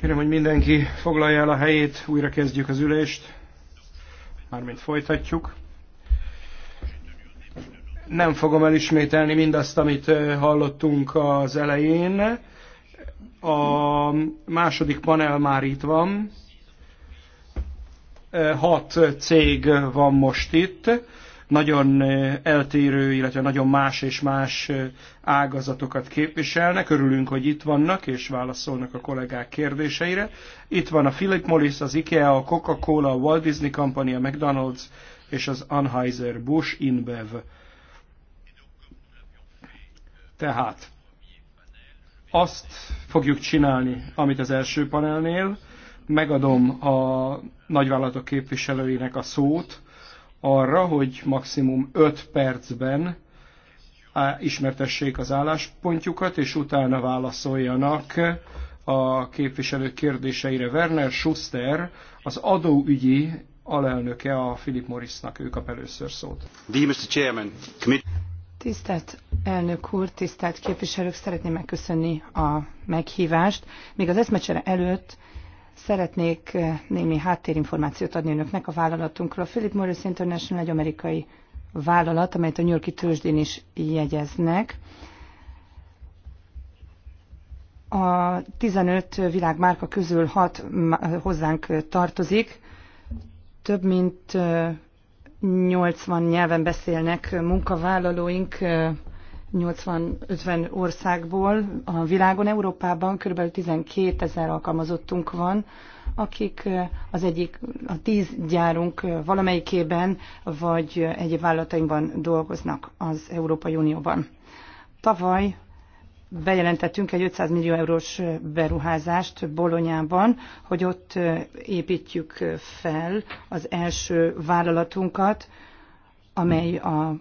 Kérem, hogy mindenki foglalja el a helyét, újra kezdjük az ülést. Mármint folytatjuk. Nem fogom elismételni mindazt, amit hallottunk az elején. A második panel már itt van. Hat cég van most itt nagyon eltérő, illetve nagyon más és más ágazatokat képviselnek. Örülünk, hogy itt vannak és válaszolnak a kollégák kérdéseire. Itt van a Philip Morris, az IKEA, a Coca-Cola, a Walt Disney Company, a McDonald's és az Anheuser-Busch InBev. Tehát azt fogjuk csinálni, amit az első panelnél. Megadom a nagyvállalatok képviselőinek a szót, arra, hogy maximum 5 percben ismertessék az álláspontjukat, és utána válaszoljanak a képviselők kérdéseire. Werner Schuster, az adóügyi alelnöke a Philip Morrisnak, ő kap először szót. Tisztelt elnök úr, tisztelt képviselők, szeretném megköszönni a meghívást. Még az eszmecsere előtt Szeretnék eh, némi háttérinformációt adni önöknek a vállalatunkról. Philip Morris International egy amerikai vállalat, amelyet a New Yorki tőzsdén is jegyeznek. A 15 világmárka közül 6 hozzánk tartozik. Több mint 80 eh, nyelven beszélnek munkavállalóink, eh, 80-50 országból a világon, Európában kb. 12 ezer alkalmazottunk van, akik az egyik, a tíz gyárunk valamelyikében, vagy egyéb vállalatainkban dolgoznak az Európai Unióban. Tavaly bejelentettünk egy 500 millió eurós beruházást Bolonyában, hogy ott építjük fel az első vállalatunkat, amely a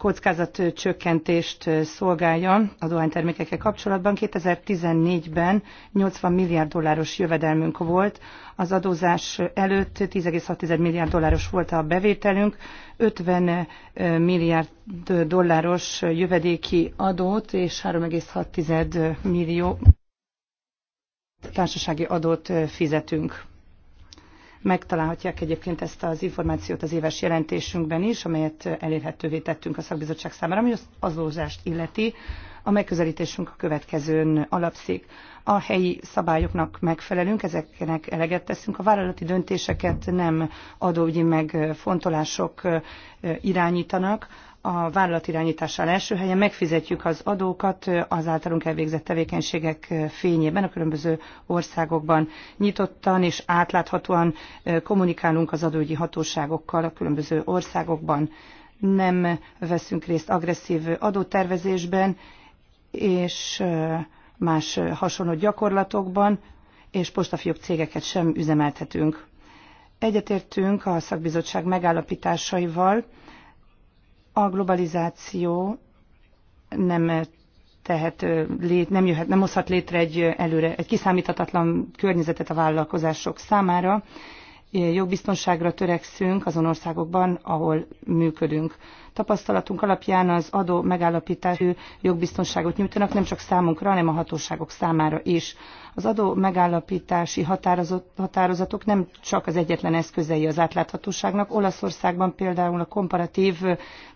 kockázatcsökkentést szolgálja a dohánytermékekkel kapcsolatban. 2014-ben 80 milliárd dolláros jövedelmünk volt, az adózás előtt 10,6 milliárd dolláros volt a bevételünk, 50 milliárd dolláros jövedéki adót és 3,6 millió társasági adót fizetünk. Megtalálhatják egyébként ezt az információt az éves jelentésünkben is, amelyet elérhetővé tettünk a szakbizottság számára, ami az azózást illeti. A megközelítésünk a következőn alapszik. A helyi szabályoknak megfelelünk, ezeknek eleget teszünk. A vállalati döntéseket nem adógyi megfontolások irányítanak, a vállalatirányítással első helyen, megfizetjük az adókat az általunk elvégzett tevékenységek fényében a különböző országokban. Nyitottan és átláthatóan kommunikálunk az adógyi hatóságokkal a különböző országokban. Nem veszünk részt agresszív adótervezésben és más hasonló gyakorlatokban, és postafiók cégeket sem üzemeltetünk. Egyetértünk a szakbizottság megállapításaival, a globalizáció nem tehet lét, nem jöhet, nem hozhat létre egy előre, egy kiszámíthatatlan környezetet a vállalkozások számára. Jogbiztonságra törekszünk azon országokban, ahol működünk. Tapasztalatunk alapján az adó megállapítású jogbiztonságot nyújtanak nem csak számunkra, hanem a hatóságok számára is. Az adó megállapítási határozatok nem csak az egyetlen eszközei az átláthatóságnak. Olaszországban például a komparatív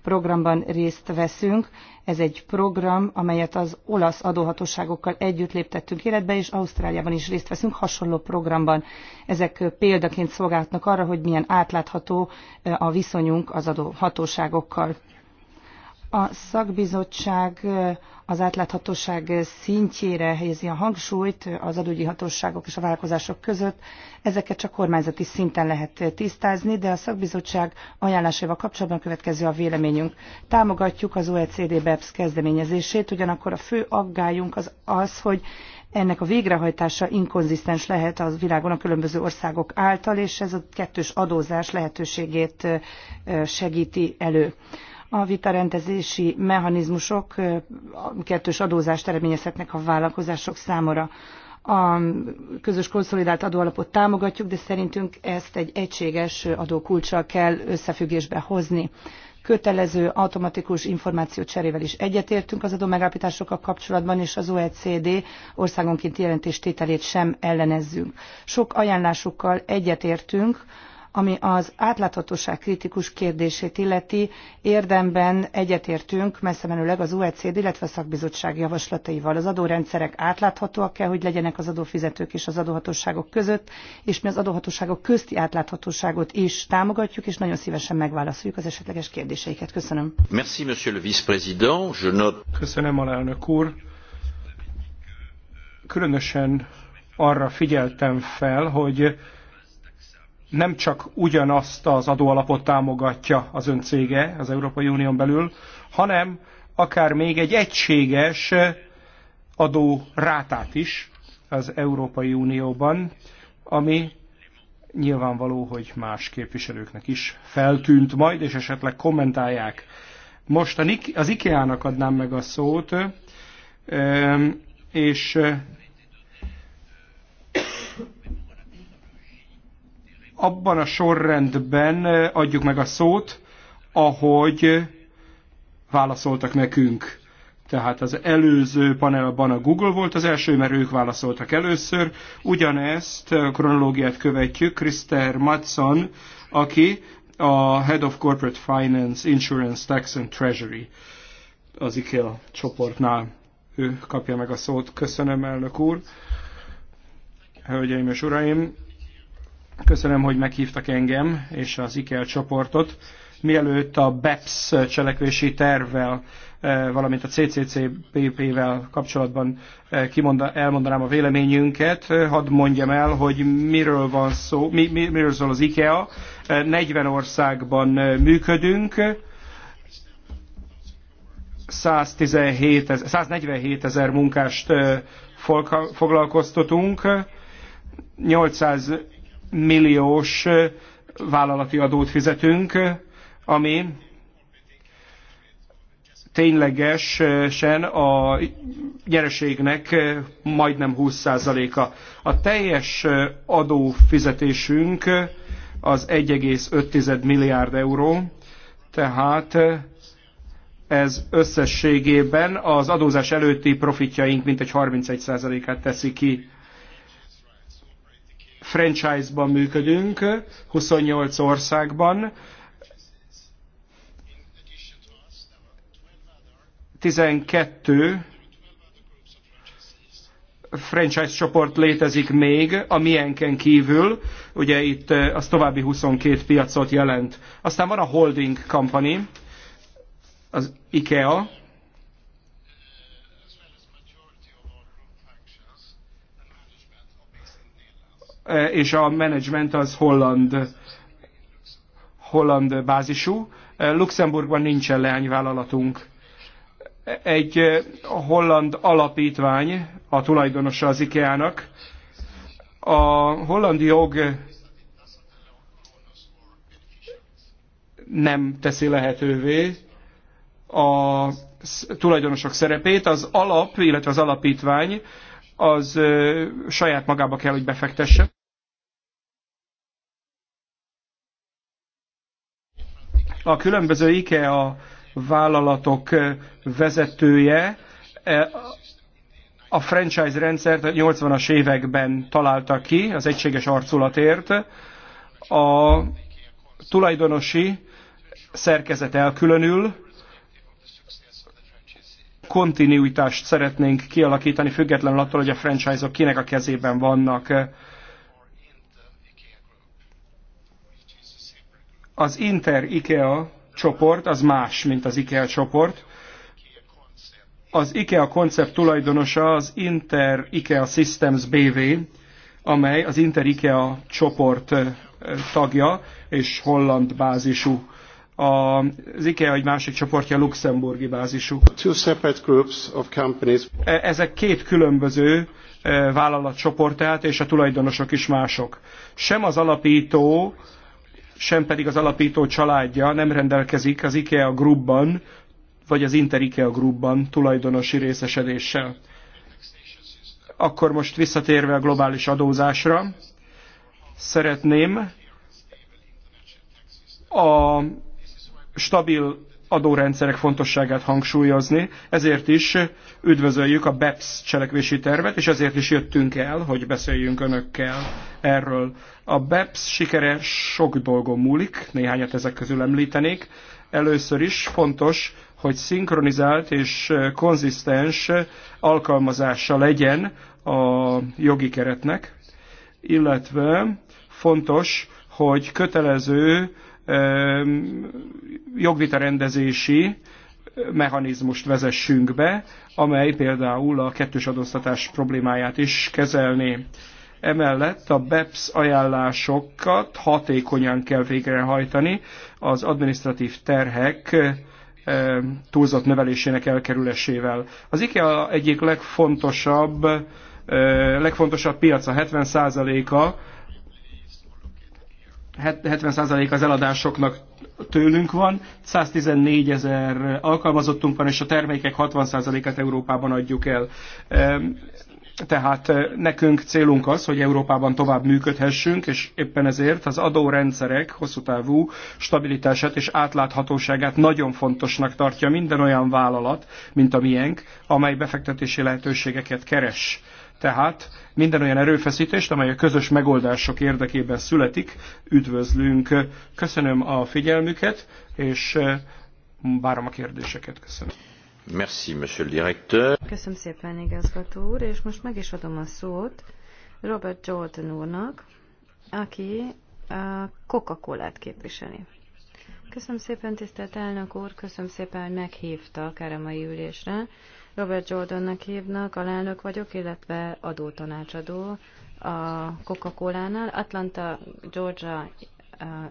programban részt veszünk. Ez egy program, amelyet az olasz adóhatóságokkal együtt léptettünk életbe, és Ausztráliában is részt veszünk hasonló programban. Ezek példaként szolgálnak arra, hogy milyen átlátható eh, a viszonyunk az adóhatóságokkal. A szakbizottság eh, az átláthatóság szintjére helyezi a hangsúlyt az adógyi hatóságok és a vállalkozások között. Ezeket csak kormányzati szinten lehet tisztázni, de a szakbizottság ajánlásával kapcsolatban következő a véleményünk. Támogatjuk az OECD BEPS kezdeményezését, ugyanakkor a fő aggályunk az az, hogy ennek a végrehajtása inkonzisztens lehet a világon a különböző országok által, és ez a kettős adózás lehetőségét segíti elő a vitarendezési mechanizmusok kettős adózást eredményezhetnek a vállalkozások számára. A közös konszolidált adóalapot támogatjuk, de szerintünk ezt egy egységes adókulcssal kell összefüggésbe hozni. Kötelező automatikus információcserével is egyetértünk az adómegállapításokkal kapcsolatban, és az OECD országonként jelentéstételét sem ellenezzünk. Sok ajánlásukkal egyetértünk, ami az átláthatóság kritikus kérdését illeti, érdemben egyetértünk messze menőleg az OECD, illetve a szakbizottság javaslataival. Az adórendszerek átláthatóak kell, hogy legyenek az adófizetők és az adóhatóságok között, és mi az adóhatóságok közti átláthatóságot is támogatjuk, és nagyon szívesen megválaszoljuk az esetleges kérdéseiket. Köszönöm. Merci, monsieur le vice-président. Je note... Köszönöm, alelnök úr. Különösen arra figyeltem fel, hogy nem csak ugyanazt az adóalapot támogatja az ön cége az Európai Unión belül, hanem akár még egy egységes adó rátát is az Európai Unióban, ami nyilvánvaló, hogy más képviselőknek is feltűnt majd, és esetleg kommentálják. Most az IKEA-nak adnám meg a szót, ehm, és abban a sorrendben adjuk meg a szót, ahogy válaszoltak nekünk. Tehát az előző panelban a Google volt az első, mert ők válaszoltak először. Ugyanezt a kronológiát követjük Krister Matson, aki a Head of Corporate Finance, Insurance, Tax and Treasury az IKEA csoportnál. Ő kapja meg a szót. Köszönöm, elnök úr. Hölgyeim és uraim, Köszönöm, hogy meghívtak engem és az IKEA csoportot. Mielőtt a BEPS cselekvési tervvel, eh, valamint a CCCPP-vel kapcsolatban eh, kimonda, elmondanám a véleményünket, eh, hadd mondjam el, hogy miről van szó, mi, mi, miről szól az IKEA. 40 országban működünk, 117, 147 ezer munkást foglalkoztatunk, 800 milliós vállalati adót fizetünk, ami ténylegesen a nyereségnek majdnem 20%-a. A teljes adófizetésünk az 1,5 milliárd euró, tehát ez összességében az adózás előtti profitjaink mintegy 31%-át teszi ki franchise-ban működünk, 28 országban. 12 franchise csoport létezik még a miénken kívül, ugye itt eh, az további 22 piacot jelent. Aztán van a holding company, az IKEA, Eh, és a menedzsment az holland, holland bázisú. Eh, Luxemburgban nincsen leányvállalatunk. Egy eh, holland alapítvány, a tulajdonosa az IKEA-nak. A holland jog nem teszi lehetővé a tulajdonosok szerepét. Az alap, illetve az alapítvány az saját magába kell, hogy befektesse. a különböző IKEA vállalatok vezetője a franchise rendszert 80-as években találta ki az egységes arculatért. A tulajdonosi szerkezet elkülönül, kontinuitást szeretnénk kialakítani, függetlenül attól, hogy a franchise-ok -ok kinek a kezében vannak Az Inter-IKEA csoport az más, mint az IKEA csoport. Az IKEA koncept tulajdonosa az Inter-IKEA Systems BV, amely az Inter-IKEA csoport tagja és holland bázisú. Az IKEA egy másik csoportja luxemburgi bázisú. Two separate groups of companies. E, ezek két különböző tehát és a tulajdonosok is mások. Sem az alapító, sem pedig az alapító családja nem rendelkezik az IKEA Groupban, vagy az Inter IKEA Groupban tulajdonosi részesedéssel. Akkor most visszatérve a globális adózásra, szeretném a stabil adórendszerek fontosságát hangsúlyozni, ezért is üdvözöljük a BEPS cselekvési tervet, és ezért is jöttünk el, hogy beszéljünk önökkel erről. A BEPS sikere sok dolgon múlik, néhányat ezek közül említenék. Először is fontos, hogy szinkronizált és konzisztens alkalmazása legyen a jogi keretnek, illetve fontos, hogy kötelező jogvita rendezési mechanizmust vezessünk be, amely például a kettős adóztatás problémáját is kezelné. Emellett a BEPS ajánlásokat hatékonyan kell végrehajtani az administratív terhek túlzott növelésének elkerülésével. Az IKEA egyik legfontosabb legfontosabb piaca, 70%-a 70% az eladásoknak tőlünk van, 114 ezer alkalmazottunk van, és a termékek 60%-át Európában adjuk el. Tehát nekünk célunk az, hogy Európában tovább működhessünk, és éppen ezért az adórendszerek hosszú távú stabilitását és átláthatóságát nagyon fontosnak tartja minden olyan vállalat, mint a miénk, amely befektetési lehetőségeket keres tehát minden olyan erőfeszítést, amely a közös megoldások érdekében születik, üdvözlünk. Köszönöm a figyelmüket, és eh, várom a kérdéseket. Köszönöm. Merci, monsieur le directeur. Köszönöm szépen, igazgató úr, és most meg is adom a szót Robert Jordan úrnak, aki a eh, Coca-Colát képviseli. Köszönöm szépen, tisztelt elnök úr, köszönöm szépen, hogy meghívtak erre a mai ülésre. Robert Jordannak hívnak, alelnök vagyok, illetve adótanácsadó a Coca-Cola-nál. Atlanta, Georgia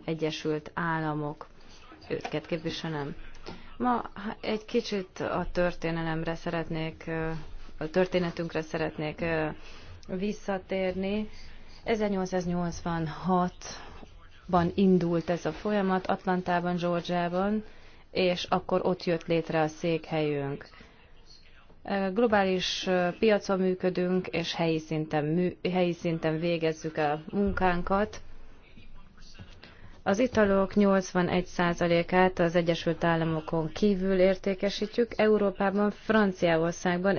Egyesült Államok, őket képviselem. Ma egy kicsit a történelemre szeretnék, a történetünkre szeretnék visszatérni. 1886-ban indult ez a folyamat Atlantában, Georgiában, és akkor ott jött létre a székhelyünk. Globális piacon működünk, és helyi szinten, mű, helyi szinten végezzük a munkánkat. Az italok 81%-át az Egyesült Államokon kívül értékesítjük. Európában, Franciaországban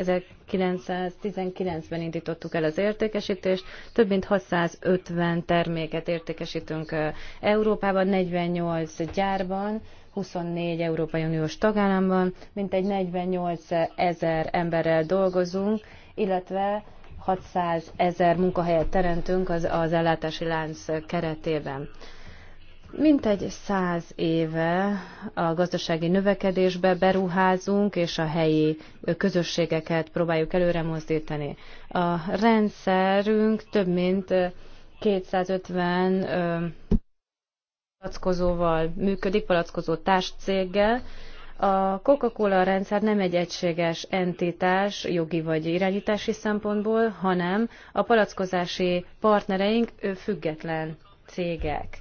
1919-ben indítottuk el az értékesítést. Több mint 650 terméket értékesítünk Európában, 48 gyárban, 24 Európai Uniós tagállamban, mintegy 48 ezer emberrel dolgozunk, illetve 600 ezer munkahelyet teremtünk az, az ellátási lánc keretében. Mintegy száz éve a gazdasági növekedésbe beruházunk, és a helyi közösségeket próbáljuk előre mozdítani. A rendszerünk több mint 250 palackozóval működik, palackozó társcéggel. A Coca-Cola rendszer nem egy egységes entitás jogi vagy irányítási szempontból, hanem a palackozási partnereink független cégek.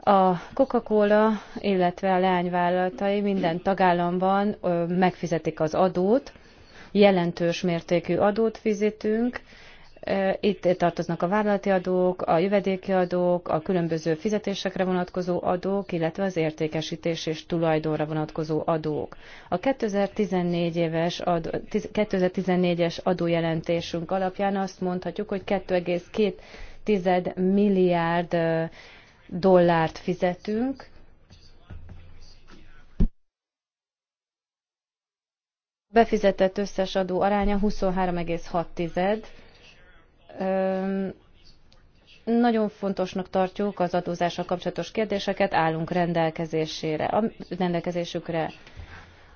A Coca-Cola, illetve a leányvállalatai minden tagállamban megfizetik az adót, jelentős mértékű adót fizetünk, itt tartoznak a vállalati adók, a jövedéki adók, a különböző fizetésekre vonatkozó adók, illetve az értékesítés és tulajdonra vonatkozó adók. A 2014 éves adó, 2014-es adójelentésünk alapján azt mondhatjuk, hogy 2,2 milliárd dollárt fizetünk, befizetett összes adó aránya 23,6 nagyon fontosnak tartjuk az adózással kapcsolatos kérdéseket, állunk rendelkezésére, rendelkezésükre.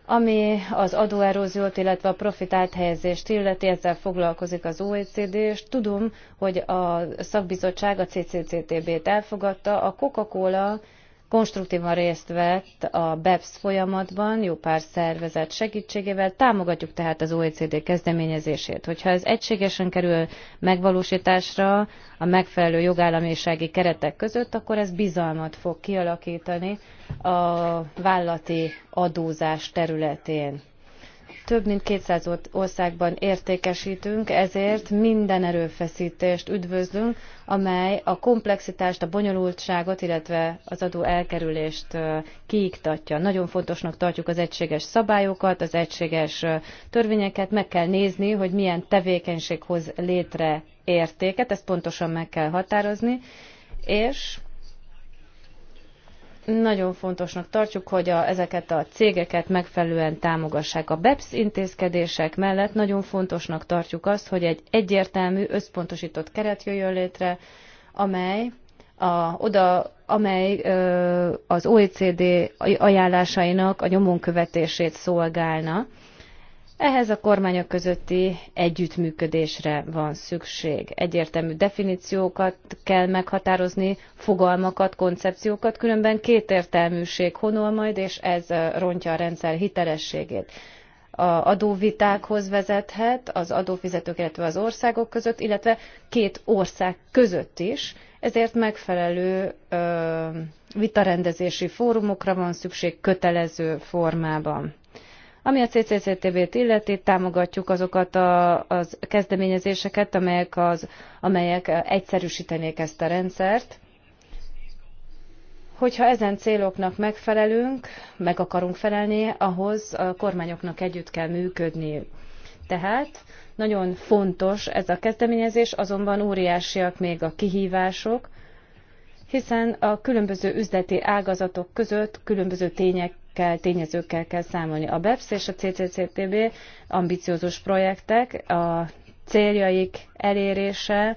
Ami az adóeróziót, illetve a profit áthelyezést illeti, ezzel foglalkozik az OECD, és tudom, hogy a szakbizottság a CCCTB-t elfogadta, a Coca-Cola konstruktívan részt vett a BEPS folyamatban, jó pár szervezet segítségével, támogatjuk tehát az OECD kezdeményezését. Hogyha ez egységesen kerül megvalósításra a megfelelő jogállamisági keretek között, akkor ez bizalmat fog kialakítani a vállati adózás területén. Több mint 200 országban értékesítünk, ezért minden erőfeszítést üdvözlünk, amely a komplexitást, a bonyolultságot, illetve az adó elkerülést kiiktatja. Nagyon fontosnak tartjuk az egységes szabályokat, az egységes törvényeket, meg kell nézni, hogy milyen tevékenység hoz létre értéket, ezt pontosan meg kell határozni, és nagyon fontosnak tartjuk, hogy a, ezeket a cégeket megfelelően támogassák. A BEPS intézkedések mellett nagyon fontosnak tartjuk azt, hogy egy egyértelmű, összpontosított keret jöjjön létre, amely a, oda, amely ö, az OECD ajánlásainak a nyomon követését szolgálna ehhez a kormányok közötti együttműködésre van szükség. Egyértelmű definíciókat kell meghatározni, fogalmakat, koncepciókat, különben kétértelműség honol majd, és ez rontja a rendszer hitelességét. A adóvitákhoz vezethet az adófizetők, illetve az országok között, illetve két ország között is, ezért megfelelő ö, vitarendezési fórumokra van szükség kötelező formában ami a CCCTB-t illeti, támogatjuk azokat a az kezdeményezéseket, amelyek, az, amelyek egyszerűsítenék ezt a rendszert. Hogyha ezen céloknak megfelelünk, meg akarunk felelni, ahhoz a kormányoknak együtt kell működni. Tehát nagyon fontos ez a kezdeményezés, azonban óriásiak még a kihívások, hiszen a különböző üzleti ágazatok között különböző tények kell, tényezőkkel kell számolni. A BEPS és a CCCTB ambiciózus projektek, a céljaik elérése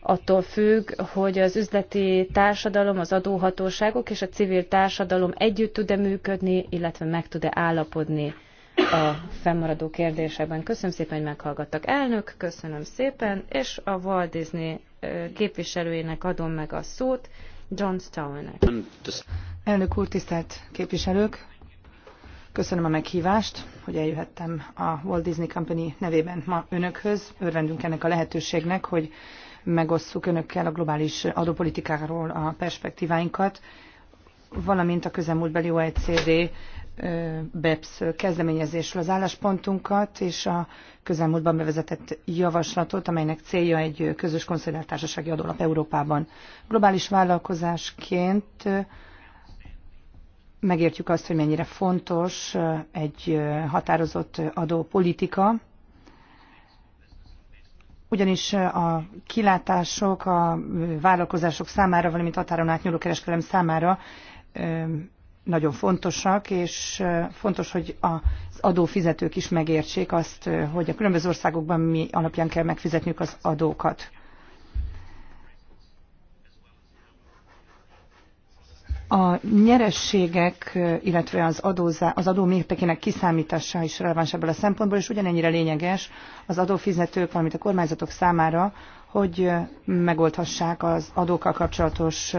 attól függ, hogy az üzleti társadalom, az adóhatóságok és a civil társadalom együtt tud-e működni, illetve meg tud-e állapodni a fennmaradó kérdésekben. Köszönöm szépen, hogy meghallgattak. Elnök, köszönöm szépen, és a Walt Disney képviselőjének adom meg a szót. Elnök úr, tisztelt képviselők! Köszönöm a meghívást, hogy eljöhettem a Walt Disney Company nevében ma önökhöz. Örvendünk ennek a lehetőségnek, hogy megosszuk önökkel a globális adópolitikáról a perspektíváinkat, valamint a közelmúltbeli OECD BEPS kezdeményezésről az álláspontunkat és a közelmúltban bevezetett javaslatot, amelynek célja egy közös konszolidált társasági adólap Európában. Globális vállalkozásként megértjük azt, hogy mennyire fontos egy határozott adópolitika, ugyanis a kilátások a vállalkozások számára, valamint határon átnyúló kereskedelem számára nagyon fontosak, és fontos, hogy az adófizetők is megértsék azt, hogy a különböző országokban mi alapján kell megfizetniük az adókat. A nyerességek, illetve az, adózá, az adó mértékének kiszámítása is releváns ebből a szempontból, és ugyanennyire lényeges az adófizetők, valamint a kormányzatok számára, hogy megoldhassák az adókkal kapcsolatos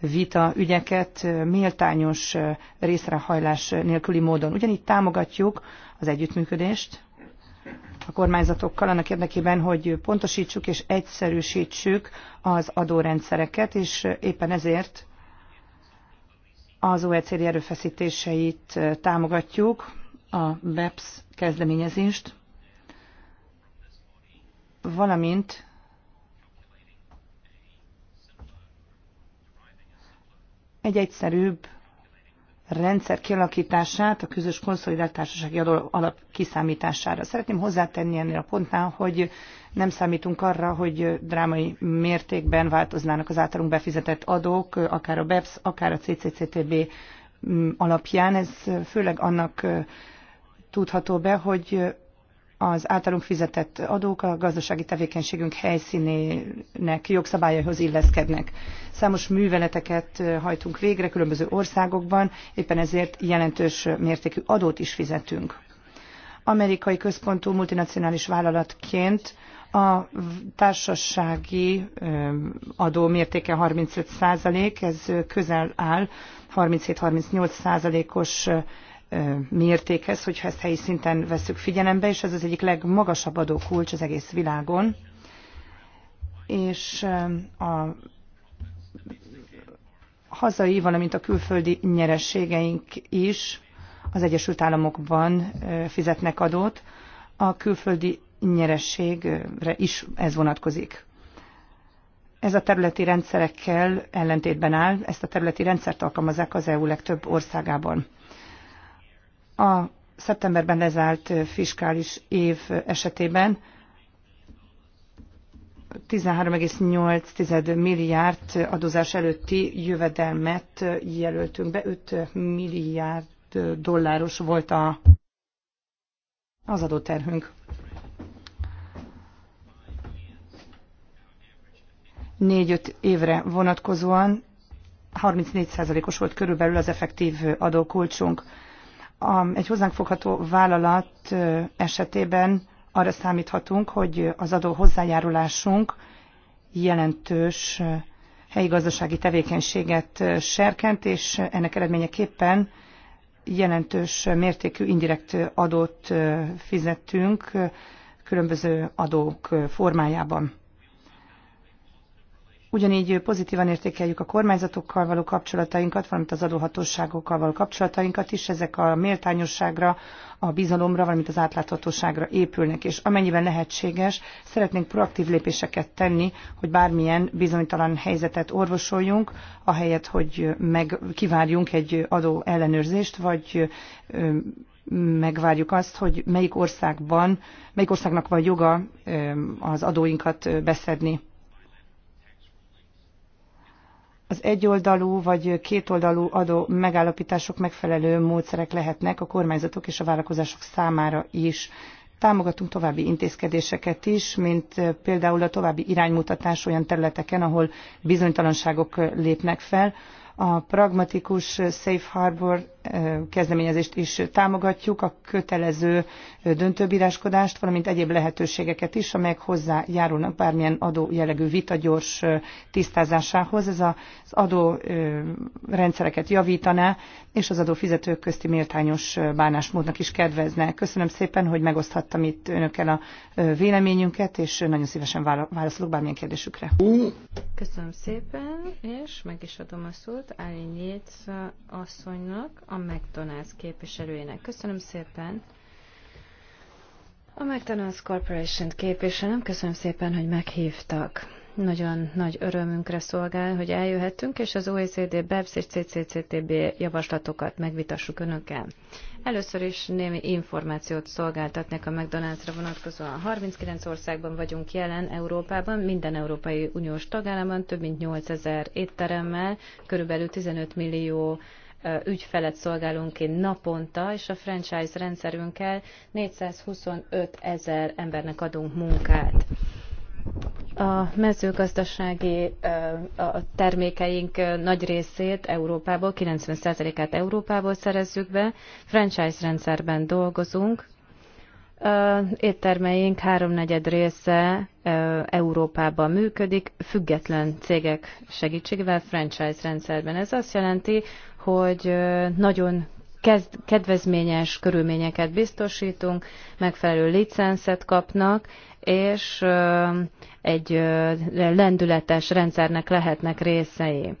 vita ügyeket méltányos részrehajlás nélküli módon. Ugyanígy támogatjuk az együttműködést a kormányzatokkal annak érdekében, hogy pontosítsuk és egyszerűsítsük az adórendszereket, és éppen ezért az OECD erőfeszítéseit támogatjuk, a BEPS kezdeményezést, valamint egy egyszerűbb rendszer kialakítását a közös konszolidált társasági adó alap kiszámítására. Szeretném hozzátenni ennél a pontnál, hogy nem számítunk arra, hogy drámai mértékben változnának az általunk befizetett adók, akár a BEPS, akár a CCCTB mm, alapján. Ez főleg annak tudható be, hogy az általunk fizetett adók a gazdasági tevékenységünk helyszínének jogszabályaihoz illeszkednek. Számos műveleteket hajtunk végre különböző országokban, éppen ezért jelentős mértékű adót is fizetünk. Amerikai központú multinacionális vállalatként a társasági adó mértéke 35 százalék, ez közel áll 37-38 százalékos mértékhez, hogyha ezt helyi szinten veszük figyelembe, és ez az egyik legmagasabb adókulcs az egész világon. És a hazai, valamint a külföldi nyerességeink is az Egyesült Államokban fizetnek adót. A külföldi nyerességre is ez vonatkozik. Ez a területi rendszerekkel ellentétben áll, ezt a területi rendszert alkalmazzák az EU legtöbb országában. A szeptemberben lezárt fiskális év esetében 13,8 milliárd adózás előtti jövedelmet jelöltünk be, 5 milliárd dolláros volt a, az adóterhünk. 4-5 évre vonatkozóan 34%-os volt körülbelül az effektív adókulcsunk a, egy hozzánk fogható vállalat esetében arra számíthatunk, hogy az adó hozzájárulásunk jelentős helyi gazdasági tevékenységet serkent, és ennek eredményeképpen jelentős mértékű indirekt adót fizettünk különböző adók formájában. Ugyanígy pozitívan értékeljük a kormányzatokkal való kapcsolatainkat, valamint az adóhatóságokkal való kapcsolatainkat is. Ezek a méltányosságra, a bizalomra, valamint az átláthatóságra épülnek, és amennyiben lehetséges, szeretnénk proaktív lépéseket tenni, hogy bármilyen bizonytalan helyzetet orvosoljunk, ahelyett, hogy meg kivárjunk egy adó ellenőrzést, vagy megvárjuk azt, hogy melyik országban, melyik országnak van joga az adóinkat beszedni az egyoldalú vagy kétoldalú adó megállapítások megfelelő módszerek lehetnek a kormányzatok és a vállalkozások számára is. Támogatunk további intézkedéseket is, mint például a további iránymutatás olyan területeken, ahol bizonytalanságok lépnek fel. A pragmatikus Safe Harbor kezdeményezést is támogatjuk, a kötelező döntőbíráskodást, valamint egyéb lehetőségeket is, amelyek hozzájárulnak bármilyen adó jellegű vita gyors tisztázásához. Ez az adó rendszereket javítaná, és az adófizetők közti méltányos bánásmódnak is kedvezne. Köszönöm szépen, hogy megoszthattam itt önökkel a véleményünket, és nagyon szívesen válaszolok bármilyen kérdésükre. Köszönöm szépen, és meg is adom a szót Áli Nyéc asszonynak, a McDonald's képviselőjének. Köszönöm szépen. A McDonald's corporation képviselőm, köszönöm szépen, hogy meghívtak. Nagyon nagy örömünkre szolgál, hogy eljöhettünk, és az OECD, BEPS és CCCTB javaslatokat megvitassuk önökkel. Először is némi információt szolgáltatnék a McDonald'sra vonatkozóan. 39 országban vagyunk jelen Európában, minden Európai Uniós tagállamban, több mint 8000 étteremmel, körülbelül 15 millió ügyfelet szolgálunk ki naponta, és a franchise rendszerünkkel 425 ezer embernek adunk munkát. A mezőgazdasági a termékeink nagy részét Európából, 90%-át Európából szerezzük be, franchise rendszerben dolgozunk, éttermeink háromnegyed része Európában működik, független cégek segítségével, franchise rendszerben. Ez azt jelenti, hogy nagyon kezd, kedvezményes körülményeket biztosítunk, megfelelő licenszet kapnak, és egy lendületes rendszernek lehetnek részei.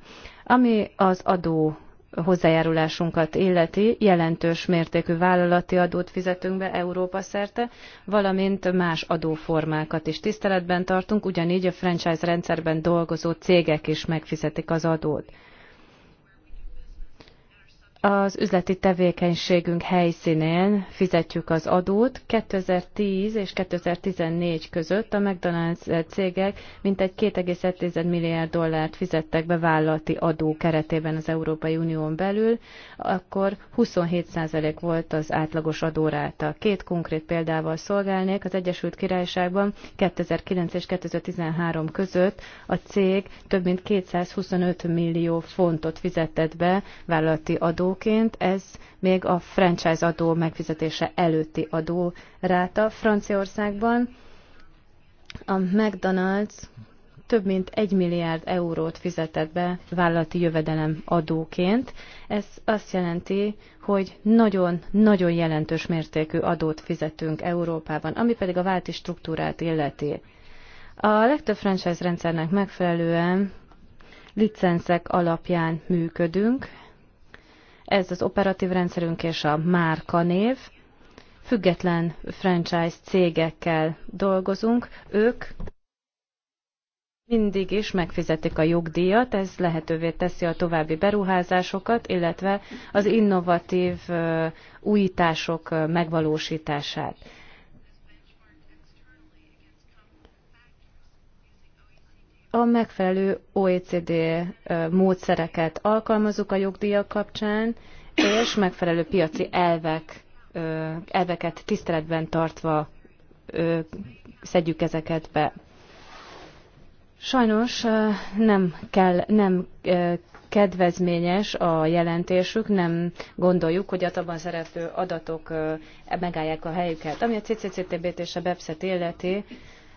Ami az adó hozzájárulásunkat illeti, jelentős mértékű vállalati adót fizetünk be Európa szerte, valamint más adóformákat is tiszteletben tartunk, ugyanígy a franchise rendszerben dolgozó cégek is megfizetik az adót az üzleti tevékenységünk helyszínén fizetjük az adót. 2010 és 2014 között a McDonald's cégek mintegy 2,7 milliárd dollárt fizettek be vállalati adó keretében az Európai Unión belül, akkor 27% volt az átlagos adóráta. Két konkrét példával szolgálnék. Az Egyesült Királyságban 2009 és 2013 között a cég több mint 225 millió fontot fizetett be vállalati adó adóként, ez még a franchise adó megfizetése előtti adóráta Franciaországban. A McDonald's több mint egy milliárd eurót fizetett be vállalati jövedelem adóként. Ez azt jelenti, hogy nagyon-nagyon jelentős mértékű adót fizetünk Európában, ami pedig a válti struktúrát illeti. A legtöbb franchise rendszernek megfelelően licenszek alapján működünk, ez az operatív rendszerünk és a név. Független franchise cégekkel dolgozunk. Ők mindig is megfizetik a jogdíjat, ez lehetővé teszi a további beruházásokat, illetve az innovatív újítások megvalósítását. a megfelelő OECD módszereket alkalmazunk a jogdíjak kapcsán, és megfelelő piaci elvek, elveket tiszteletben tartva szedjük ezeket be. Sajnos nem, kell, nem kedvezményes a jelentésük, nem gondoljuk, hogy a tabban szereplő adatok megállják a helyüket. Ami a CCCTB-t és a BEPS-et illeti,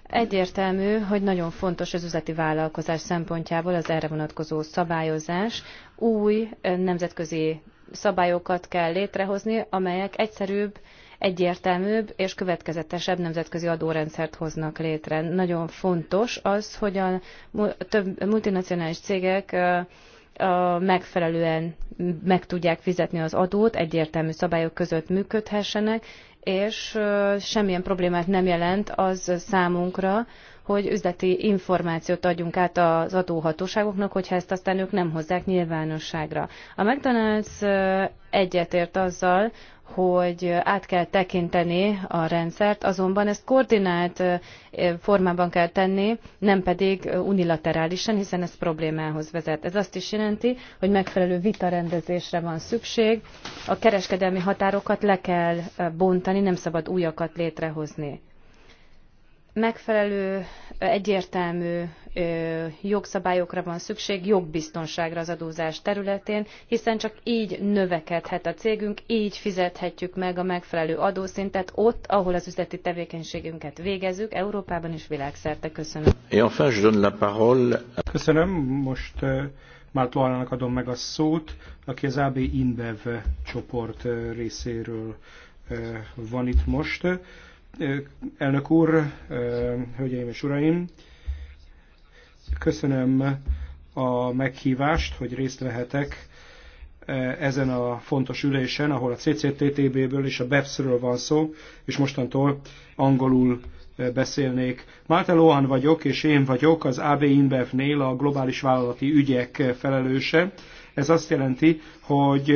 Egyértelmű, hogy nagyon fontos az üzleti vállalkozás szempontjából az erre vonatkozó szabályozás. Új nemzetközi szabályokat kell létrehozni, amelyek egyszerűbb, egyértelműbb és következetesebb nemzetközi adórendszert hoznak létre. Nagyon fontos az, hogy a több multinacionális cégek megfelelően meg tudják fizetni az adót, egyértelmű szabályok között működhessenek, és semmilyen problémát nem jelent az számunkra, hogy üzleti információt adjunk át az adóhatóságoknak, hogyha ezt aztán ők nem hozzák nyilvánosságra. A McDonald's egyetért azzal, hogy át kell tekinteni a rendszert, azonban ezt koordinált formában kell tenni, nem pedig unilaterálisan, hiszen ez problémához vezet. Ez azt is jelenti, hogy megfelelő vitarendezésre van szükség, a kereskedelmi határokat le kell bontani, nem szabad újakat létrehozni megfelelő, egyértelmű jogszabályokra van szükség, jogbiztonságra az adózás területén, hiszen csak így növekedhet a cégünk, így fizethetjük meg a megfelelő adószintet ott, ahol az üzleti tevékenységünket végezzük, Európában és világszerte. Köszönöm. Köszönöm. Most Márt Loánának adom meg a szót, aki az AB InBev csoport részéről van itt most elnök úr, hölgyeim és uraim! Köszönöm a meghívást, hogy részt vehetek ezen a fontos ülésen, ahol a CCTTB-ből és a BEPS-ről van szó, és mostantól angolul beszélnék. Márta Lohan vagyok, és én vagyok az AB InBev-nél a globális vállalati ügyek felelőse. Ez azt jelenti, hogy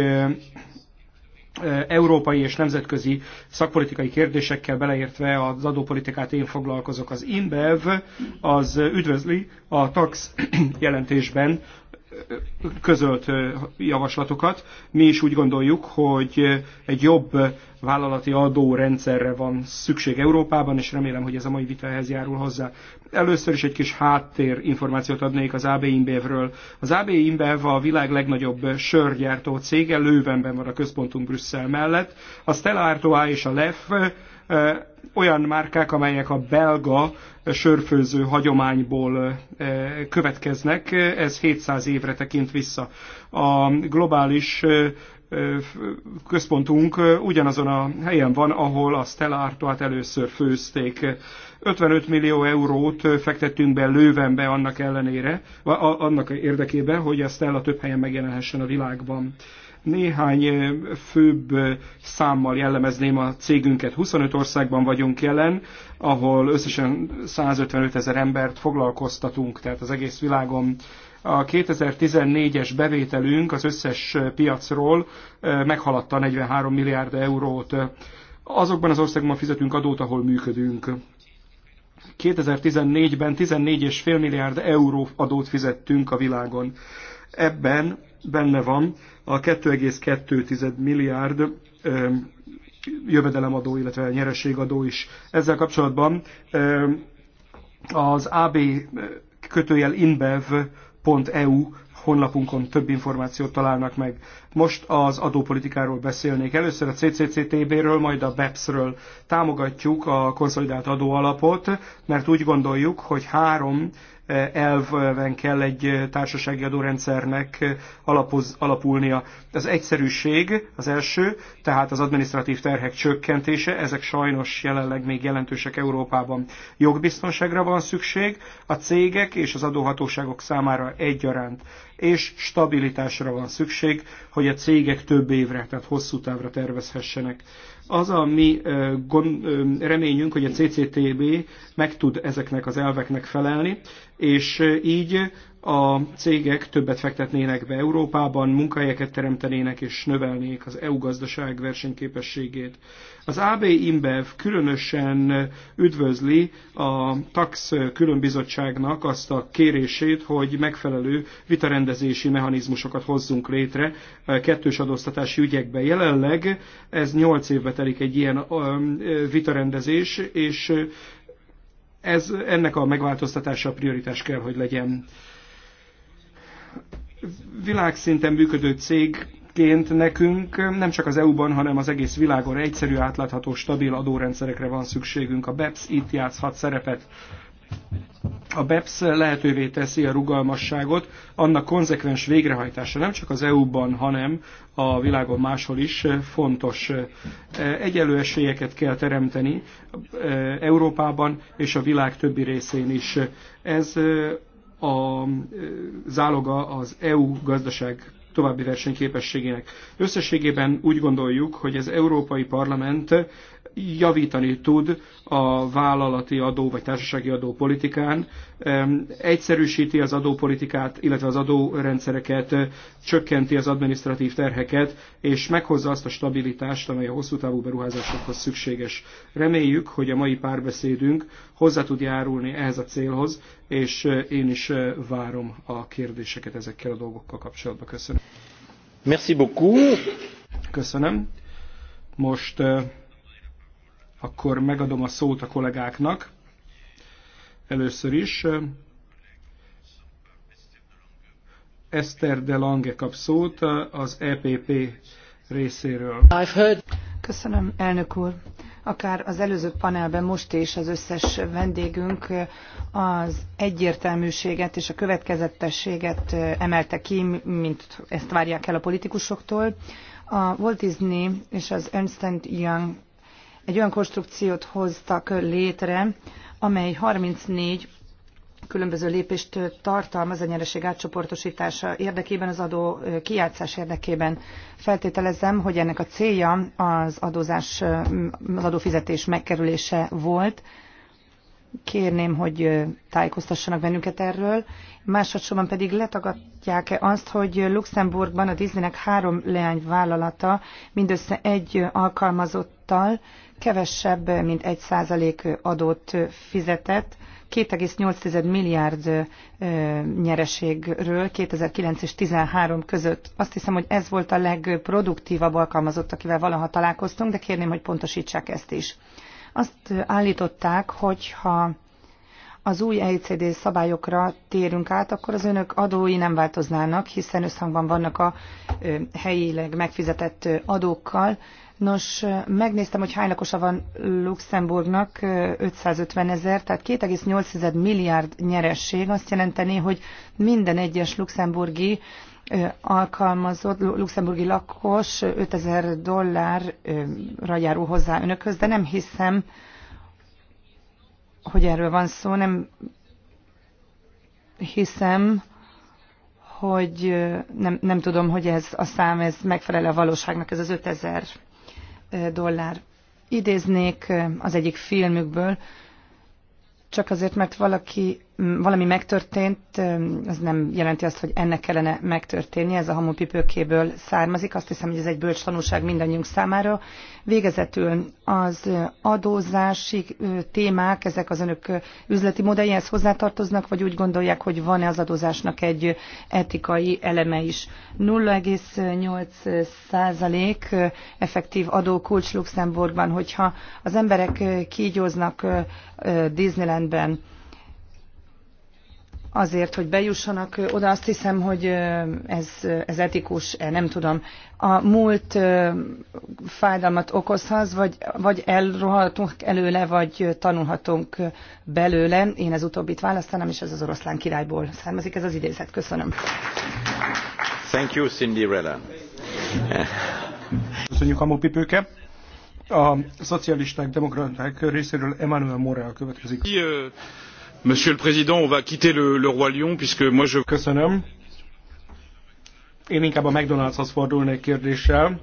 európai és nemzetközi szakpolitikai kérdésekkel beleértve az adópolitikát én foglalkozok. Az InBev az üdvözli a TAX jelentésben közölt javaslatokat. Mi is úgy gondoljuk, hogy egy jobb vállalati adórendszerre van szükség Európában, és remélem, hogy ez a mai vita ehhez járul hozzá. Először is egy kis háttér információt adnék az AB InBevről. Az AB InBev a világ legnagyobb sörgyártó cége, Lővenben van a központunk Brüsszel mellett. A Stella Artois és a Lef olyan márkák, amelyek a belga sörfőző hagyományból eh, következnek, ez 700 évre tekint vissza. A globális eh, eh, központunk ugyanazon a helyen van, ahol a Stella artois először főzték. 55 millió eurót fektettünk be Lővenbe annak ellenére, annak érdekében, hogy a Stella több helyen megjelenhessen a világban. Néhány főbb számmal jellemezném a cégünket. 25 országban vagyunk jelen, ahol összesen 155 ezer embert foglalkoztatunk, tehát az egész világon a 2014-es bevételünk az összes piacról meghaladta 43 milliárd eurót. Azokban az országokban fizetünk adót, ahol működünk. 2014-ben 14,5 milliárd euró adót fizettünk a világon. Ebben benne van a 2,2 milliárd jövedelemadó, illetve nyereségadó is. Ezzel kapcsolatban az AB kötőjel inbev.eu honlapunkon több információt találnak meg. Most az adópolitikáról beszélnék. Először a CCCTB-ről, majd a BEPS-ről támogatjuk a konszolidált adóalapot, mert úgy gondoljuk, hogy három elven kell egy társasági adórendszernek alapoz, alapulnia. Az egyszerűség az első, tehát az administratív terhek csökkentése, ezek sajnos jelenleg még jelentősek Európában. Jogbiztonságra van szükség a cégek és az adóhatóságok számára egyaránt, és stabilitásra van szükség, hogy a cégek több évre, tehát hosszú távra tervezhessenek. Az a mi reményünk, hogy a CCTB meg tud ezeknek az elveknek felelni, és így a cégek többet fektetnének be Európában, munkahelyeket teremtenének és növelnék az EU gazdaság versenyképességét. Az AB InBev különösen üdvözli a TAX különbizottságnak azt a kérését, hogy megfelelő vitarendezési mechanizmusokat hozzunk létre kettős adóztatási ügyekben. Jelenleg ez 8 évbe telik egy ilyen vitarendezés, és ez, ennek a megváltoztatása a prioritás kell, hogy legyen világszinten működő cégként nekünk nem csak az EU-ban, hanem az egész világon egyszerű, átlátható, stabil adórendszerekre van szükségünk. A BEPS itt játszhat szerepet. A BEPS lehetővé teszi a rugalmasságot, annak konzekvens végrehajtása nem csak az EU-ban, hanem a világon máshol is fontos. Egyelő esélyeket kell teremteni Európában és a világ többi részén is. Ez a záloga az EU gazdaság további versenyképességének. Összességében úgy gondoljuk, hogy az Európai Parlament javítani tud a vállalati adó vagy társasági adó politikán. egyszerűsíti az adópolitikát, illetve az adórendszereket, csökkenti az administratív terheket, és meghozza azt a stabilitást, amely a hosszú távú beruházásokhoz szükséges. Reméljük, hogy a mai párbeszédünk hozzá tud járulni ehhez a célhoz, és eh, én is eh, várom a kérdéseket ezekkel a dolgokkal kapcsolatban. Köszönöm. Merci beaucoup. Köszönöm. Most eh, akkor megadom a szót a kollégáknak. Először is Eszter de Lange kap szót az EPP részéről. I've heard... Köszönöm, elnök úr. Akár az előző panelben most is az összes vendégünk az egyértelműséget és a következetességet emelte ki, mint ezt várják el a politikusoktól. A Walt Disney és az Ernst Young egy olyan konstrukciót hoztak létre, amely 34 különböző lépést tartalmaz a nyereség átcsoportosítása érdekében, az adó kijátszás érdekében. Feltételezem, hogy ennek a célja az adózás, az adófizetés megkerülése volt, kérném, hogy tájékoztassanak bennünket erről. Másodszorban pedig letagadják-e azt, hogy Luxemburgban a Disneynek három vállalata, mindössze egy alkalmazottal kevesebb, mint egy százalék adót fizetett, 2,8 milliárd nyereségről 2009 és 2013 között. Azt hiszem, hogy ez volt a legproduktívabb alkalmazott, akivel valaha találkoztunk, de kérném, hogy pontosítsák ezt is. Azt állították, hogy ha az új ECD szabályokra térünk át, akkor az önök adói nem változnának, hiszen összhangban vannak a helyileg megfizetett adókkal. Nos, megnéztem, hogy hány lakosa van Luxemburgnak, 550 ezer, tehát 2,8 milliárd nyeresség azt jelenteni, hogy minden egyes luxemburgi alkalmazott luxemburgi lakos 5000 dollárra járul hozzá önökhöz, de nem hiszem, hogy erről van szó, nem hiszem, hogy nem, nem tudom, hogy ez a szám ez megfelel a valóságnak, ez az 5000 dollár. Idéznék az egyik filmükből, csak azért, mert valaki valami megtörtént, az nem jelenti azt, hogy ennek kellene megtörténnie, ez a hamupipőkéből származik. Azt hiszem, hogy ez egy bölcs tanulság mindannyiunk számára. Végezetül az adózási témák, ezek az önök üzleti modelljéhez hozzátartoznak, vagy úgy gondolják, hogy van-e az adózásnak egy etikai eleme is? 0,8 százalék effektív adókulcs Luxemburgban, hogyha az emberek kígyóznak Disneylandben, azért, hogy bejussanak oda, azt hiszem, hogy ez, ez etikus, e, nem tudom. A múlt fájdalmat okozhat, vagy, vagy elrohaltunk előle, vagy tanulhatunk belőle. Én ez utóbbit választanám, és ez az oroszlán királyból származik ez az idézet. Köszönöm. Thank you, Cindy Rella. Köszönjük a mopipőke. A szocialisták, demokraták részéről Emmanuel Morel következik. Yeah Monsieur le Président, on va quitter le, le roi lion, puisque moi je... Köszönöm. Én inkább a hoz fordulnék kérdéssel.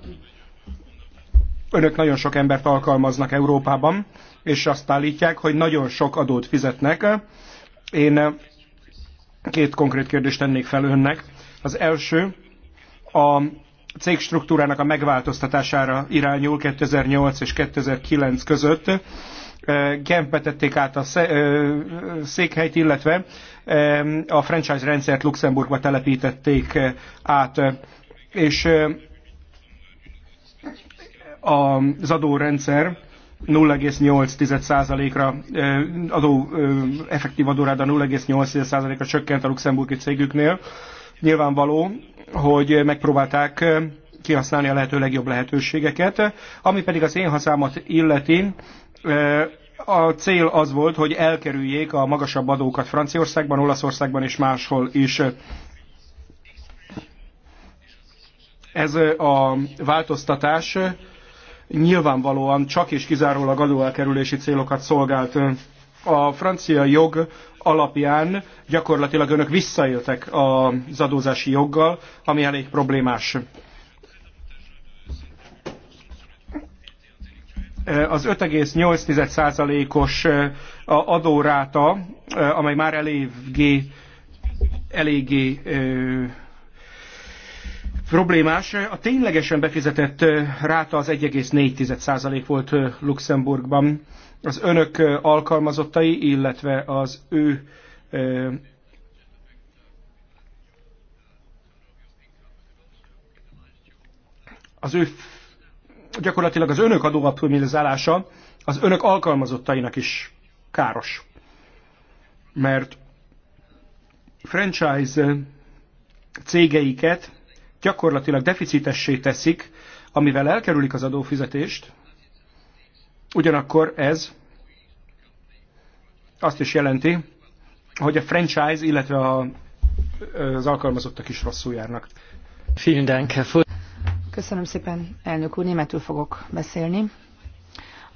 Önök nagyon sok embert alkalmaznak Európában, és azt állítják, hogy nagyon sok adót fizetnek. Én két konkrét kérdést tennék fel önnek. Az első a cég struktúrának a megváltoztatására irányul 2008 és 2009 között Genfbe tették át a székhelyt, illetve a franchise rendszert Luxemburgba telepítették át, és az adórendszer 0,8%-ra adó, effektív adóráda 0,8%-ra csökkent a luxemburgi cégüknél. Nyilvánvaló, hogy megpróbálták kihasználni a lehető legjobb lehetőségeket. Ami pedig az én hazámat illeti, a cél az volt, hogy elkerüljék a magasabb adókat Franciaországban, Olaszországban és máshol is. Ez a változtatás nyilvánvalóan csak és kizárólag adóelkerülési célokat szolgált. A francia jog alapján gyakorlatilag önök visszaéltek az adózási joggal, ami elég problémás. Eh, az 5,8%-os eh, adóráta, eh, amely már eléggé, eléggé problémás. A ténylegesen befizetett ráta az 1,4% volt Luxemburgban. Az önök alkalmazottai, illetve az ő az ő gyakorlatilag az önök adóaptimizálása az önök alkalmazottainak is káros. Mert franchise cégeiket gyakorlatilag deficitessé teszik, amivel elkerülik az adófizetést, ugyanakkor ez azt is jelenti, hogy a franchise, illetve a, az alkalmazottak is rosszul járnak. Vielen Dank, Herr Köszönöm szépen, elnök úr, németül fogok beszélni.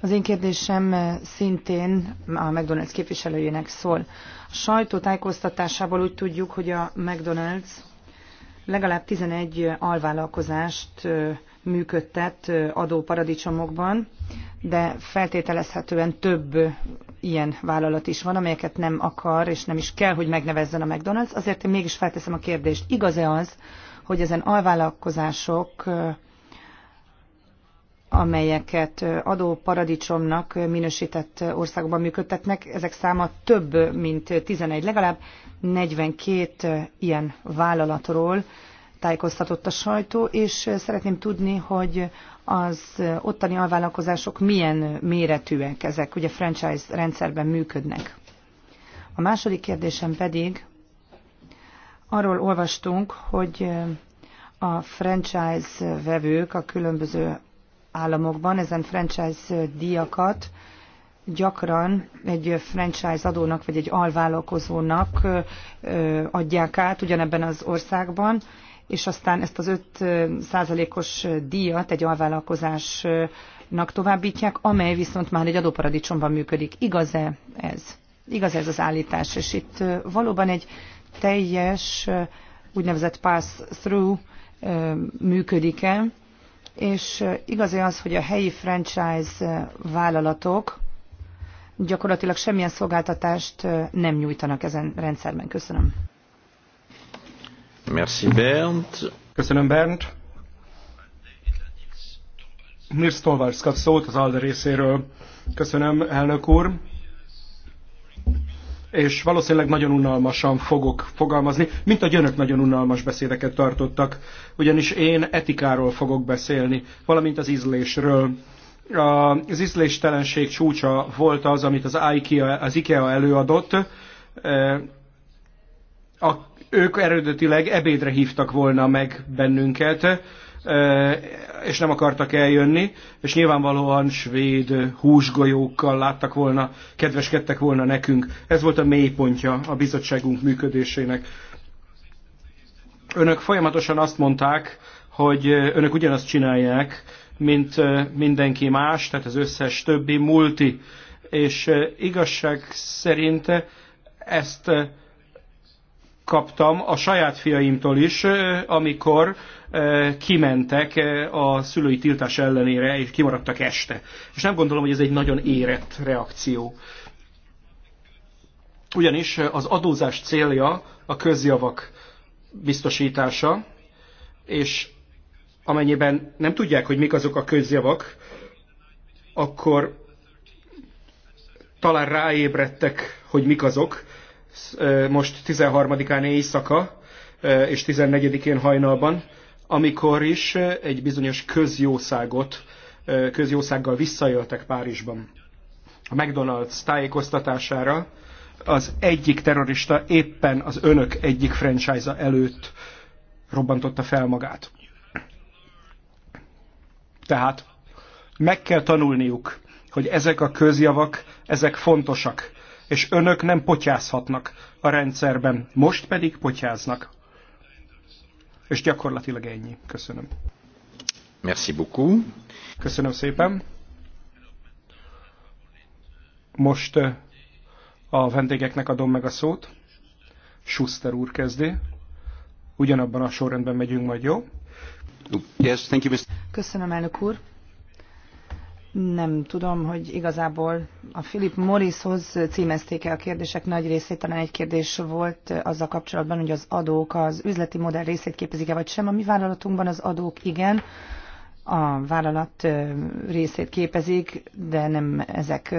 Az én kérdésem szintén a McDonald's képviselőjének szól. A sajtó tájékoztatásából úgy tudjuk, hogy a McDonald's legalább 11 alvállalkozást működtet adóparadicsomokban, de feltételezhetően több ilyen vállalat is van, amelyeket nem akar és nem is kell, hogy megnevezzen a McDonald's. Azért én mégis felteszem a kérdést, igaz-e az, hogy ezen alvállalkozások amelyeket adóparadicsomnak minősített országokban működtetnek. Ezek száma több, mint 11, legalább 42 ilyen vállalatról tájékoztatott a sajtó, és szeretném tudni, hogy az ottani alvállalkozások milyen méretűek ezek, ugye franchise rendszerben működnek. A második kérdésem pedig Arról olvastunk, hogy a franchise vevők a különböző államokban ezen franchise díjakat gyakran egy franchise adónak vagy egy alvállalkozónak adják át ugyanebben az országban, és aztán ezt az 5 százalékos díjat egy alvállalkozásnak továbbítják, amely viszont már egy adóparadicsomban működik. Igaz-e ez? Igaz ez az állítás? És itt valóban egy teljes úgynevezett pass-through működik-e, és igazi az, hogy a helyi franchise vállalatok gyakorlatilag semmilyen szolgáltatást nem nyújtanak ezen rendszerben. Köszönöm. Merci Bernd. Köszönöm Bernd. Nils Tolvars kap szót az ALDE részéről. Köszönöm, elnök úr és valószínűleg nagyon unalmasan fogok fogalmazni, mint a önök nagyon unalmas beszédeket tartottak, ugyanis én etikáról fogok beszélni, valamint az ízlésről. Az ízléstelenség csúcsa volt az, amit az IKEA, az IKEA előadott. A, ők eredetileg ebédre hívtak volna meg bennünket, és nem akartak eljönni, és nyilvánvalóan svéd húsgolyókkal láttak volna, kedveskedtek volna nekünk. Ez volt a mélypontja a bizottságunk működésének. Önök folyamatosan azt mondták, hogy önök ugyanazt csinálják, mint mindenki más, tehát az összes többi multi. És igazság szerint ezt kaptam a saját fiaimtól is, amikor kimentek a szülői tiltás ellenére, és kimaradtak este. És nem gondolom, hogy ez egy nagyon érett reakció. Ugyanis az adózás célja a közjavak biztosítása, és amennyiben nem tudják, hogy mik azok a közjavak, akkor talán ráébredtek, hogy mik azok, most 13-án éjszaka, és 14-én hajnalban, amikor is egy bizonyos közjószágot, közjószággal visszajöttek Párizsban. A McDonald's tájékoztatására az egyik terrorista éppen az önök egyik franchise-a előtt robbantotta fel magát. Tehát meg kell tanulniuk, hogy ezek a közjavak, ezek fontosak és önök nem potyázhatnak a rendszerben, most pedig potyáznak. És gyakorlatilag ennyi. Köszönöm. Merci beaucoup. Köszönöm szépen. Most eh, a vendégeknek adom meg a szót. Schuster úr kezdi. Ugyanabban a sorrendben megyünk majd, jó? Yes, thank you, Mr. Köszönöm, elnök úr. Nem tudom, hogy igazából a Philip Morrishoz címezték-e a kérdések nagy részét, talán egy kérdés volt azzal kapcsolatban, hogy az adók az üzleti modell részét képezik-e vagy sem. A mi vállalatunkban az adók igen, a vállalat részét képezik, de nem ezek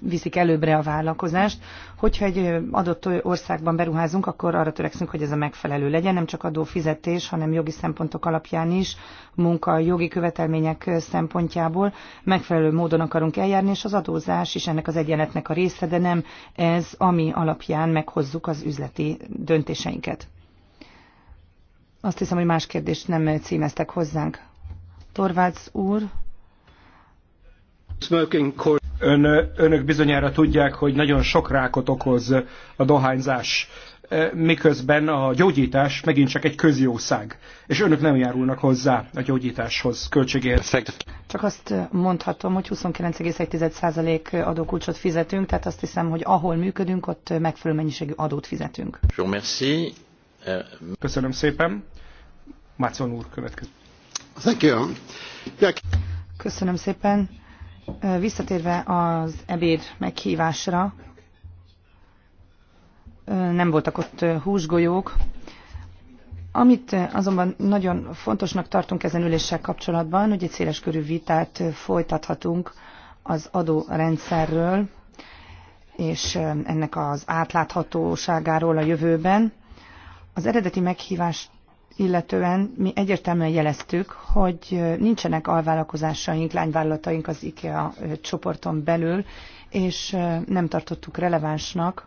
viszik előbbre a vállalkozást. Hogyha egy adott országban beruházunk, akkor arra törekszünk, hogy ez a megfelelő legyen, nem csak fizetés, hanem jogi szempontok alapján is, munka jogi követelmények szempontjából megfelelő módon akarunk eljárni, és az adózás is ennek az egyenletnek a része, de nem ez, ami alapján meghozzuk az üzleti döntéseinket. Azt hiszem, hogy más kérdést nem címeztek hozzánk. Torvalds úr. Ön, önök bizonyára tudják, hogy nagyon sok rákot okoz a dohányzás, e, miközben a gyógyítás megint csak egy közjószág, és önök nem járulnak hozzá a gyógyításhoz költségért. Csak azt mondhatom, hogy 29,1% adókulcsot fizetünk, tehát azt hiszem, hogy ahol működünk, ott megfelelő mennyiségű adót fizetünk. Euh, Köszönöm szépen. Mácon úr következik. Köszönöm szépen. Visszatérve az ebéd meghívásra, nem voltak ott húsgolyók. Amit azonban nagyon fontosnak tartunk ezen üléssel kapcsolatban, hogy egy széleskörű vitát folytathatunk az adórendszerről, és ennek az átláthatóságáról a jövőben. Az eredeti meghívást illetően mi egyértelműen jeleztük, hogy nincsenek alvállalkozásaink, lányvállalataink az IKEA csoporton belül, és nem tartottuk relevánsnak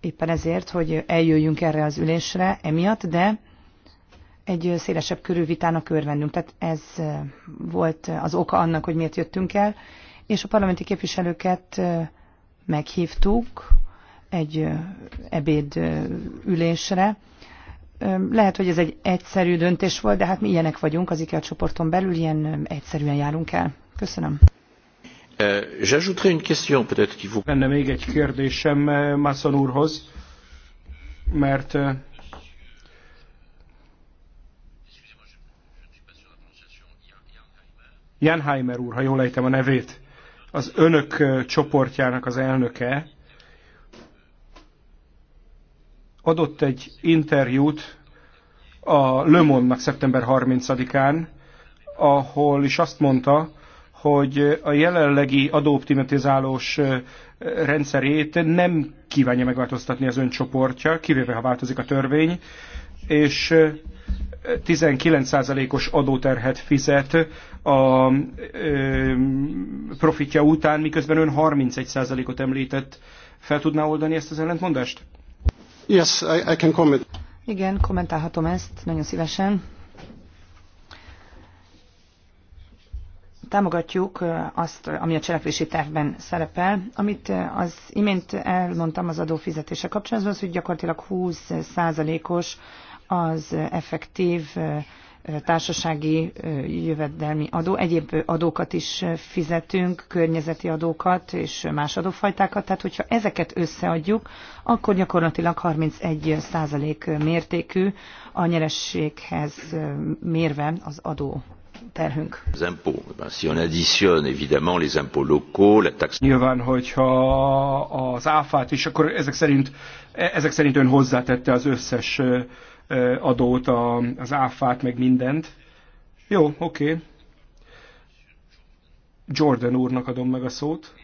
éppen ezért, hogy eljöjjünk erre az ülésre emiatt, de egy szélesebb körű vitának örvendünk. Tehát ez volt az oka annak, hogy miért jöttünk el, és a parlamenti képviselőket meghívtuk egy ebéd ülésre, lehet, hogy ez egy egyszerű döntés volt, de hát mi ilyenek vagyunk az IKEA csoporton belül, ilyen egyszerűen járunk el. Köszönöm. Lenne még egy kérdésem Mászon úrhoz, mert Janheimer úr, ha jól ejtem a nevét, az önök csoportjának az elnöke, adott egy interjút a Le Monde-nak szeptember 30-án, ahol is azt mondta, hogy a jelenlegi adóoptimatizálós rendszerét nem kívánja megváltoztatni az öncsoportja, kivéve ha változik a törvény, és 19%-os adóterhet fizet a ö, profitja után, miközben ön 31%-ot említett. Fel tudná oldani ezt az ellentmondást? Yes, I, I can comment. Igen, kommentálhatom ezt nagyon szívesen. támogatjuk azt, ami a cselekvési tervben szerepel. Amit az imént elmondtam az adófizetése kapcsolatban, az, hogy gyakorlatilag 20%-os az effektív társasági jövedelmi adó, egyéb adókat is fizetünk, környezeti adókat és más adófajtákat, tehát hogyha ezeket összeadjuk, akkor gyakorlatilag 31% mértékű a nyerességhez mérve az adó terhünk. Nyilván, hogyha az áfát is, akkor ezek szerint, e-, ezek szerint ön hozzátette az összes adót, az áfát, meg mindent. Jó, oké. Okay. Jordan úrnak adom meg a szót.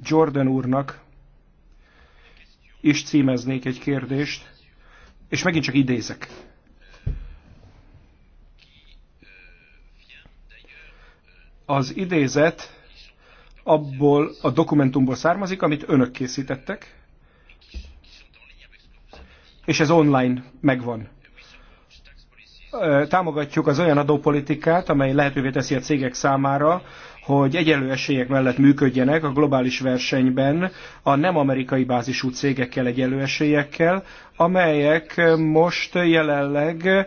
Jordan úrnak is címeznék egy kérdést, és megint csak idézek. Az idézet abból a dokumentumból származik, amit önök készítettek, és ez online megvan. Támogatjuk az olyan adópolitikát, amely lehetővé teszi a cégek számára, hogy egyenlő esélyek mellett működjenek a globális versenyben a nem amerikai bázisú cégekkel egyenlő esélyekkel, amelyek most jelenleg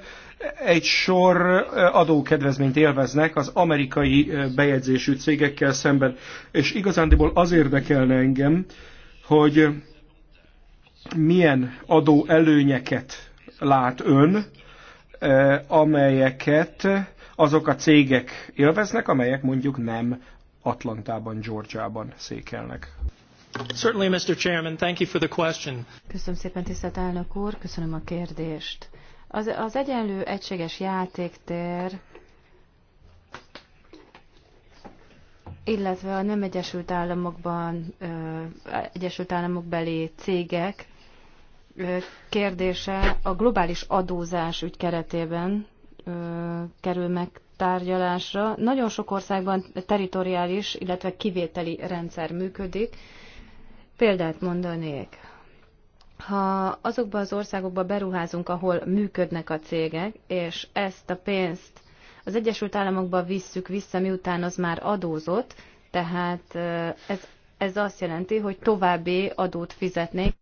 egy sor adókedvezményt élveznek az amerikai bejegyzésű cégekkel szemben. És igazándiból az érdekelne engem, hogy milyen adó előnyeket lát ön, eh, amelyeket azok a cégek élveznek, amelyek mondjuk nem Atlantában, Georgiában székelnek. Certainly, Mr. Chairman, thank you for the question. Köszönöm szépen, tisztelt elnök úr, köszönöm a kérdést. Az, az egyenlő egységes játéktér, illetve a nem Egyesült Államokban, ö, Egyesült Államok beli cégek kérdése a globális adózás ügy keretében kerül meg tárgyalásra. Nagyon sok országban teritoriális, illetve kivételi rendszer működik. Példát mondanék. Ha azokba az országokba beruházunk, ahol működnek a cégek, és ezt a pénzt az Egyesült Államokba visszük vissza, miután az már adózott, tehát ez, ez azt jelenti, hogy további adót fizetnék.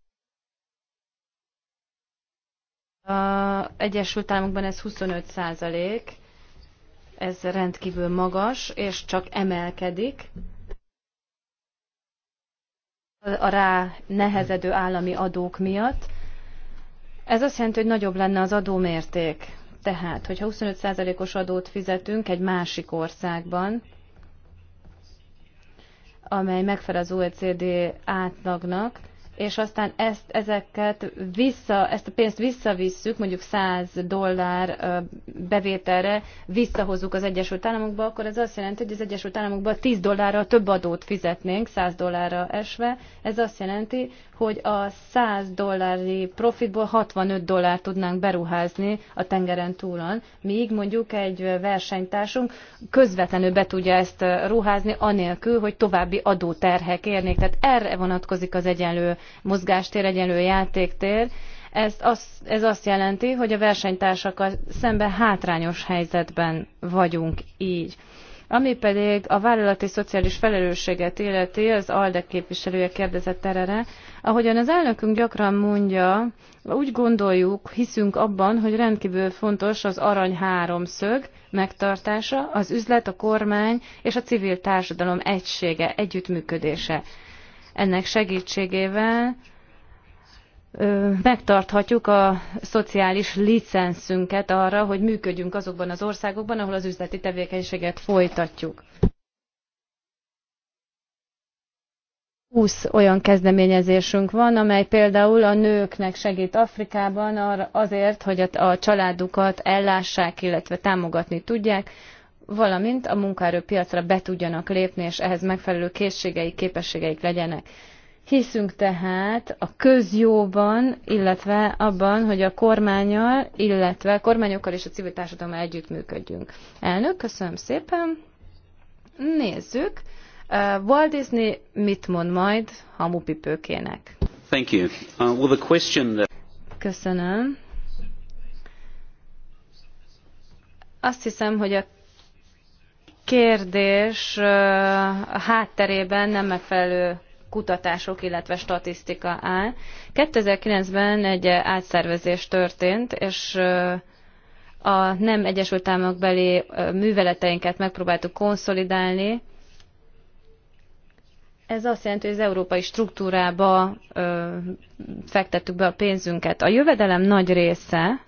A Egyesült Államokban ez 25 százalék, ez rendkívül magas, és csak emelkedik. A rá nehezedő állami adók miatt. Ez azt jelenti, hogy nagyobb lenne az adómérték. Tehát, hogyha 25%-os adót fizetünk egy másik országban, amely megfelel az OECD átlagnak, és aztán ezt, ezeket vissza, ezt a pénzt visszavisszük, mondjuk 100 dollár bevételre visszahozzuk az Egyesült Államokba, akkor ez azt jelenti, hogy az Egyesült Államokban 10 dollárral több adót fizetnénk, 100 dollárra esve. Ez azt jelenti, hogy a 100 dollári profitból 65 dollárt tudnánk beruházni a tengeren túlon, míg mondjuk egy versenytársunk közvetlenül be tudja ezt ruházni, anélkül, hogy további adóterhek érnék. Tehát erre vonatkozik az egyenlő mozgástér, egyenlő játéktér. Ez, az, ez azt jelenti, hogy a versenytársakkal szemben hátrányos helyzetben vagyunk így. Ami pedig a vállalati szociális felelősséget illeti, az ALDE képviselője kérdezett erre, ahogyan az elnökünk gyakran mondja, úgy gondoljuk, hiszünk abban, hogy rendkívül fontos az arany háromszög megtartása, az üzlet, a kormány és a civil társadalom egysége, együttműködése. Ennek segítségével megtarthatjuk a szociális licenszünket arra, hogy működjünk azokban az országokban, ahol az üzleti tevékenységet folytatjuk. 20 olyan kezdeményezésünk van, amely például a nőknek segít Afrikában azért, hogy a családukat ellássák, illetve támogatni tudják valamint a munkaerőpiacra be tudjanak lépni, és ehhez megfelelő készségeik, képességeik legyenek. Hiszünk tehát a közjóban, illetve abban, hogy a kormányal, illetve a kormányokkal és a civil társadalommal együttműködjünk. Elnök, köszönöm szépen. Nézzük. Uh, Walt Disney mit mond majd hamupipőkének? Thank you. Uh, well, the question that... Köszönöm. Azt hiszem, hogy a kérdés hátterében nem megfelelő kutatások, illetve statisztika áll. 2009-ben egy átszervezés történt, és a nem Egyesült Államok beli műveleteinket megpróbáltuk konszolidálni. Ez azt jelenti, hogy az európai struktúrába ö, fektettük be a pénzünket. A jövedelem nagy része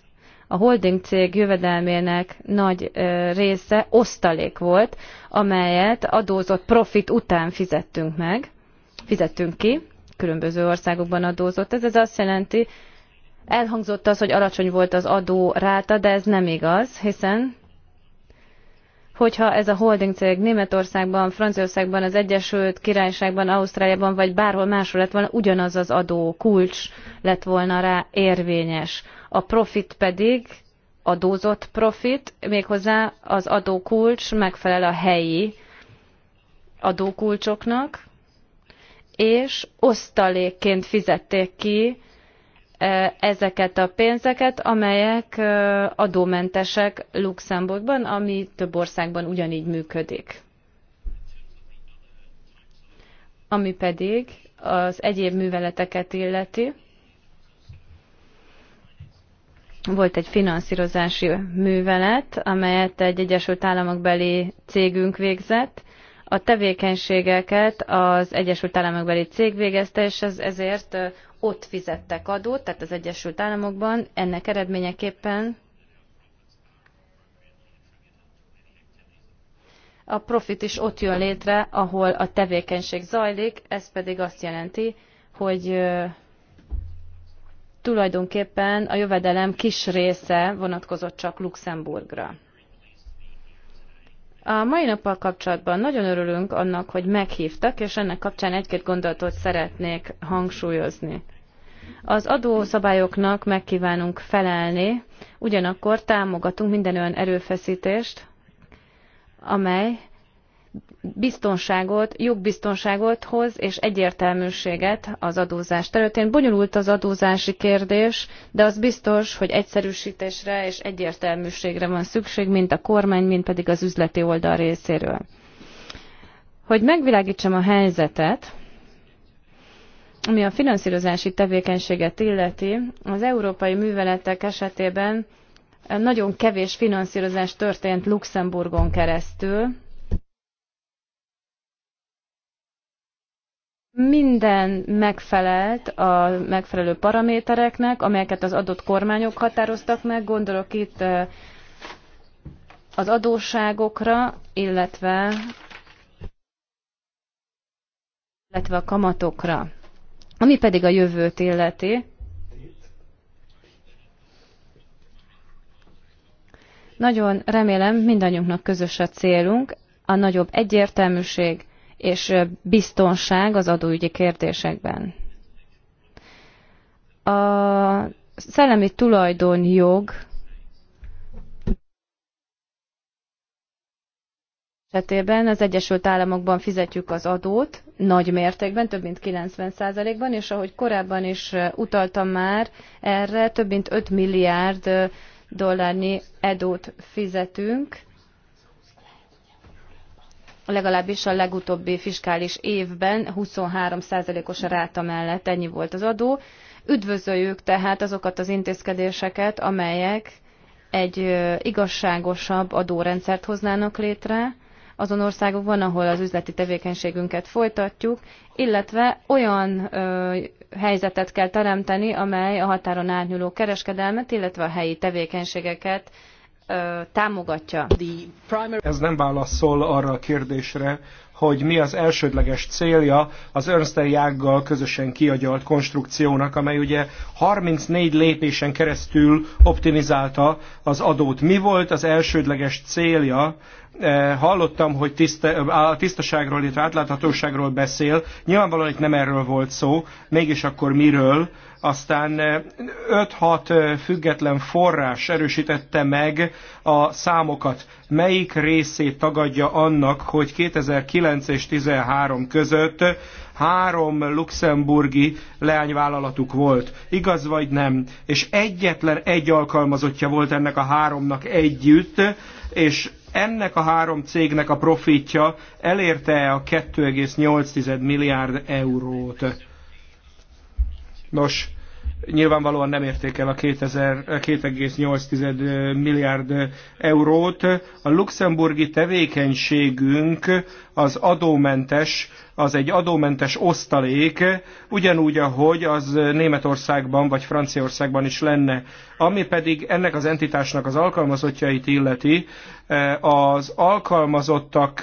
a holding cég jövedelmének nagy része osztalék volt, amelyet adózott profit után fizettünk meg, fizettünk ki, különböző országokban adózott. Ez, ez azt jelenti, elhangzott az, hogy alacsony volt az adó ráta, de ez nem igaz, hiszen hogyha ez a holding cég Németországban, Franciaországban, az Egyesült Királyságban, Ausztráliában vagy bárhol máshol lett volna, ugyanaz az adó kulcs lett volna rá érvényes a profit pedig adózott profit, méghozzá az adókulcs megfelel a helyi adókulcsoknak, és osztalékként fizették ki e, ezeket a pénzeket, amelyek e, adómentesek Luxemburgban, ami több országban ugyanígy működik. Ami pedig az egyéb műveleteket illeti, volt egy finanszírozási művelet, amelyet egy Egyesült Államok beli cégünk végzett. A tevékenységeket az Egyesült Államok beli cég végezte, és ez, ezért ott fizettek adót, tehát az Egyesült Államokban. Ennek eredményeképpen a profit is ott jön létre, ahol a tevékenység zajlik, ez pedig azt jelenti, hogy tulajdonképpen a jövedelem kis része vonatkozott csak Luxemburgra. A mai nappal kapcsolatban nagyon örülünk annak, hogy meghívtak, és ennek kapcsán egy-két gondolatot szeretnék hangsúlyozni. Az adószabályoknak megkívánunk felelni, ugyanakkor támogatunk minden olyan erőfeszítést, amely biztonságot, jogbiztonságot hoz és egyértelműséget az adózás területén. Bonyolult az adózási kérdés, de az biztos, hogy egyszerűsítésre és egyértelműségre van szükség, mint a kormány, mint pedig az üzleti oldal részéről. Hogy megvilágítsam a helyzetet, ami a finanszírozási tevékenységet illeti, az európai műveletek esetében nagyon kevés finanszírozás történt Luxemburgon keresztül, Minden megfelelt a megfelelő paramétereknek, amelyeket az adott kormányok határoztak meg. Gondolok itt az adósságokra, illetve, illetve a kamatokra. Ami pedig a jövőt illeti, Nagyon remélem, mindannyiunknak közös a célunk, a nagyobb egyértelműség, és biztonság az adóügyi kérdésekben. A szellemi tulajdonjog esetében az Egyesült Államokban fizetjük az adót nagy mértékben, több mint 90%-ban, és ahogy korábban is utaltam már erre, több mint 5 milliárd dollárnyi edót fizetünk legalábbis a legutóbbi fiskális évben 23%-os ráta mellett ennyi volt az adó. Üdvözöljük tehát azokat az intézkedéseket, amelyek egy igazságosabb adórendszert hoznának létre azon országokban, ahol az üzleti tevékenységünket folytatjuk, illetve olyan ö, helyzetet kell teremteni, amely a határon átnyúló kereskedelmet, illetve a helyi tevékenységeket támogatja. Ez nem válaszol arra a kérdésre, hogy mi az elsődleges célja az Ernst Jággal közösen kiagyalt konstrukciónak, amely ugye 34 lépésen keresztül optimizálta az adót. Mi volt az elsődleges célja? E, hallottam, hogy tiszta, tisztaságról, illetve átláthatóságról beszél. Nyilvánvalóan itt nem erről volt szó, mégis akkor miről? Aztán 5-6 eh, eh, független forrás erősítette meg a számokat. Melyik részét tagadja annak, hogy 2009 és 2013 között három luxemburgi leányvállalatuk volt. Igaz vagy nem? És egyetlen egy alkalmazottja volt ennek a háromnak együtt, és ennek a három cégnek a profitja elérte -e a 2,8 milliárd eurót? Nos, nyilvánvalóan nem érték el a 2,8 milliárd eurót. A luxemburgi tevékenységünk az adómentes, az egy adómentes osztalék, ugyanúgy, ahogy az Németországban vagy Franciaországban is lenne. Ami pedig ennek az entitásnak az alkalmazottjait illeti, az alkalmazottak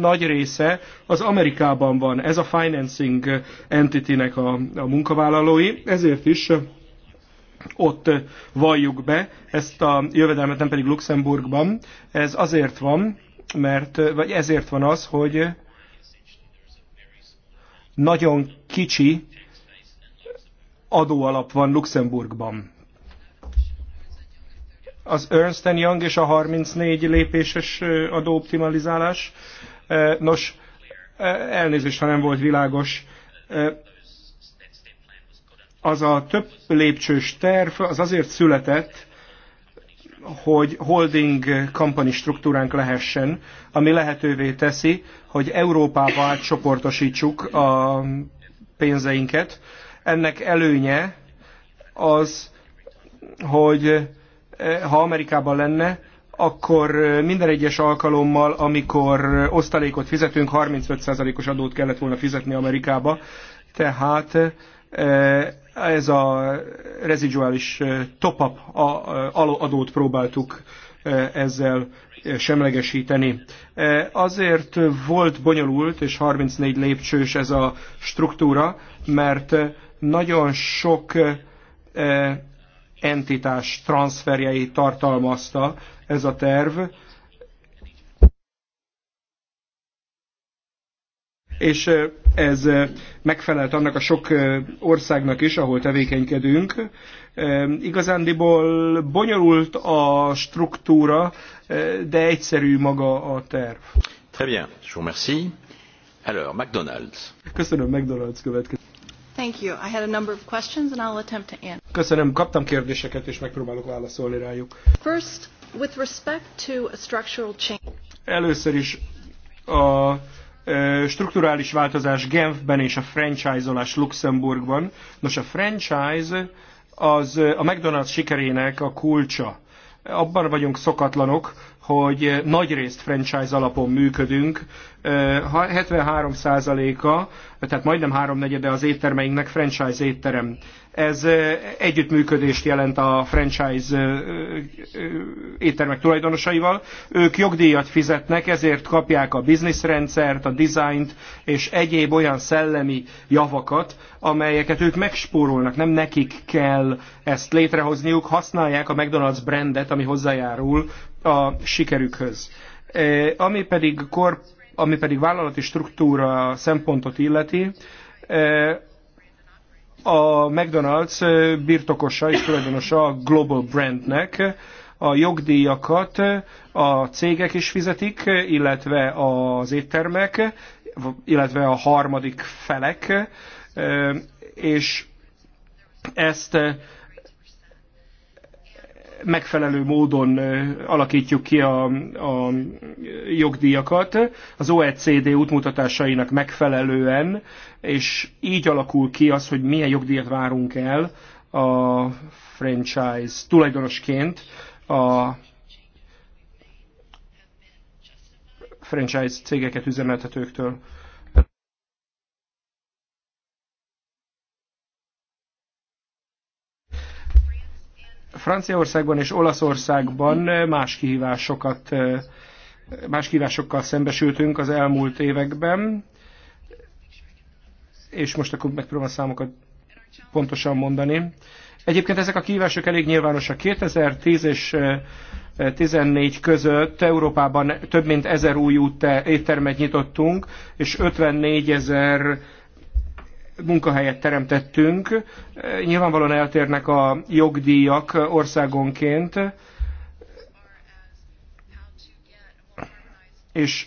nagy része az Amerikában van. Ez a financing entity-nek a, a munkavállalói, ezért is ott valljuk be ezt a jövedelmet, nem pedig Luxemburgban. Ez azért van, mert, vagy ezért van az, hogy nagyon kicsi adóalap van Luxemburgban az Ernst Young és a 34 lépéses adóoptimalizálás. Nos, elnézést, ha nem volt világos. Az a több lépcsős terv az azért született, hogy holding company struktúránk lehessen, ami lehetővé teszi, hogy Európába átcsoportosítsuk a pénzeinket. Ennek előnye az, hogy ha Amerikában lenne, akkor minden egyes alkalommal, amikor osztalékot fizetünk, 35%-os adót kellett volna fizetni Amerikába. Tehát ez a reziduális top-up adót próbáltuk ezzel semlegesíteni. Azért volt bonyolult és 34 lépcsős ez a struktúra, mert nagyon sok entitás transferjei tartalmazta ez a terv. És ez megfelelt annak a sok országnak is, ahol tevékenykedünk. Igazándiból bonyolult a struktúra, de egyszerű maga a terv. Très bien, je vous remercie. Alors, McDonald's. Köszönöm, McDonald's következik. Thank you. I had a number of questions and I'll attempt to answer. Köszönöm, kaptam kérdéseket és megpróbálok válaszolni rájuk. First, with respect to a structural change. Először is a e, strukturális változás Genfben és a franchise-olás Luxemburgban. Nos, a franchise az e, a McDonald's sikerének a kulcsa. Abban vagyunk szokatlanok, hogy nagyrészt franchise alapon működünk. 73%-a, tehát majdnem háromnegyede az éttermeinknek franchise étterem. Ez együttműködést jelent a franchise éttermek tulajdonosaival. Ők jogdíjat fizetnek, ezért kapják a bizniszrendszert, a dizájnt és egyéb olyan szellemi javakat, amelyeket ők megspórolnak. Nem nekik kell ezt létrehozniuk, használják a McDonald's brandet, ami hozzájárul a sikerükhöz. Ami pedig, kor, ami pedig vállalati struktúra szempontot illeti, a McDonald's birtokosa és tulajdonosa a Global Brandnek, a jogdíjakat a cégek is fizetik, illetve az éttermek, illetve a harmadik felek, és ezt megfelelő módon alakítjuk ki a, a jogdíjakat az OECD útmutatásainak megfelelően, és így alakul ki az, hogy milyen jogdíjat várunk el a franchise tulajdonosként a franchise cégeket üzemeltetőktől. Franciaországban és Olaszországban más kihívásokat más kihívásokkal szembesültünk az elmúlt években, és most akkor megpróbálom a számokat pontosan mondani. Egyébként ezek a kihívások elég nyilvánosak. 2010 és 2014 között Európában több mint ezer új éttermet nyitottunk, és 54 ezer munkahelyet teremtettünk. Nyilvánvalóan eltérnek a jogdíjak országonként, és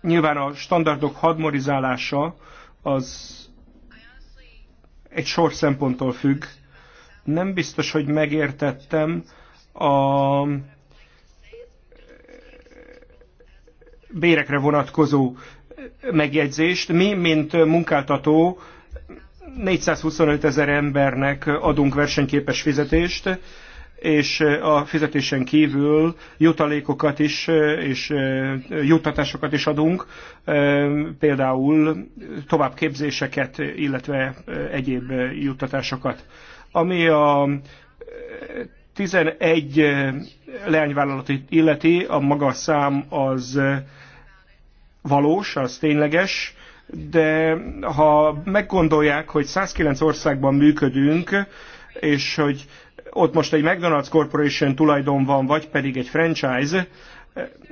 nyilván a standardok hadmorizálása az egy sor szemponttól függ. Nem biztos, hogy megértettem a bérekre vonatkozó megjegyzést. Mi, mint munkáltató, 425 ezer embernek adunk versenyképes fizetést, és a fizetésen kívül jutalékokat is, és juttatásokat is adunk, például továbbképzéseket, illetve egyéb juttatásokat. Ami a 11 leányvállalat illeti, a magas szám az valós, az tényleges, de ha meggondolják, hogy 109 országban működünk, és hogy ott most egy McDonald's Corporation tulajdon van, vagy pedig egy franchise,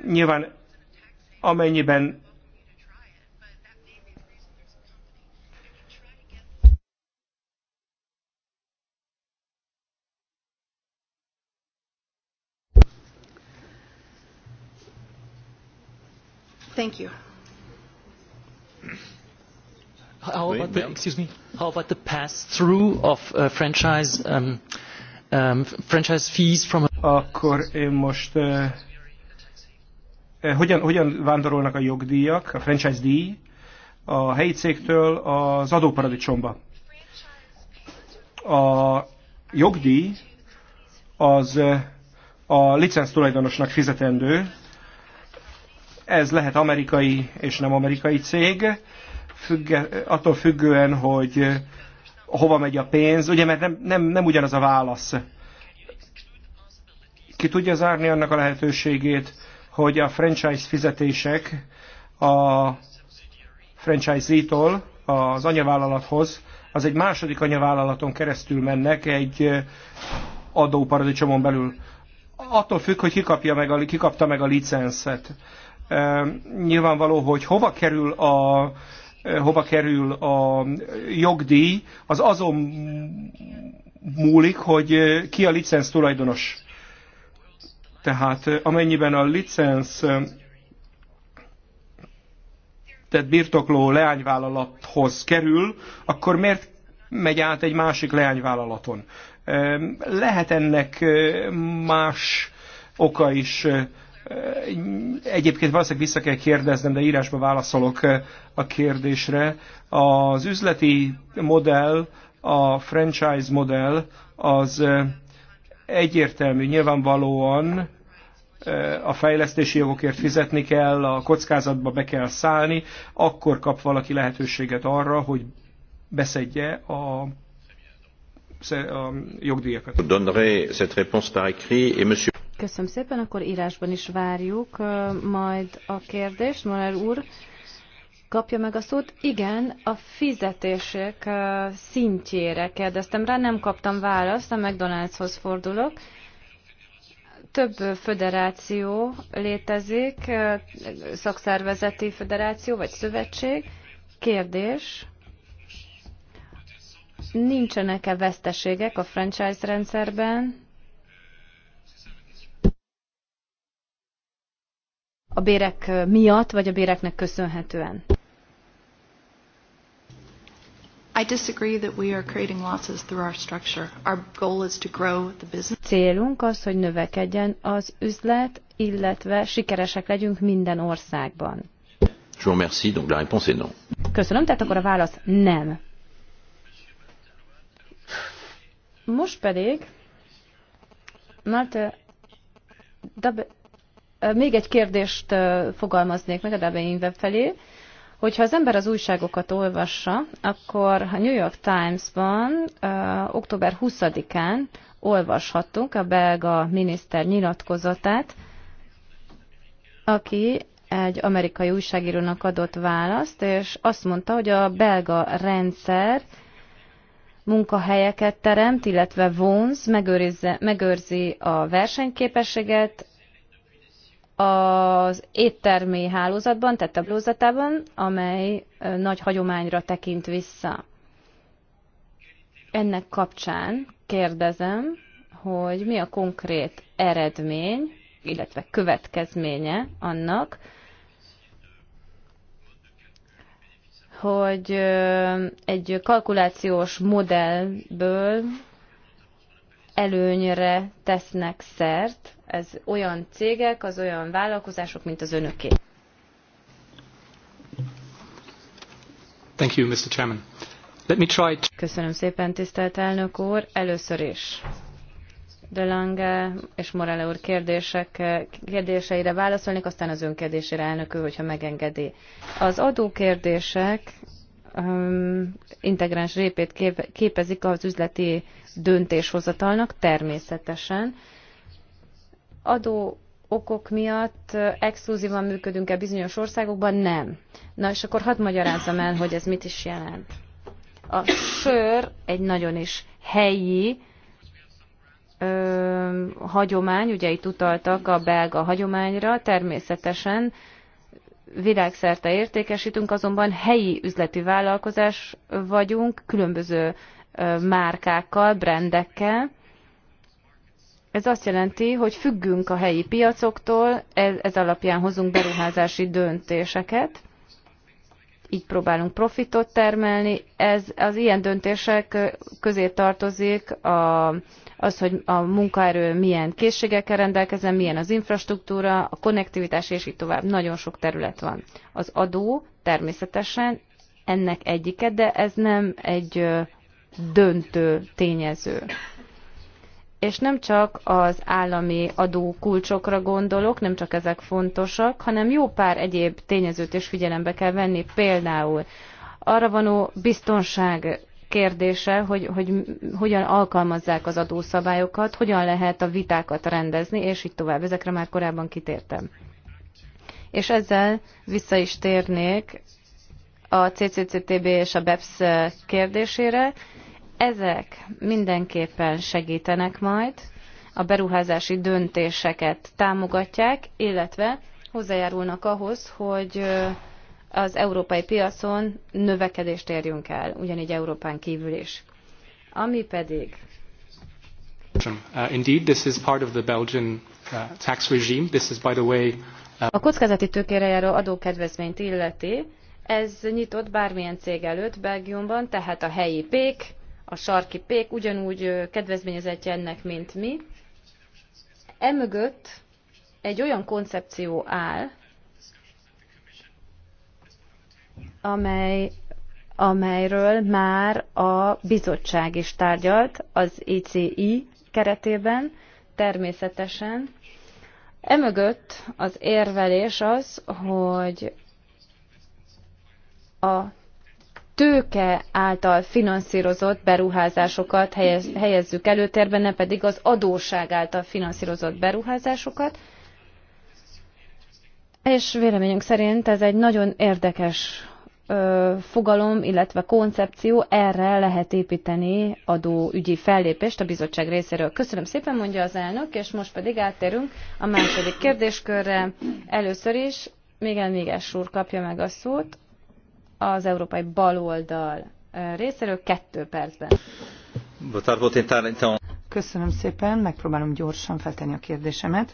nyilván amennyiben Thank you. How about the, excuse me, how about the pass-through of uh, franchise, um, um, franchise fees from... Akkor én most... Uh, uh, hogyan, hogyan vándorolnak a jogdíjak, a franchise díj a helyi cégtől az adóparadicsomba? A jogdíj az uh, a licenc tulajdonosnak fizetendő, ez lehet amerikai és nem amerikai cég, függe, attól függően, hogy eh, hova megy a pénz, ugye, mert nem, nem, nem ugyanaz a válasz. Ki tudja zárni annak a lehetőségét, hogy a franchise fizetések a franchisee-tól az anyavállalathoz, az egy második anyavállalaton keresztül mennek egy eh, adóparadicsomon belül. Attól függ, hogy ki, kapja meg a, ki kapta meg a licenszet. E, nyilvánvaló, hogy hova kerül a hova kerül a jogdíj, az azon múlik, hogy ki a licenc tulajdonos. Tehát amennyiben a licenc tehát birtokló leányvállalathoz kerül, akkor miért megy át egy másik leányvállalaton? Lehet ennek más oka is Egyébként valószínűleg vissza kell kérdeznem, de írásba válaszolok eh, a kérdésre. Az üzleti modell, a franchise modell az eh, egyértelmű, nyilvánvalóan eh, a fejlesztési jogokért fizetni kell, a kockázatba be kell szállni, akkor kap valaki lehetőséget arra, hogy beszedje a a jogdíjakat. Donnerai cette réponse par écrit et monsieur Köszönöm szépen, akkor írásban is várjuk majd a kérdést. Moller úr kapja meg a szót. Igen, a fizetések szintjére kérdeztem rá, nem kaptam választ, a McDonald'shoz fordulok több föderáció létezik, szakszervezeti föderáció vagy szövetség. Kérdés, nincsenek-e veszteségek a franchise rendszerben? a bérek miatt, vagy a béreknek köszönhetően? I disagree that we are creating losses through our structure. Our goal is to grow the business. Célunk az, hogy növekedjen az üzlet, illetve sikeresek legyünk minden országban. Je vous remercie, donc la réponse est non. Köszönöm, tehát akkor a válasz nem. Most pedig Malte még egy kérdést fogalmaznék meg a Dublin web felé. Hogyha az ember az újságokat olvassa, akkor a New York Times-ban október 20-án olvashattunk a belga miniszter nyilatkozatát, aki egy amerikai újságírónak adott választ, és azt mondta, hogy a belga rendszer munkahelyeket teremt, illetve vonz, megőrzi a versenyképességet, az éttermi hálózatban, tehát a amely nagy hagyományra tekint vissza. Ennek kapcsán kérdezem, hogy mi a konkrét eredmény, illetve következménye annak, hogy egy kalkulációs modellből előnyre tesznek szert. Ez olyan cégek, az olyan vállalkozások, mint az önöké. Thank you, Mr. Chairman. Let me try to... Köszönöm szépen, tisztelt elnök úr. Először is de Lange és Morale úr kérdések, kérdéseire válaszolnék, aztán az önkérdésére elnök úr, hogyha megengedi. Az adókérdések integráns répét képezik az üzleti döntéshozatalnak természetesen. Adó okok miatt exkluzívan működünk-e bizonyos országokban? Nem. Na és akkor hadd magyarázzam el, hogy ez mit is jelent. A sör egy nagyon is helyi ö, hagyomány, ugye itt utaltak a belga hagyományra, természetesen világszerte értékesítünk, azonban helyi üzleti vállalkozás vagyunk, különböző márkákkal, brendekkel. Ez azt jelenti, hogy függünk a helyi piacoktól, ez, ez alapján hozunk beruházási döntéseket, így próbálunk profitot termelni. Ez az ilyen döntések közé tartozik a az, hogy a munkaerő milyen készségekkel rendelkezem, milyen az infrastruktúra, a konnektivitás és így tovább. Nagyon sok terület van. Az adó természetesen ennek egyike, de ez nem egy döntő tényező. És nem csak az állami adókulcsokra gondolok, nem csak ezek fontosak, hanem jó pár egyéb tényezőt is figyelembe kell venni, például arra vonó biztonság kérdése, hogy, hogy hogyan alkalmazzák az adószabályokat, hogyan lehet a vitákat rendezni, és így tovább. Ezekre már korábban kitértem. És ezzel vissza is térnék a CCCTB és a BEPS kérdésére. Ezek mindenképpen segítenek majd, a beruházási döntéseket támogatják, illetve hozzájárulnak ahhoz, hogy az európai piacon növekedést érjünk el, ugyanígy Európán kívül is. Ami pedig... Uh, uh, uh, a kockázati tőkére járó adókedvezményt illeti, ez nyitott bármilyen cég előtt Belgiumban, tehát a helyi pék, a sarki pék ugyanúgy kedvezményezett ennek, mint mi. Emögött egy olyan koncepció áll, amely amelyről már a bizottság is tárgyalt az ICI keretében, természetesen. Emögött az érvelés az, hogy a tőke által finanszírozott beruházásokat helyez, helyezzük előtérben, ne pedig az adósság által finanszírozott beruházásokat. És véleményünk szerint ez egy nagyon érdekes fogalom, illetve koncepció, erre lehet építeni adóügyi fellépést a bizottság részéről. Köszönöm szépen, mondja az elnök, és most pedig áttérünk a második kérdéskörre. Először is még Miges úr kapja meg a szót az európai baloldal részéről kettő percben. Köszönöm szépen, megpróbálom gyorsan feltenni a kérdésemet.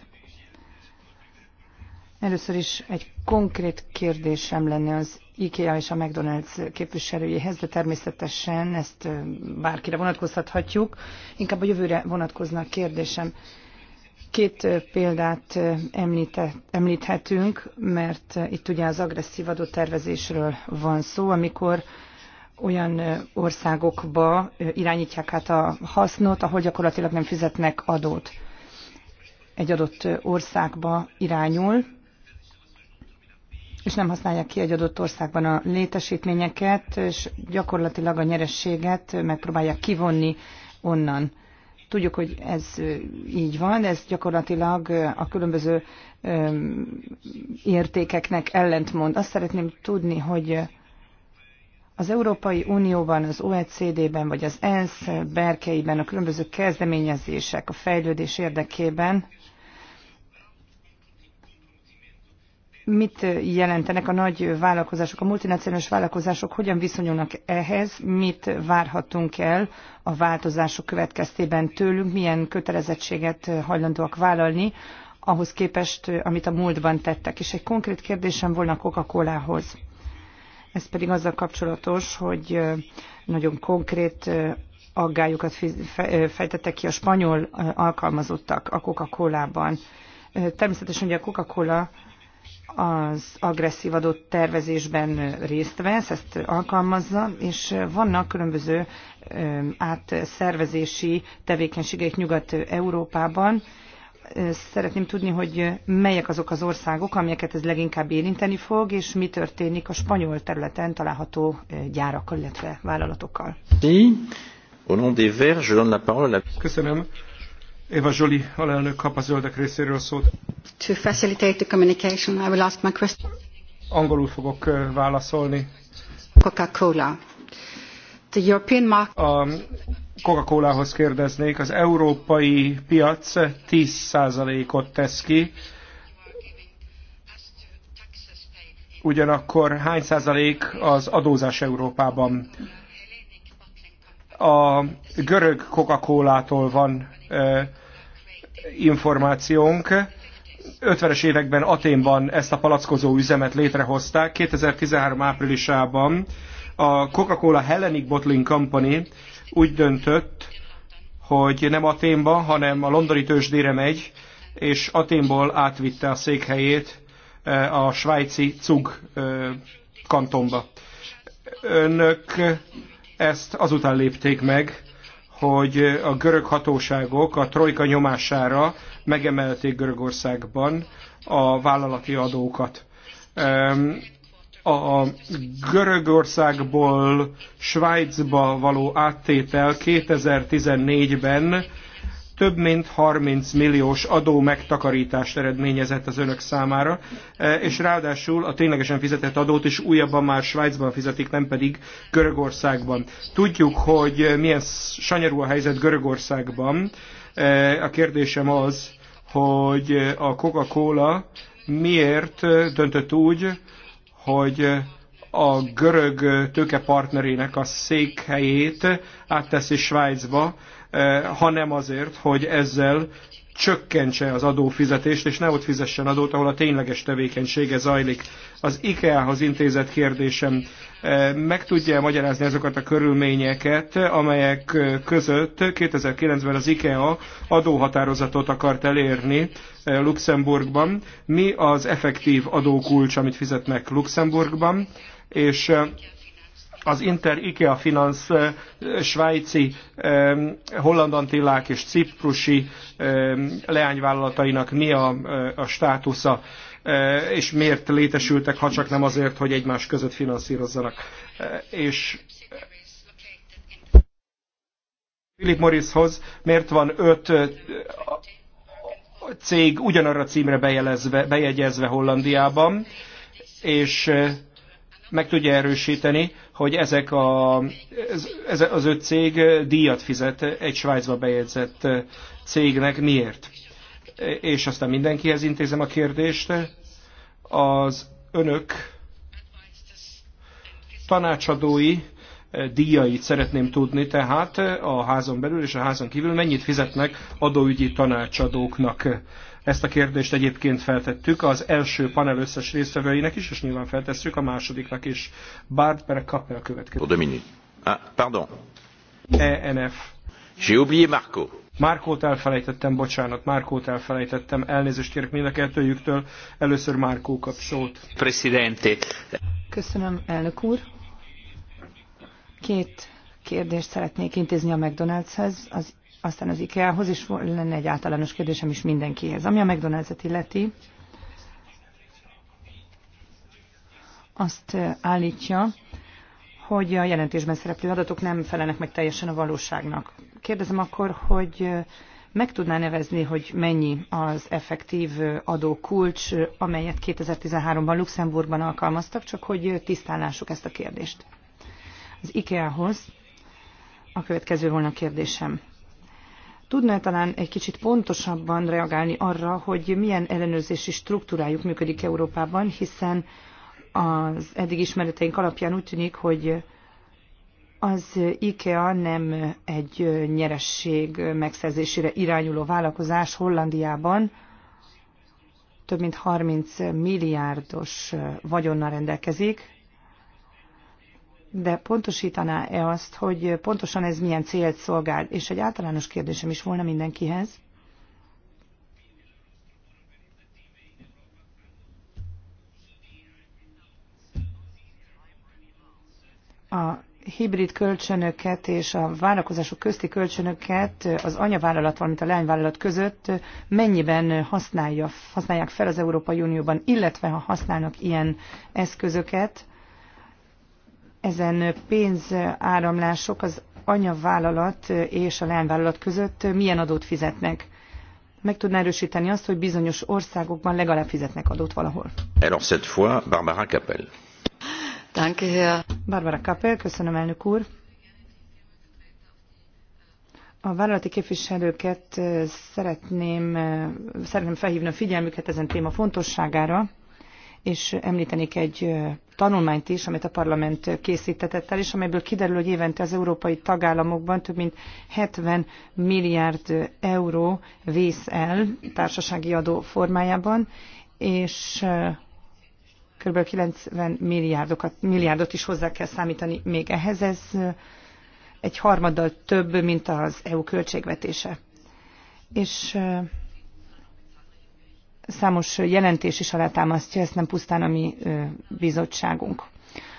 Először is egy konkrét kérdésem lenne az IKEA és a McDonald's képviselőjéhez, de természetesen ezt bárkire vonatkozhatjuk. Inkább a jövőre vonatkoznak kérdésem. Két példát említett, említhetünk, mert itt ugye az agresszív adótervezésről van szó, amikor olyan országokba irányítják át a hasznot, ahol gyakorlatilag nem fizetnek adót. Egy adott országba irányul, és nem használják ki egy adott országban a létesítményeket, és gyakorlatilag a nyerességet megpróbálják kivonni onnan. Tudjuk, hogy ez így van, ez gyakorlatilag a különböző értékeknek ellentmond. Azt szeretném tudni, hogy az Európai Unióban, az OECD-ben, vagy az ENSZ berkeiben a különböző kezdeményezések a fejlődés érdekében mit jelentenek a nagy vállalkozások, a multinacionális vállalkozások, hogyan viszonyulnak ehhez, mit várhatunk el a változások következtében tőlünk, milyen kötelezettséget hajlandóak vállalni, ahhoz képest, amit a múltban tettek. És egy konkrét kérdésem volna coca hoz Ez pedig azzal kapcsolatos, hogy nagyon konkrét aggályokat fejtettek ki a spanyol alkalmazottak a coca ban Természetesen ugye a Coca-Cola az agresszív adott tervezésben részt vesz, ezt alkalmazza, és vannak különböző átszervezési tevékenységek Nyugat-Európában. Szeretném tudni, hogy melyek azok az országok, amelyeket ez leginkább érinteni fog, és mi történik a spanyol területen található gyárakkal, illetve vállalatokkal. Köszönöm. Eva Zsoli alelnök kap a zöldek részéről szót. To facilitate the communication, I will ask my question. Angolul fogok válaszolni. Coca-Cola. The European market... A coca colahoz kérdeznék, az európai piac 10%-ot tesz ki, ugyanakkor hány százalék az adózás Európában? A görög Coca-Colától van információnk. 50-es években Aténban ezt a palackozó üzemet létrehozták. 2013 áprilisában a Coca-Cola Hellenic Bottling Company úgy döntött, hogy nem Aténba, hanem a londoni tőzsdére megy, és Aténból átvitte a székhelyét eh, a svájci Cug eh, kantonba. Önök ezt azután lépték meg, hogy a görög hatóságok a trojka nyomására megemelték Görögországban a vállalati adókat. A Görögországból Svájcba való áttétel 2014-ben több mint 30 milliós adó megtakarítást eredményezett az önök számára, e, és ráadásul a ténylegesen fizetett adót is újabban már Svájcban fizetik, nem pedig Görögországban. Tudjuk, hogy milyen sanyarú a helyzet Görögországban. E, a kérdésem az, hogy a Coca-Cola miért döntött úgy, hogy a görög tőkepartnerének a székhelyét átteszi Svájcba, Eh, hanem azért, hogy ezzel csökkentse az adófizetést, és ne ott fizessen adót, ahol a tényleges tevékenysége zajlik. Az IKEA-hoz intézett kérdésem eh, meg tudja magyarázni azokat a körülményeket, amelyek eh, között 2009-ben az IKEA adóhatározatot akart elérni Luxemburgban. Mi az effektív adókulcs, amit fizetnek Luxemburgban, és az Inter IKEA Finance svájci, holland antillák és ciprusi leányvállalatainak mi a, a státusza, és miért létesültek, ha csak nem azért, hogy egymás között finanszírozzanak. És Philip Morrishoz miért van öt cég ugyanarra címre bejelezve, bejegyezve Hollandiában, és meg tudja erősíteni, hogy ezek a, ez, az öt cég díjat fizet egy Svájcba bejegyzett cégnek. Miért? És aztán mindenkihez intézem a kérdést. Az önök tanácsadói díjait szeretném tudni, tehát a házon belül és a házon kívül mennyit fizetnek adóügyi tanácsadóknak. Ezt a kérdést egyébként feltettük az első panel összes résztvevőinek is, és nyilván feltesszük a másodiknak is. Bart per Kappel következik. Dominique. Ah, pardon. ENF. J'ai oublié Marco. Márkót elfelejtettem, bocsánat, Márkót elfelejtettem, elnézést kérek mind a kettőjüktől. Először Márkó kap szót. Presidente. Köszönöm, elnök úr. Két kérdést szeretnék intézni a McDonald'shez. Az aztán az IKEA-hoz, is lenne egy általános kérdésem is mindenkihez. Ami a McDonald's-et illeti, azt eh, állítja, hogy a jelentésben szereplő adatok nem felelnek meg teljesen a valóságnak. Kérdezem akkor, hogy eh, meg tudná nevezni, hogy mennyi az effektív eh, adókulcs, amelyet 2013-ban Luxemburgban alkalmaztak, csak hogy tisztálásuk ezt a kérdést. Az IKEA-hoz a következő volna a kérdésem. Tudná talán egy kicsit pontosabban reagálni arra, hogy milyen ellenőrzési struktúrájuk működik Európában, hiszen az eddig ismereteink alapján úgy tűnik, hogy az IKEA nem egy nyeresség megszerzésére irányuló vállalkozás Hollandiában, több mint 30 milliárdos vagyonnal rendelkezik, de pontosítaná-e azt, hogy pontosan ez milyen célt szolgál? És egy általános kérdésem is volna mindenkihez. A hibrid kölcsönöket és a vállalkozások közti kölcsönöket az anyavállalat, valamint a leányvállalat között mennyiben használja, használják fel az Európai Unióban, illetve ha használnak ilyen eszközöket, ezen pénzáramlások az anyavállalat és a leányvállalat között milyen adót fizetnek? Meg tudná erősíteni azt, hogy bizonyos országokban legalább fizetnek adót valahol. Alors cette fois, Barbara Kappel. Danke, Herr. Barbara Kappel, köszönöm, elnök úr. A vállalati képviselőket szeretném, szeretném felhívni a figyelmüket ezen téma fontosságára és említenék egy tanulmányt is, amit a parlament készítetett el, és amelyből kiderül, hogy évente az európai tagállamokban több mint 70 milliárd euró vész el társasági adó formájában, és kb. 90 milliárdokat, milliárdot is hozzá kell számítani még ehhez. Ez egy harmaddal több, mint az EU költségvetése. És számos jelentés is alátámasztja, ezt nem pusztán a mi bizottságunk.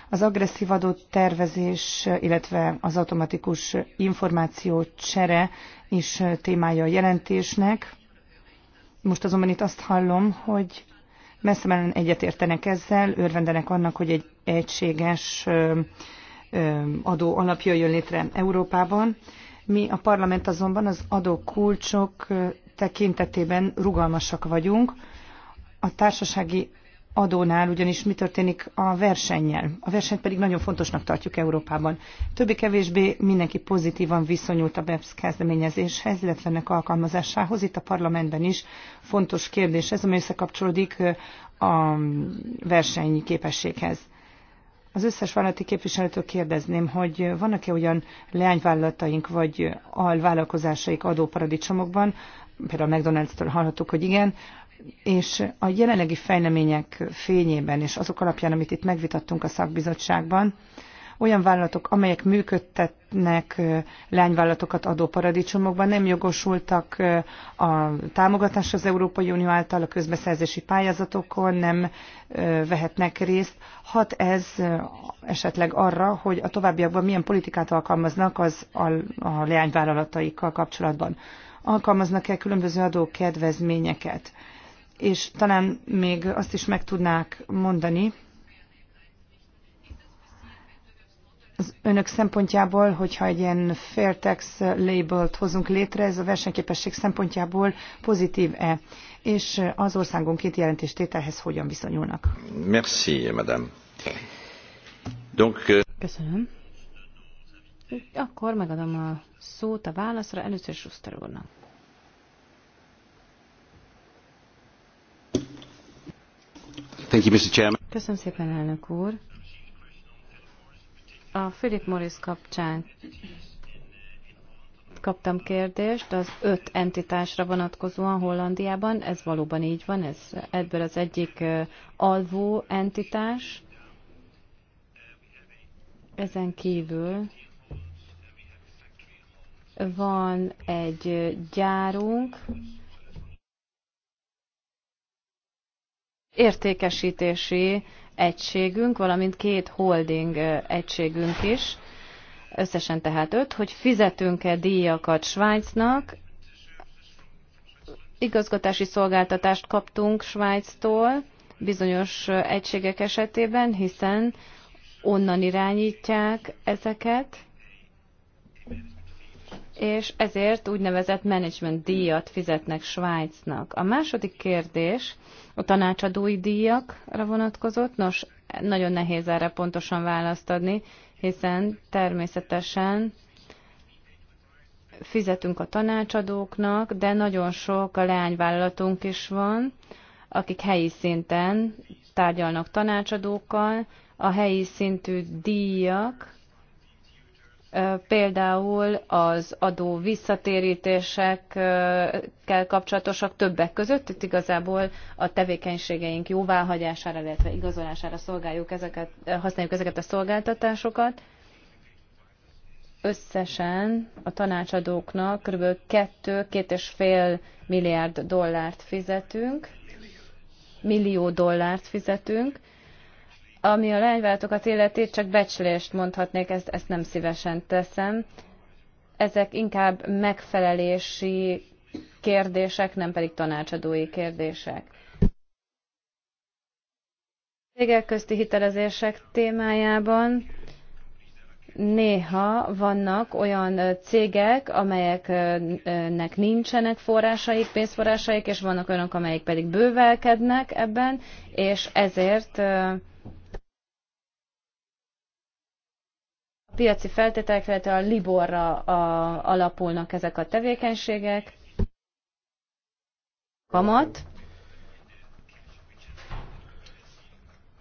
Az agresszív tervezés illetve az automatikus információ csere is témája a jelentésnek. Most azonban itt azt hallom, hogy messze egyet egyetértenek ezzel, örvendenek annak, hogy egy egységes adó alapja jön létre Európában. Mi a parlament azonban az adókulcsok tekintetében rugalmasak vagyunk. A társasági adónál ugyanis mi történik a versennyel. A versenyt pedig nagyon fontosnak tartjuk Európában. Többi-kevésbé mindenki pozitívan viszonyult a BEPS kezdeményezéshez, illetve ennek alkalmazásához. Itt a parlamentben is fontos kérdés ez, ami összekapcsolódik a képességhez. Az összes vállalati képviselőtől kérdezném, hogy vannak-e olyan leányvállalataink vagy alvállalkozásaik adóparadicsomokban, például McDonald's-től hallhattuk, hogy igen, és a jelenlegi fejlemények fényében és azok alapján, amit itt megvitattunk a szakbizottságban, olyan vállalatok, amelyek működtetnek lányvállalatokat adóparadicsomokban, nem jogosultak a támogatás az Európai Unió által a közbeszerzési pályázatokon, nem vehetnek részt. Hat ez esetleg arra, hogy a továbbiakban milyen politikát alkalmaznak az a, a leányvállalataikkal kapcsolatban alkalmaznak-e különböző adókedvezményeket. És talán még azt is meg tudnák mondani, az önök szempontjából, hogyha egy ilyen fair tax labelt hozunk létre, ez a versenyképesség szempontjából pozitív-e? És az országonként jelentéstételhez hogyan viszonyulnak? Merci, madame. Donc, euh, Köszönöm. Akkor megadom a szót a válaszra. Először Schuster úrnak. Thank you, Mr. Chairman. Köszönöm szépen, elnök úr. A Philip Morris kapcsán kaptam kérdést az öt entitásra vonatkozóan Hollandiában. Ez valóban így van, ez ebből az egyik alvó entitás. Ezen kívül van egy gyárunk, értékesítési egységünk, valamint két holding egységünk is, összesen tehát öt, hogy fizetünk-e díjakat Svájcnak. Igazgatási szolgáltatást kaptunk Svájctól bizonyos egységek esetében, hiszen onnan irányítják ezeket és ezért úgynevezett management díjat fizetnek Svájcnak. A második kérdés a tanácsadói díjakra vonatkozott. Nos, nagyon nehéz erre pontosan választ adni, hiszen természetesen fizetünk a tanácsadóknak, de nagyon sok a leányvállalatunk is van, akik helyi szinten tárgyalnak tanácsadókkal, a helyi szintű díjak például az adó visszatérítésekkel kapcsolatosak többek között, itt igazából a tevékenységeink jóváhagyására, illetve igazolására szolgáljuk ezeket, használjuk ezeket a szolgáltatásokat. Összesen a tanácsadóknak kb. 2-2,5 milliárd dollárt fizetünk, millió dollárt fizetünk, ami a lányváltókat illeti, csak becslést mondhatnék, ezt, ezt nem szívesen teszem. Ezek inkább megfelelési kérdések, nem pedig tanácsadói kérdések. Cégek közti hitelezések témájában néha vannak olyan cégek, amelyeknek nincsenek forrásaik, pénzforrásaik, és vannak olyanok, amelyek pedig bővelkednek ebben, és ezért piaci feltételekre, tehát a Liborra a, alapulnak ezek a tevékenységek. Kamat.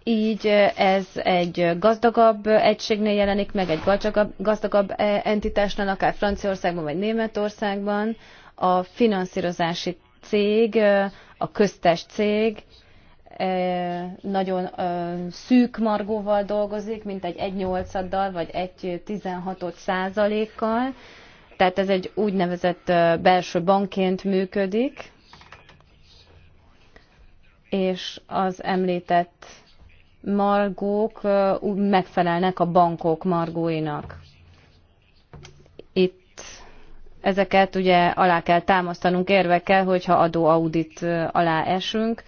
Így ez egy gazdagabb egységnél jelenik meg, egy gazdagabb, gazdagabb entitásnál, akár Franciaországban vagy Németországban. A finanszírozási cég, a köztes cég nagyon szűk margóval dolgozik, mint egy 1,8-addal vagy 16 százalékkal. Tehát ez egy úgynevezett belső bankként működik, és az említett margók megfelelnek a bankok margóinak. Itt ezeket ugye alá kell támasztanunk érvekkel, hogyha adóaudit alá esünk,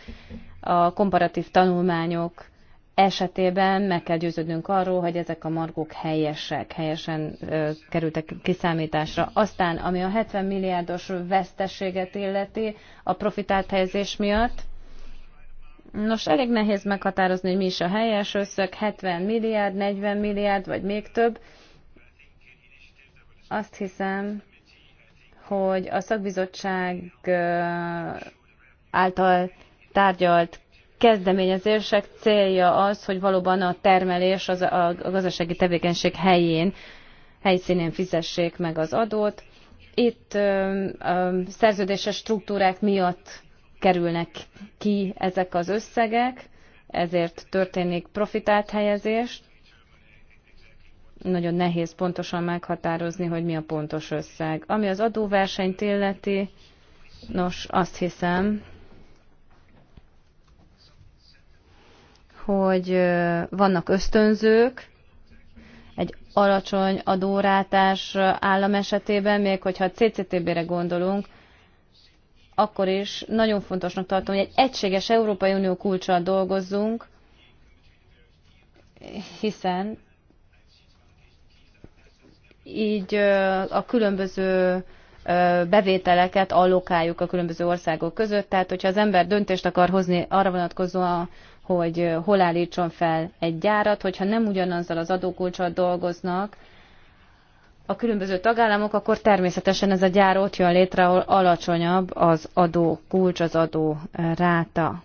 a komparatív tanulmányok esetében meg kell győződnünk arról, hogy ezek a margók helyesek, helyesen ö, kerültek kiszámításra. Aztán, ami a 70 milliárdos veszteséget illeti a profitált helyezés miatt, Nos, elég nehéz meghatározni, hogy mi is a helyes összeg, 70 milliárd, 40 milliárd, vagy még több. Azt hiszem, hogy a szakbizottság által tárgyalt kezdeményezések célja az, hogy valóban a termelés az a gazdasági tevékenység helyén, helyszínén fizessék meg az adót. Itt ö, ö, szerződéses struktúrák miatt kerülnek ki ezek az összegek, ezért történik profitált helyezés. Nagyon nehéz pontosan meghatározni, hogy mi a pontos összeg. Ami az adóversenyt illeti, nos, azt hiszem, hogy vannak ösztönzők, egy alacsony adórátás állam esetében, még hogyha a CCTB-re gondolunk, akkor is nagyon fontosnak tartom, hogy egy egységes Európai Unió kulcsal dolgozzunk, hiszen így a különböző bevételeket allokáljuk a különböző országok között. Tehát, hogyha az ember döntést akar hozni arra vonatkozóan, hogy hol állítson fel egy gyárat, hogyha nem ugyanazzal az adókulcsal dolgoznak, a különböző tagállamok, akkor természetesen ez a gyár ott jön létre, ahol alacsonyabb az adó kulcs, az adó ráta.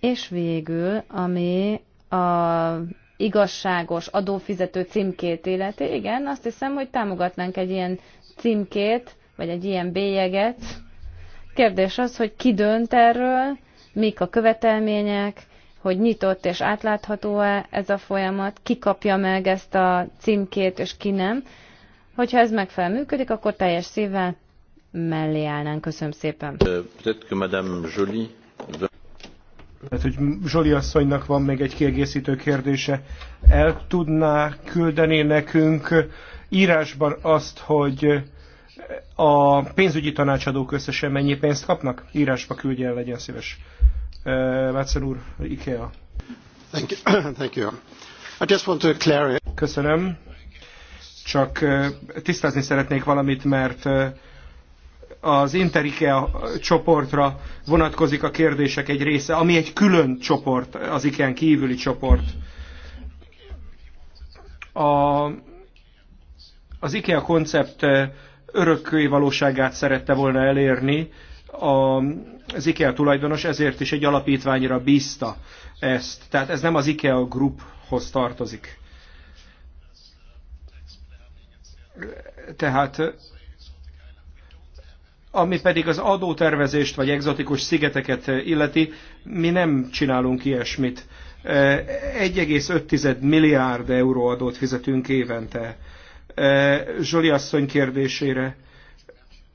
És végül, ami a igazságos adófizető címkét illeti, igen, azt hiszem, hogy támogatnánk egy ilyen címkét, vagy egy ilyen bélyeget. Kérdés az, hogy ki dönt erről, mik a követelmények, hogy nyitott és átlátható-e ez a folyamat, ki kapja meg ezt a címkét, és ki nem. Hogyha ez megfelel működik, akkor teljes szívvel mellé állnánk. Köszönöm szépen. Euh, Lehet, hogy Zsoli asszonynak van még egy kiegészítő kérdése. El tudná küldeni nekünk írásban azt, hogy a pénzügyi tanácsadók összesen mennyi pénzt kapnak? Írásba küldje el, legyen szíves. Vácel úr, IKEA. Thank you. Thank you. I just want to clarify. Köszönöm. Csak tisztázni szeretnék valamit, mert az inter IKEA csoportra vonatkozik a kérdések egy része, ami egy külön csoport, az IKEA kívüli csoport. A, az IKEA koncept örökköi valóságát szerette volna elérni a, az IKEA tulajdonos, ezért is egy alapítványra bízta ezt. Tehát ez nem az IKEA Grouphoz tartozik. Tehát ami pedig az adótervezést vagy egzotikus szigeteket illeti, mi nem csinálunk ilyesmit. 1,5 milliárd euró adót fizetünk évente Eh, Zsoli asszony kérdésére.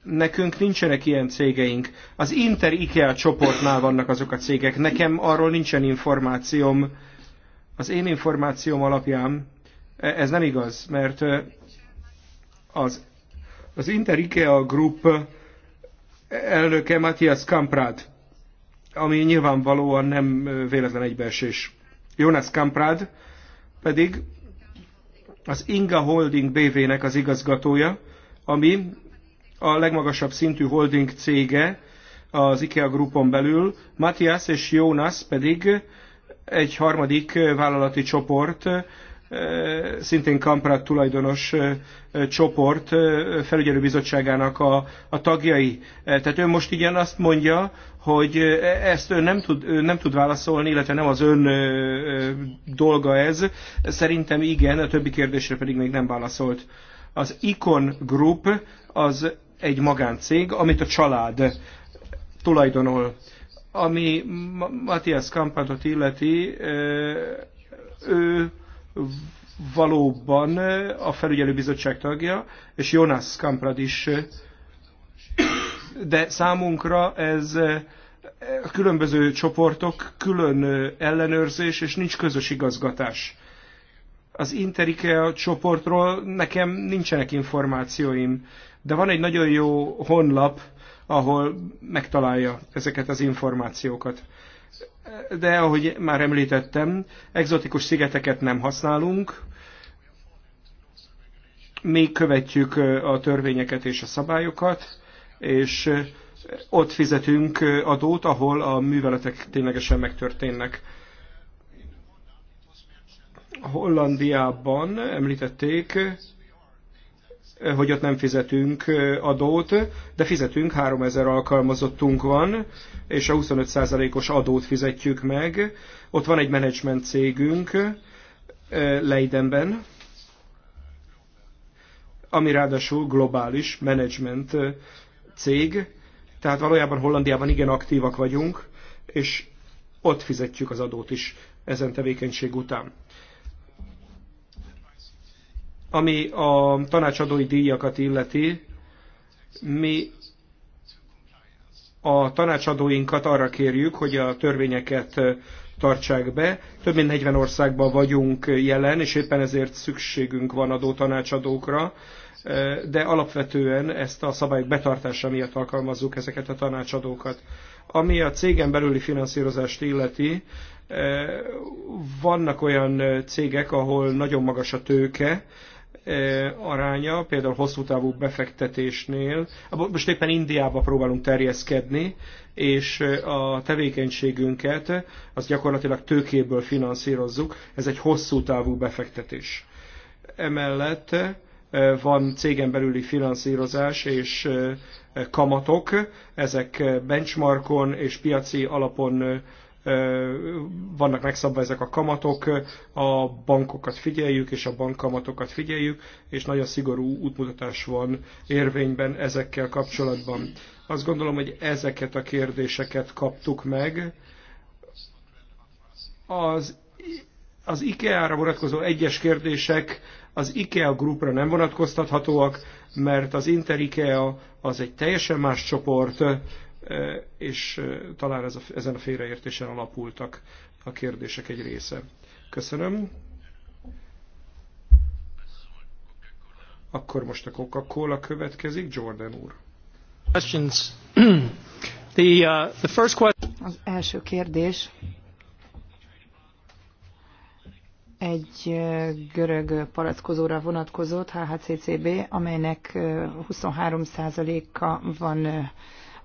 Nekünk nincsenek ilyen cégeink. Az Inter IKEA csoportnál vannak azok a cégek. Nekem arról nincsen információm. Az én információm alapján eh, ez nem igaz, mert eh, az, az Inter IKEA Group elnöke Matthias Kamprad, ami nyilvánvalóan nem véletlen egybeesés. Jonas Kamprad pedig az Inga Holding BV-nek az igazgatója, ami a legmagasabb szintű holding cége az IKEA grupon belül, Matthias és Jonas pedig egy harmadik vállalati csoport, szintén Kamprad tulajdonos csoport felügyelőbizottságának a, a tagjai. Tehát ő most igen azt mondja, hogy e, ezt ő nem tud, ő nem tud válaszolni, illetve nem az ön dolga ez. Szerintem igen, a többi kérdésre pedig még nem válaszolt. Az Icon Group az egy magáncég, amit a család tulajdonol. Ami Matthias Kampantot illeti, ő valóban a felügyelőbizottság tagja, és Jonas Kamprad is de számunkra ez eh, különböző csoportok, külön eh, ellenőrzés, és nincs közös igazgatás. Az a csoportról nekem nincsenek információim, de van egy nagyon jó honlap, ahol megtalálja ezeket az információkat. De ahogy már említettem, egzotikus szigeteket nem használunk, mi követjük eh, a törvényeket és a szabályokat, és ott fizetünk adót, ahol a műveletek ténylegesen megtörténnek. Hollandiában említették, hogy ott nem fizetünk adót, de fizetünk, 3000 alkalmazottunk van, és a 25%-os adót fizetjük meg. Ott van egy menedzsment cégünk Leidenben, ami ráadásul globális menedzsment cég, tehát valójában Hollandiában igen aktívak vagyunk, és ott fizetjük az adót is ezen tevékenység után. Ami a tanácsadói díjakat illeti, mi a tanácsadóinkat arra kérjük, hogy a törvényeket tartsák be. Több mint 40 országban vagyunk jelen, és éppen ezért szükségünk van adótanácsadókra, de alapvetően ezt a szabályok betartása miatt alkalmazzuk ezeket a tanácsadókat. Ami a cégen belüli finanszírozást illeti, vannak olyan cégek, ahol nagyon magas a tőke, aránya, például hosszú távú befektetésnél. Most éppen Indiába próbálunk terjeszkedni, és a tevékenységünket az gyakorlatilag tőkéből finanszírozzuk. Ez egy hosszú távú befektetés. Emellett van cégen belüli finanszírozás és kamatok, ezek benchmarkon és piaci alapon vannak megszabva ezek a kamatok, a bankokat figyeljük, és a bankkamatokat figyeljük, és nagyon szigorú útmutatás van érvényben ezekkel kapcsolatban. Azt gondolom, hogy ezeket a kérdéseket kaptuk meg. Az, az IKEA-ra vonatkozó egyes kérdések az IKEA grupra nem vonatkoztathatóak, mert az Inter IKEA az egy teljesen más csoport, és talán ez a, ezen a félreértésen alapultak a kérdések egy része. Köszönöm. Akkor most a Coca-Cola következik, Jordan úr. Questions. The, uh, the first question... Az első kérdés egy görög palackozóra vonatkozott, HHCCB, amelynek 23%-a van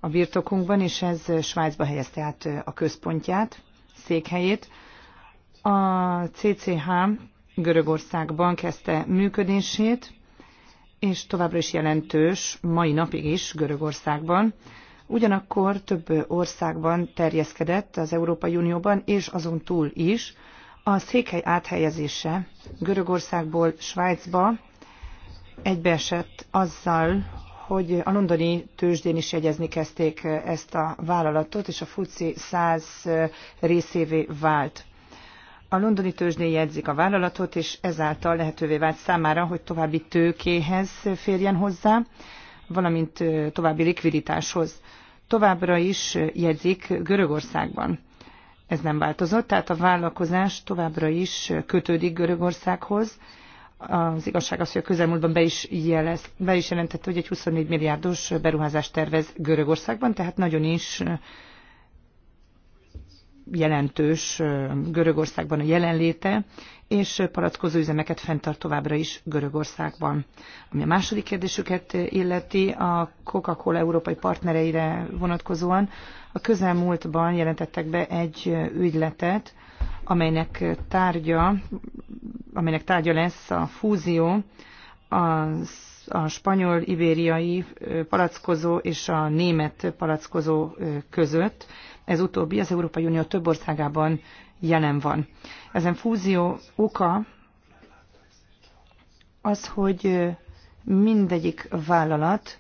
a birtokunkban, és ez Svájcba helyezte át a központját, székhelyét. A CCH Görögországban kezdte működését, és továbbra is jelentős, mai napig is Görögországban. Ugyanakkor több országban terjeszkedett az Európai Unióban, és azon túl is. A székhely áthelyezése Görögországból Svájcba egybeesett azzal, hogy a londoni tőzsdén is jegyezni kezdték eh, ezt a vállalatot, és a FUCI 100 eh, részévé vált. A londoni tőzsdén jegyzik a vállalatot, és ezáltal lehetővé vált számára, hogy további tőkéhez férjen hozzá, valamint eh, további likviditáshoz. Továbbra is jegyzik Görögországban. Ez nem változott, tehát a vállalkozás továbbra is kötődik Görögországhoz, az igazság az, hogy a közelmúltban be is, jelez, be is jelentette, hogy egy 24 milliárdos beruházást tervez Görögországban, tehát nagyon is jelentős Görögországban a jelenléte, és palackozó üzemeket fenntart továbbra is Görögországban. Ami a második kérdésüket illeti, a Coca-Cola európai partnereire vonatkozóan a közelmúltban jelentettek be egy ügyletet, amelynek tárgya, amelynek tárgya lesz a fúzió, az a spanyol, ibériai palackozó és a német palackozó között. Ez utóbbi az Európai Unió több országában jelen van. Ezen fúzió oka az, hogy mindegyik vállalat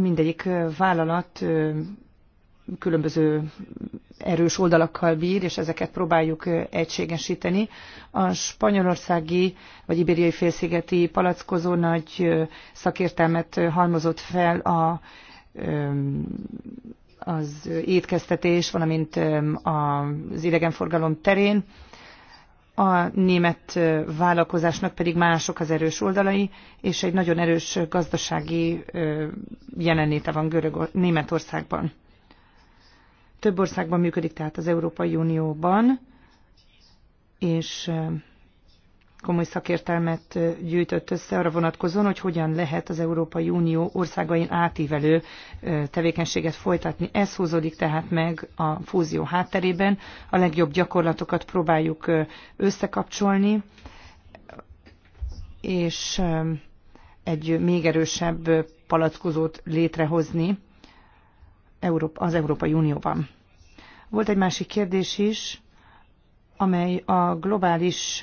mindegyik vállalat különböző erős oldalakkal bír, és ezeket próbáljuk egységesíteni. A spanyolországi vagy ibériai félszigeti palackozó nagy szakértelmet halmozott fel a, az étkeztetés, valamint az idegenforgalom terén a német vállalkozásnak pedig mások az erős oldalai, és egy nagyon erős gazdasági jelenléte van Görög Németországban. Több országban működik tehát az Európai Unióban, és komoly szakértelmet gyűjtött össze arra vonatkozóan, hogy hogyan lehet az Európai Unió országain átívelő tevékenységet folytatni. Ez húzódik tehát meg a fúzió hátterében. A legjobb gyakorlatokat próbáljuk összekapcsolni, és egy még erősebb palackozót létrehozni az Európai Unióban. Volt egy másik kérdés is amely a globális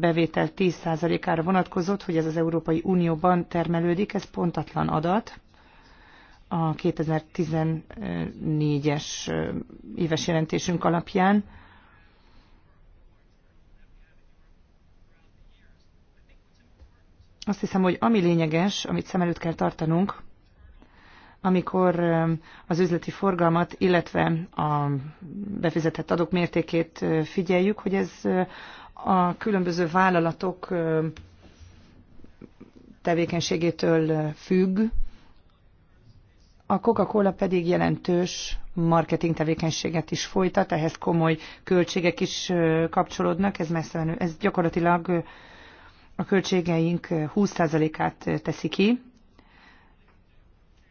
bevétel 10%-ára vonatkozott, hogy ez az Európai Unióban termelődik, ez pontatlan adat. A 2014-es éves jelentésünk alapján azt hiszem, hogy ami lényeges, amit szem előtt kell tartanunk, amikor az üzleti forgalmat, illetve a befizetett adók mértékét figyeljük, hogy ez a különböző vállalatok tevékenységétől függ, a Coca-Cola pedig jelentős marketing tevékenységet is folytat, ehhez komoly költségek is kapcsolódnak, ez messze menő. Ez gyakorlatilag a költségeink 20%-át teszi ki,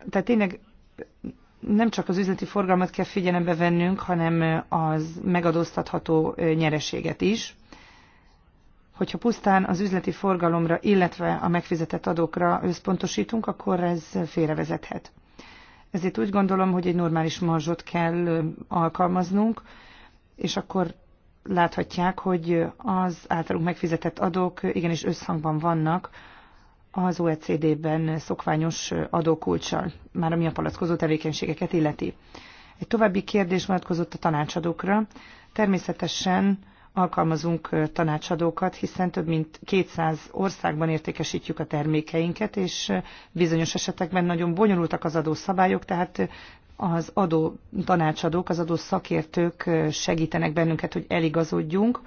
tehát tényleg nem csak az üzleti forgalmat kell figyelembe vennünk, hanem az megadóztatható nyereséget is. Hogyha pusztán az üzleti forgalomra, illetve a megfizetett adókra összpontosítunk, akkor ez félrevezethet. Ezért úgy gondolom, hogy egy normális marzsot kell alkalmaznunk, és akkor láthatják, hogy az általunk megfizetett adók igenis összhangban vannak az OECD-ben szokványos adókulcsal, már ami a palackozó tevékenységeket illeti. Egy további kérdés vonatkozott a tanácsadókra. Természetesen alkalmazunk tanácsadókat, hiszen több mint 200 országban értékesítjük a termékeinket, és bizonyos esetekben nagyon bonyolultak az adószabályok, tehát az adó tanácsadók, az adó szakértők segítenek bennünket, hogy eligazodjunk.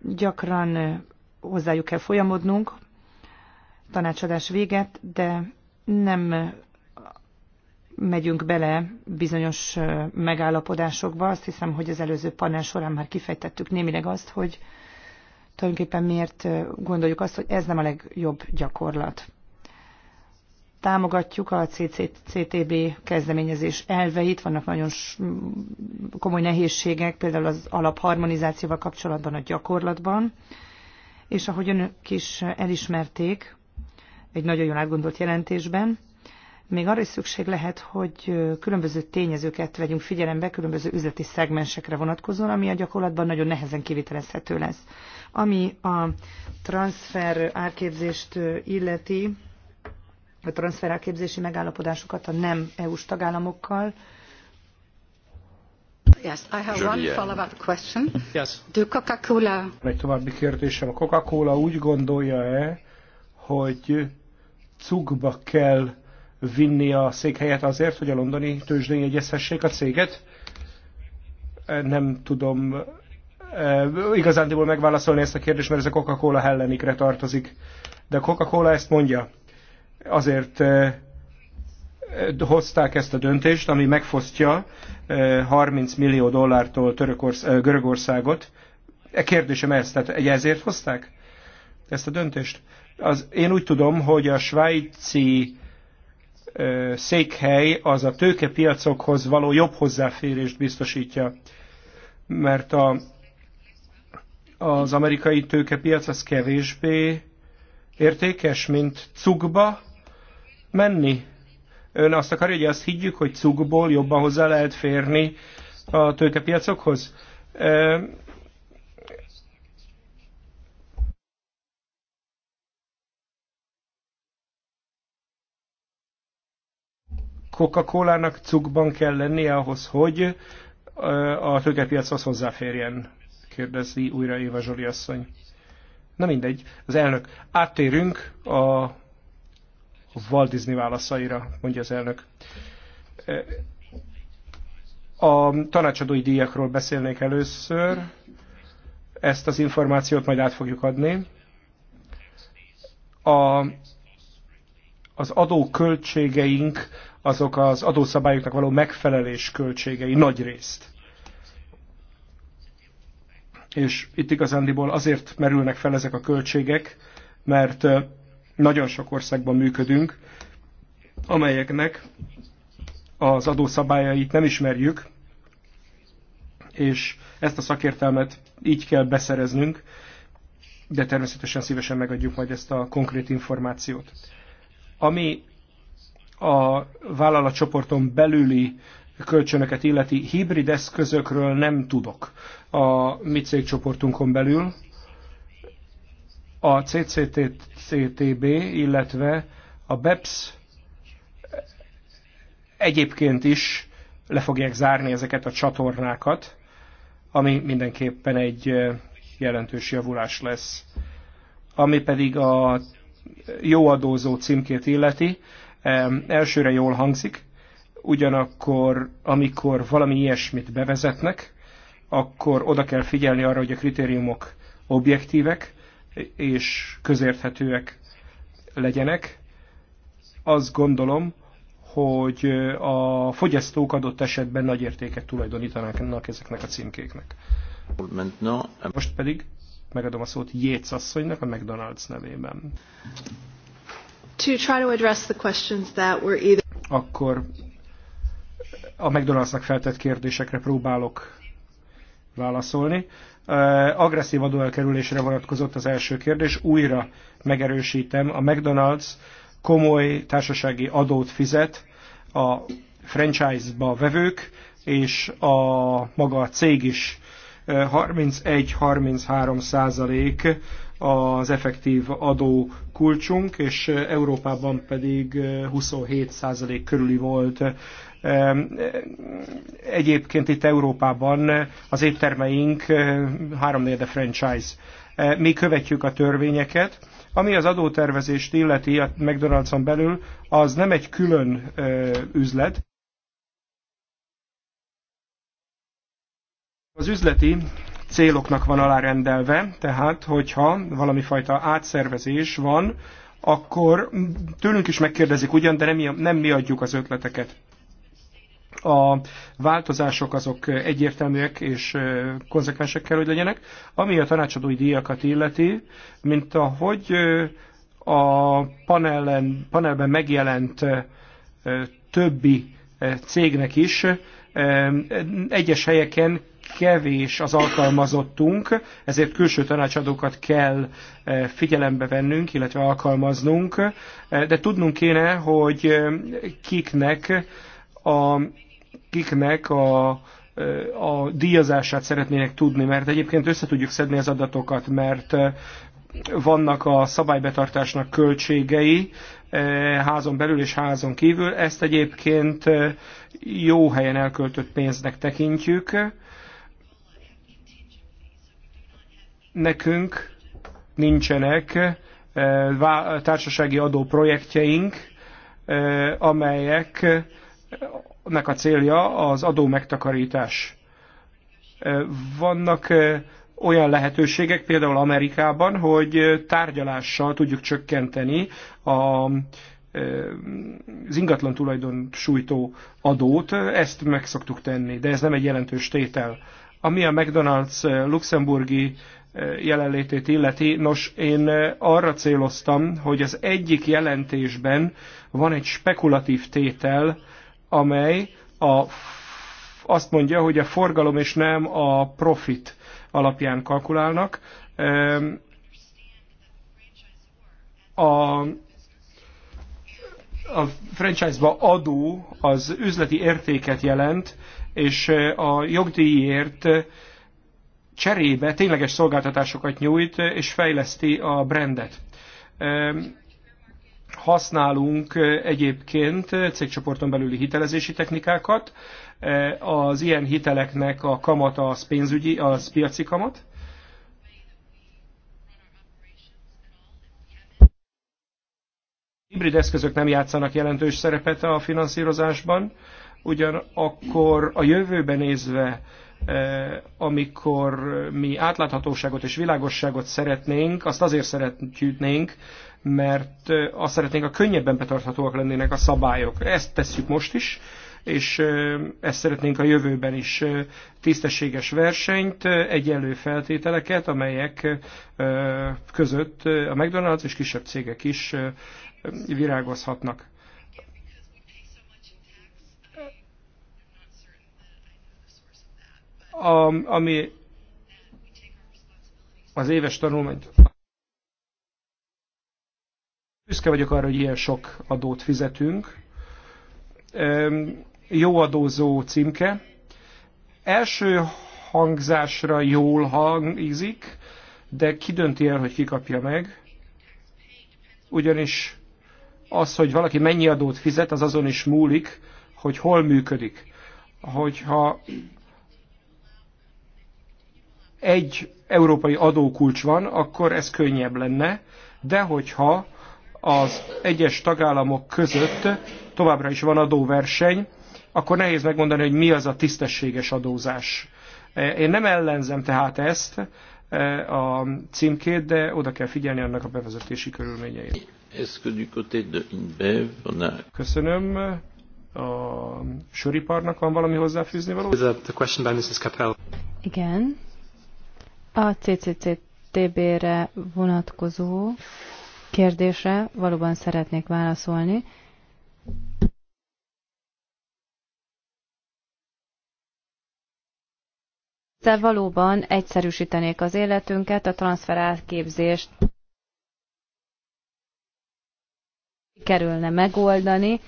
Gyakran hozzájuk kell folyamodnunk, tanácsadás véget, de nem megyünk bele bizonyos megállapodásokba. Azt hiszem, hogy az előző panel során már kifejtettük némileg azt, hogy tulajdonképpen miért gondoljuk azt, hogy ez nem a legjobb gyakorlat. Támogatjuk a CCTB kezdeményezés elveit, vannak nagyon komoly nehézségek, például az alapharmonizációval kapcsolatban a gyakorlatban, és ahogy önök is elismerték, egy nagyon jól átgondolt jelentésben, még arra is szükség lehet, hogy különböző tényezőket vegyünk figyelembe, különböző üzleti szegmensekre vonatkozóan, ami a gyakorlatban nagyon nehezen kivitelezhető lesz. Ami a transfer árképzést illeti, a transfer árképzési megállapodásokat a nem EU-s tagállamokkal, Yes, I have one follow-up question. Yes. Do Coca-Cola... Egy további kérdésem. Coca-Cola úgy gondolja-e, hogy cugba kell vinni a székhelyet azért, hogy a londoni tőzsdén jegyezhessék a céget? Eh, nem tudom eh, igazándiból megválaszolni ezt a kérdést, mert ez a Coca-Cola hellenikre tartozik. De a Coca-Cola ezt mondja. Azért eh, hozták ezt a döntést, ami megfosztja 30 millió dollártól Törökorsz Görögországot. E kérdésem ez, tehát ezért hozták ezt a döntést? Az, én úgy tudom, hogy a svájci ö, székhely az a tőkepiacokhoz való jobb hozzáférést biztosítja, mert a, az amerikai tőkepiac az kevésbé értékes, mint cukba menni. Ön azt akarja, hogy azt higgyük, hogy cukból jobban hozzá lehet férni a tőkepiacokhoz? Coca-Cola-nak cukban kell lennie ahhoz, hogy a tőkepiachoz hozzáférjen? Kérdezi újra Éva Zsoli asszony. Na mindegy, az elnök. Áttérünk a Walt Disney válaszaira, mondja az elnök. A tanácsadói díjakról beszélnék először. Ezt az információt majd át fogjuk adni. A, az adóköltségeink azok az adószabályoknak való megfelelés költségei nagy részt. És itt igazándiból azért merülnek fel ezek a költségek, mert nagyon sok országban működünk, amelyeknek az adószabályait nem ismerjük, és ezt a szakértelmet így kell beszereznünk, de természetesen szívesen megadjuk majd ezt a konkrét információt. Ami a vállalatcsoporton belüli kölcsönöket illeti hibrid eszközökről nem tudok a mi cégcsoportunkon belül. A CCTB, illetve a BEPS egyébként is le fogják zárni ezeket a csatornákat, ami mindenképpen egy jelentős javulás lesz. Ami pedig a jó adózó címkét illeti, Elsőre jól hangzik, ugyanakkor amikor valami ilyesmit bevezetnek, akkor oda kell figyelni arra, hogy a kritériumok objektívek és közérthetőek legyenek. Azt gondolom, hogy a fogyasztók adott esetben nagy értéket tulajdonítanak ezeknek a címkéknek. Most pedig megadom a szót Jéz asszonynak a McDonald's nevében to try to address the questions that were either... Akkor a McDonald'snak feltett kérdésekre próbálok válaszolni. Eh, agresszív adóelkerülésre vonatkozott az első kérdés. Újra megerősítem, a McDonald's komoly társasági adót fizet a franchise-ba vevők, és a maga a cég is 31-33 eh, százalék az effektív adó kulcsunk, és Európában pedig 27% körüli volt. Egyébként itt Európában az éttermeink háromnegyede franchise. Mi követjük a törvényeket, ami az adótervezést illeti a McDonald'son belül, az nem egy külön üzlet. Az üzleti céloknak van alárendelve, tehát hogyha valami fajta átszervezés van, akkor tőlünk is megkérdezik ugyan, de nem, nem mi adjuk az ötleteket. A változások azok egyértelműek és konzekvensek kell, hogy legyenek. Ami a tanácsadói díjakat illeti, mint ahogy a panelen, panelben megjelent többi cégnek is, egyes helyeken kevés az alkalmazottunk, ezért külső tanácsadókat kell eh, figyelembe vennünk, illetve alkalmaznunk, eh, de tudnunk kéne, hogy eh, kiknek a, kiknek a a díjazását szeretnének tudni, mert egyébként össze tudjuk szedni az adatokat, mert vannak a szabálybetartásnak költségei házon belül és házon kívül. Ezt egyébként jó helyen elköltött pénznek tekintjük, Nekünk nincsenek eh, társasági adó projektjeink, eh, amelyeknek eh, a célja az adó megtakarítás. Vannak olyan lehetőségek, például Amerikában, hogy tárgyalással tudjuk csökkenteni a, az ingatlan tulajdon sújtó adót, ezt meg szoktuk tenni, de ez nem egy jelentős tétel. Ami a McDonald's luxemburgi jelenlétét illeti. Nos, én arra céloztam, hogy az egyik jelentésben van egy spekulatív tétel, amely a, azt mondja, hogy a forgalom és nem a profit alapján kalkulálnak. A, a franchise-ba adó az üzleti értéket jelent, és a jogdíjért cserébe tényleges szolgáltatásokat nyújt és fejleszti a brandet. Használunk egyébként cégcsoporton belüli hitelezési technikákat. Az ilyen hiteleknek a kamata az pénzügyi, az piaci kamat. hibrid eszközök nem játszanak jelentős szerepet a finanszírozásban, ugyanakkor a jövőben nézve Eh, amikor mi átláthatóságot és világosságot szeretnénk, azt azért szeretnénk, mert eh, azt szeretnénk, a könnyebben betarthatóak lennének a szabályok. Ezt tesszük most is, és eh, ezt szeretnénk a jövőben is tisztességes versenyt, egyenlő feltételeket, amelyek között a McDonald's és kisebb cégek is virágozhatnak. ami az éves tanulmányt. Büszke vagyok arra, hogy ilyen sok adót fizetünk. Jó adózó címke. Első hangzásra jól hangzik, de ki dönti el, hogy ki kapja meg. Ugyanis az, hogy valaki mennyi adót fizet, az azon is múlik, hogy hol működik. Hogyha egy európai adókulcs van, akkor ez könnyebb lenne, de hogyha az egyes tagállamok között továbbra is van adóverseny, akkor nehéz megmondani, hogy mi az a tisztességes adózás. Én nem ellenzem tehát ezt eh, a címkét, de oda kell figyelni annak a bevezetési körülményeire. Köszönöm. A söriparnak van valami hozzáfűzni való? Igen, a CCCTB-re vonatkozó kérdésre valóban szeretnék válaszolni. De valóban egyszerűsítenék az életünket, a transfer átképzést kerülne megoldani.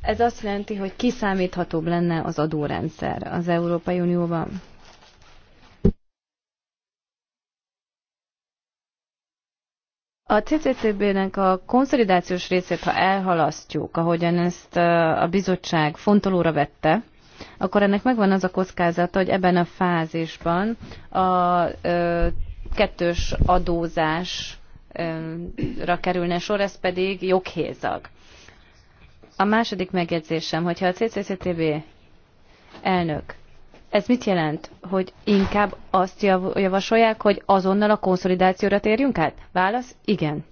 Ez azt jelenti, hogy kiszámíthatóbb lenne az adórendszer az Európai Unióban. A CCCB-nek a konszolidációs részét, ha elhalasztjuk, ahogyan ezt a bizottság fontolóra vette, akkor ennek megvan az a kockázata, hogy ebben a fázisban a kettős adózásra kerülne sor, ez pedig joghézag. A második megjegyzésem, hogyha a CCCTV elnök ez mit jelent? Hogy inkább azt javasolják, hogy azonnal a konszolidációra térjünk át? Válasz, igen.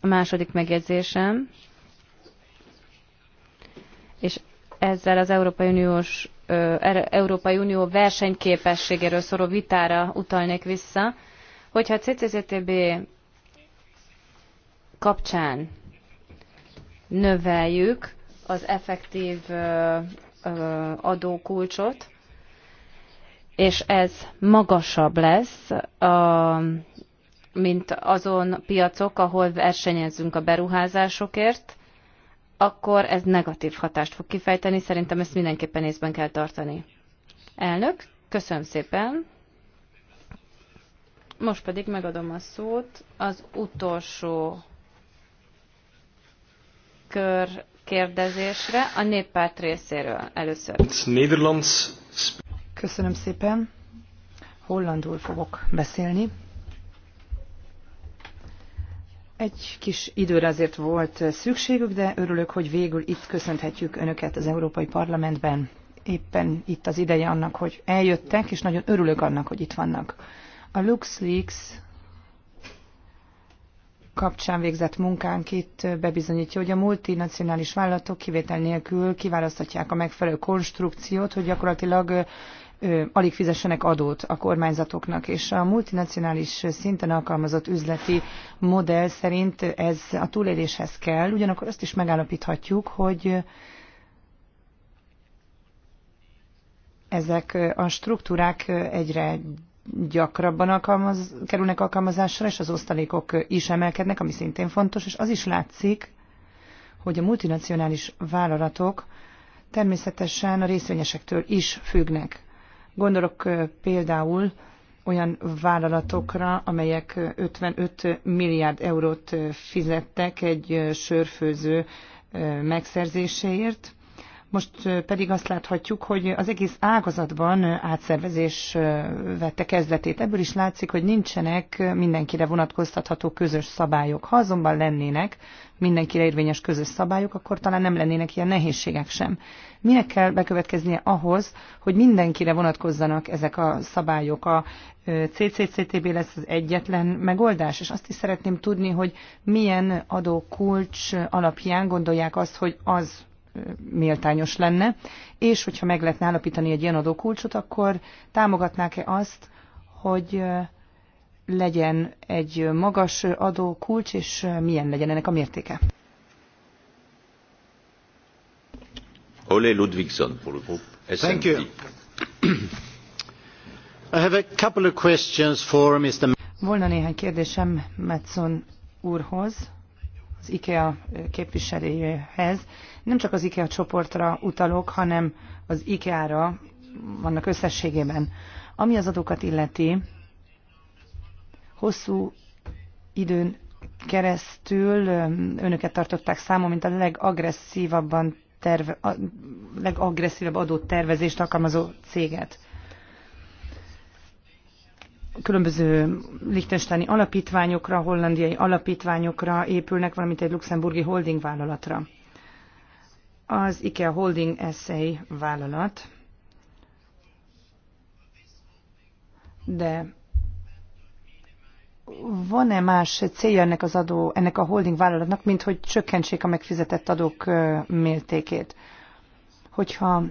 A második megjegyzésem, és ezzel az Európai Uniós er- Európai Unió versenyképességéről szóló vitára utalnék vissza, hogyha a CCCTB kapcsán növeljük az effektív adókulcsot, és ez magasabb lesz, a, mint azon piacok, ahol versenyezünk a beruházásokért, akkor ez negatív hatást fog kifejteni, szerintem ezt mindenképpen észben kell tartani. Elnök, köszönöm szépen. Most pedig megadom a szót az utolsó kör kérdezésre a néppárt részéről először. Köszönöm szépen. Hollandul fogok beszélni. Egy kis időre azért volt szükségük, de örülök, hogy végül itt köszönhetjük Önöket az Európai Parlamentben. Éppen itt az ideje annak, hogy eljöttek, és nagyon örülök annak, hogy itt vannak. A LuxLeaks kapcsán végzett munkánk itt bebizonyítja, hogy a multinacionális vállalatok kivétel nélkül kiválasztatják a megfelelő konstrukciót, hogy gyakorlatilag alig fizessenek adót a kormányzatoknak, és a multinacionális szinten alkalmazott üzleti modell szerint ez a túléléshez kell, ugyanakkor azt is megállapíthatjuk, hogy ezek a struktúrák egyre gyakrabban alkalmaz, kerülnek alkalmazásra, és az osztalékok is emelkednek, ami szintén fontos, és az is látszik, hogy a multinacionális vállalatok természetesen a részvényesektől is függnek. Gondolok például olyan vállalatokra, amelyek 55 milliárd eurót fizettek egy sörfőző megszerzéséért, most pedig azt láthatjuk, hogy az egész ágazatban átszervezés vette kezdetét. Ebből is látszik, hogy nincsenek mindenkire vonatkoztatható közös szabályok. Ha azonban lennének mindenkire érvényes közös szabályok, akkor talán nem lennének ilyen nehézségek sem. Minek kell bekövetkeznie ahhoz, hogy mindenkire vonatkozzanak ezek a szabályok? A CCCTB lesz az egyetlen megoldás, és azt is szeretném tudni, hogy milyen adókulcs alapján gondolják azt, hogy az méltányos lenne, és hogyha meg lehetne állapítani egy ilyen adókulcsot, akkor támogatnák-e azt, hogy legyen egy magas adókulcs, és milyen legyen ennek a mértéke? Ole Ludvigson, pour SMT. Thank you. I have a couple of questions for Mr. Volna néhány kérdésem Metzon úrhoz az IKEA képviselőjéhez. Nem csak az IKEA csoportra utalok, hanem az IKEA-ra vannak összességében. Ami az adókat illeti, hosszú időn keresztül önöket tartották számon, mint a legagresszívabban terve, a legagresszívebb adótervezést alkalmazó céget különböző lichtensteini alapítványokra, hollandiai alapítványokra épülnek, valamint egy luxemburgi holding vállalatra. Az IKEA Holding SA vállalat, de van-e más célja ennek az adó, ennek a holding vállalatnak, mint hogy csökkentsék a megfizetett adók mértékét? Hogyha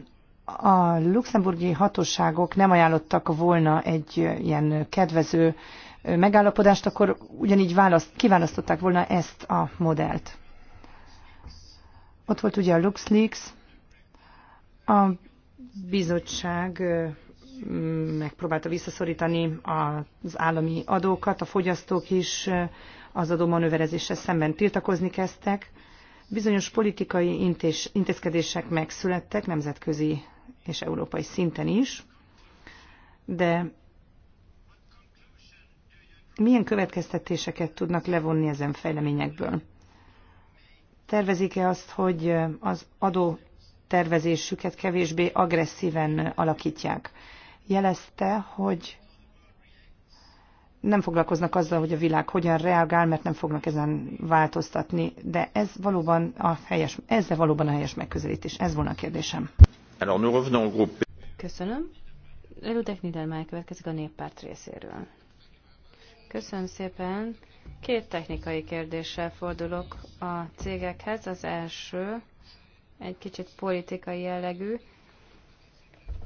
a luxemburgi hatóságok nem ajánlottak volna egy ilyen kedvező megállapodást, akkor ugyanígy választ, kiválasztották volna ezt a modellt. Ott volt ugye a LuxLeaks, a bizottság megpróbálta visszaszorítani az állami adókat, a fogyasztók is az adómanőverezéssel szemben tiltakozni kezdtek. Bizonyos politikai intézkedések megszülettek nemzetközi és európai szinten is, de milyen következtetéseket tudnak levonni ezen fejleményekből? Tervezik-e azt, hogy az adó tervezésüket kevésbé agresszíven alakítják? Jelezte, hogy nem foglalkoznak azzal, hogy a világ hogyan reagál, mert nem fognak ezen változtatni, de ez valóban a helyes, ezzel valóban a helyes megközelítés. Ez volna a kérdésem. Alors nous revenons au groupe. Köszönöm. Ludek Niedermayer következik a néppárt részéről. Köszönöm szépen. Két technikai kérdéssel fordulok a cégekhez. Az első egy kicsit politikai jellegű.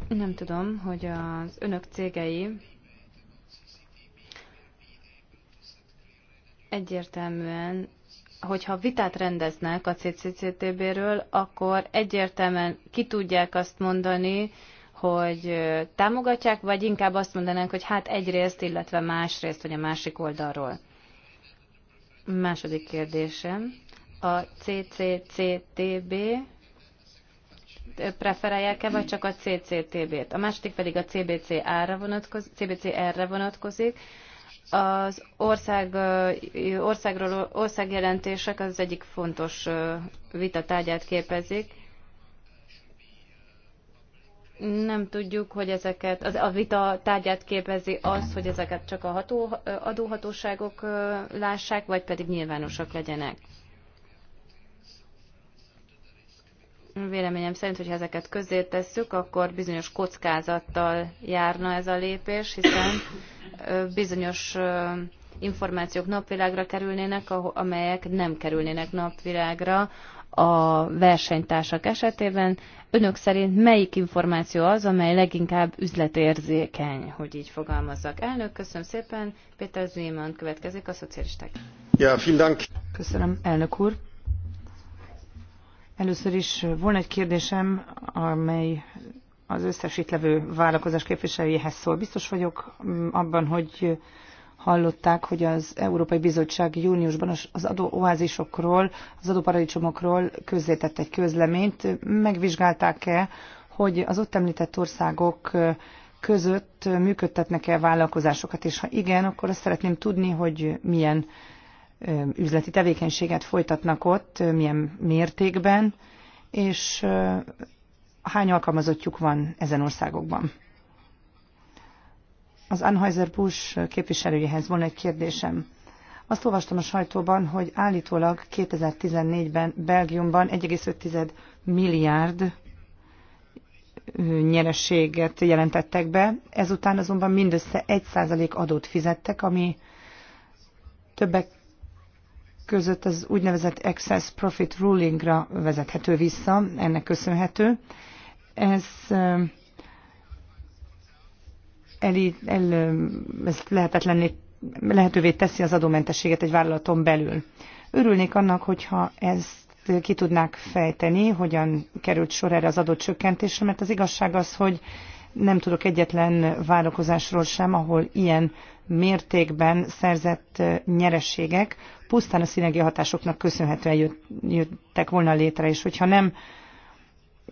Nem tudom, hogy az önök cégei egyértelműen hogyha vitát rendeznek a CCCTB-ről, akkor egyértelműen ki tudják azt mondani, hogy támogatják, vagy inkább azt mondanánk, hogy hát egyrészt, illetve másrészt, vagy a másik oldalról. Második kérdésem. A CCCTB preferálják-e, vagy csak a CCTB-t? A második pedig a CBCR-re vonatkozik, CBCR-re vonatkozik. Az ország, országról, országjelentések az egyik fontos vita tárgyát képezik. Nem tudjuk, hogy ezeket, az, a vita tárgyát képezi az, hogy ezeket csak a ható, adóhatóságok lássák, vagy pedig nyilvánosak legyenek. Véleményem szerint, hogyha ezeket közé tesszük, akkor bizonyos kockázattal járna ez a lépés, hiszen bizonyos információk napvilágra kerülnének, amelyek nem kerülnének napvilágra a versenytársak esetében. Önök szerint melyik információ az, amely leginkább üzletérzékeny, hogy így fogalmazzak? Elnök, köszönöm szépen. Péter Zéman következik a szocialisták. Ja, vielen Dank. Köszönöm, elnök úr. Először is volna egy kérdésem, amely az összes itt levő vállalkozás képviselőjéhez szól. Biztos vagyok mm, abban, hogy hallották, hogy az Európai Bizottság júniusban az adóoázisokról, az adóparadicsomokról közzétett egy közleményt. Megvizsgálták-e, hogy az ott említett országok között működtetnek-e vállalkozásokat, és ha igen, akkor azt szeretném tudni, hogy milyen üzleti tevékenységet folytatnak ott, milyen mértékben, és hány alkalmazottjuk van ezen országokban. Az Anheuser-Busch képviselőjéhez volna egy kérdésem. Azt olvastam a sajtóban, hogy állítólag 2014-ben Belgiumban 1,5 milliárd nyereséget jelentettek be, ezután azonban mindössze 1% adót fizettek, ami többek között az úgynevezett excess profit rulingra vezethető vissza, ennek köszönhető. Ez el, el, ezt lehetetlenné, lehetővé teszi az adómentességet egy vállalaton belül. Örülnék annak, hogyha ezt ki tudnák fejteni, hogyan került sor erre az adott csökkentésre, mert az igazság az, hogy nem tudok egyetlen vállalkozásról sem, ahol ilyen mértékben szerzett nyereségek pusztán a hatásoknak köszönhetően jött, jöttek volna létre, és hogyha nem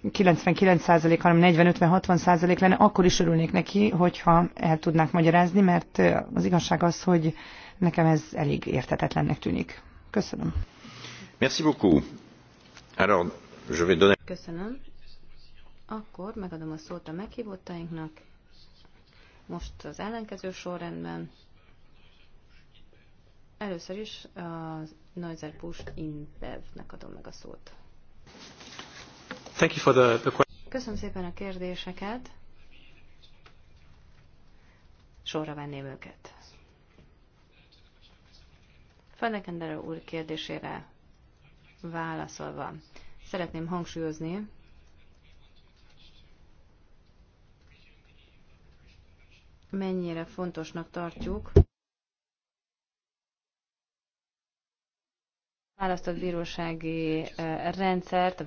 99% hanem 40-50-60% lenne, akkor is örülnék neki, hogyha el tudnák magyarázni, mert az igazság az, hogy nekem ez elég értetetlennek tűnik. Köszönöm. Merci beaucoup. Alors, je vais donner... Köszönöm. Akkor megadom a szót a meghívottainknak. Most az ellenkező sorrendben Először is a Neuser Push Invevnek adom meg a szót. Thank you for the, the... Köszönöm szépen a kérdéseket. Sorra venném őket. Fennekender úr kérdésére válaszolva, szeretném hangsúlyozni, mennyire fontosnak tartjuk választott bírósági rendszert, a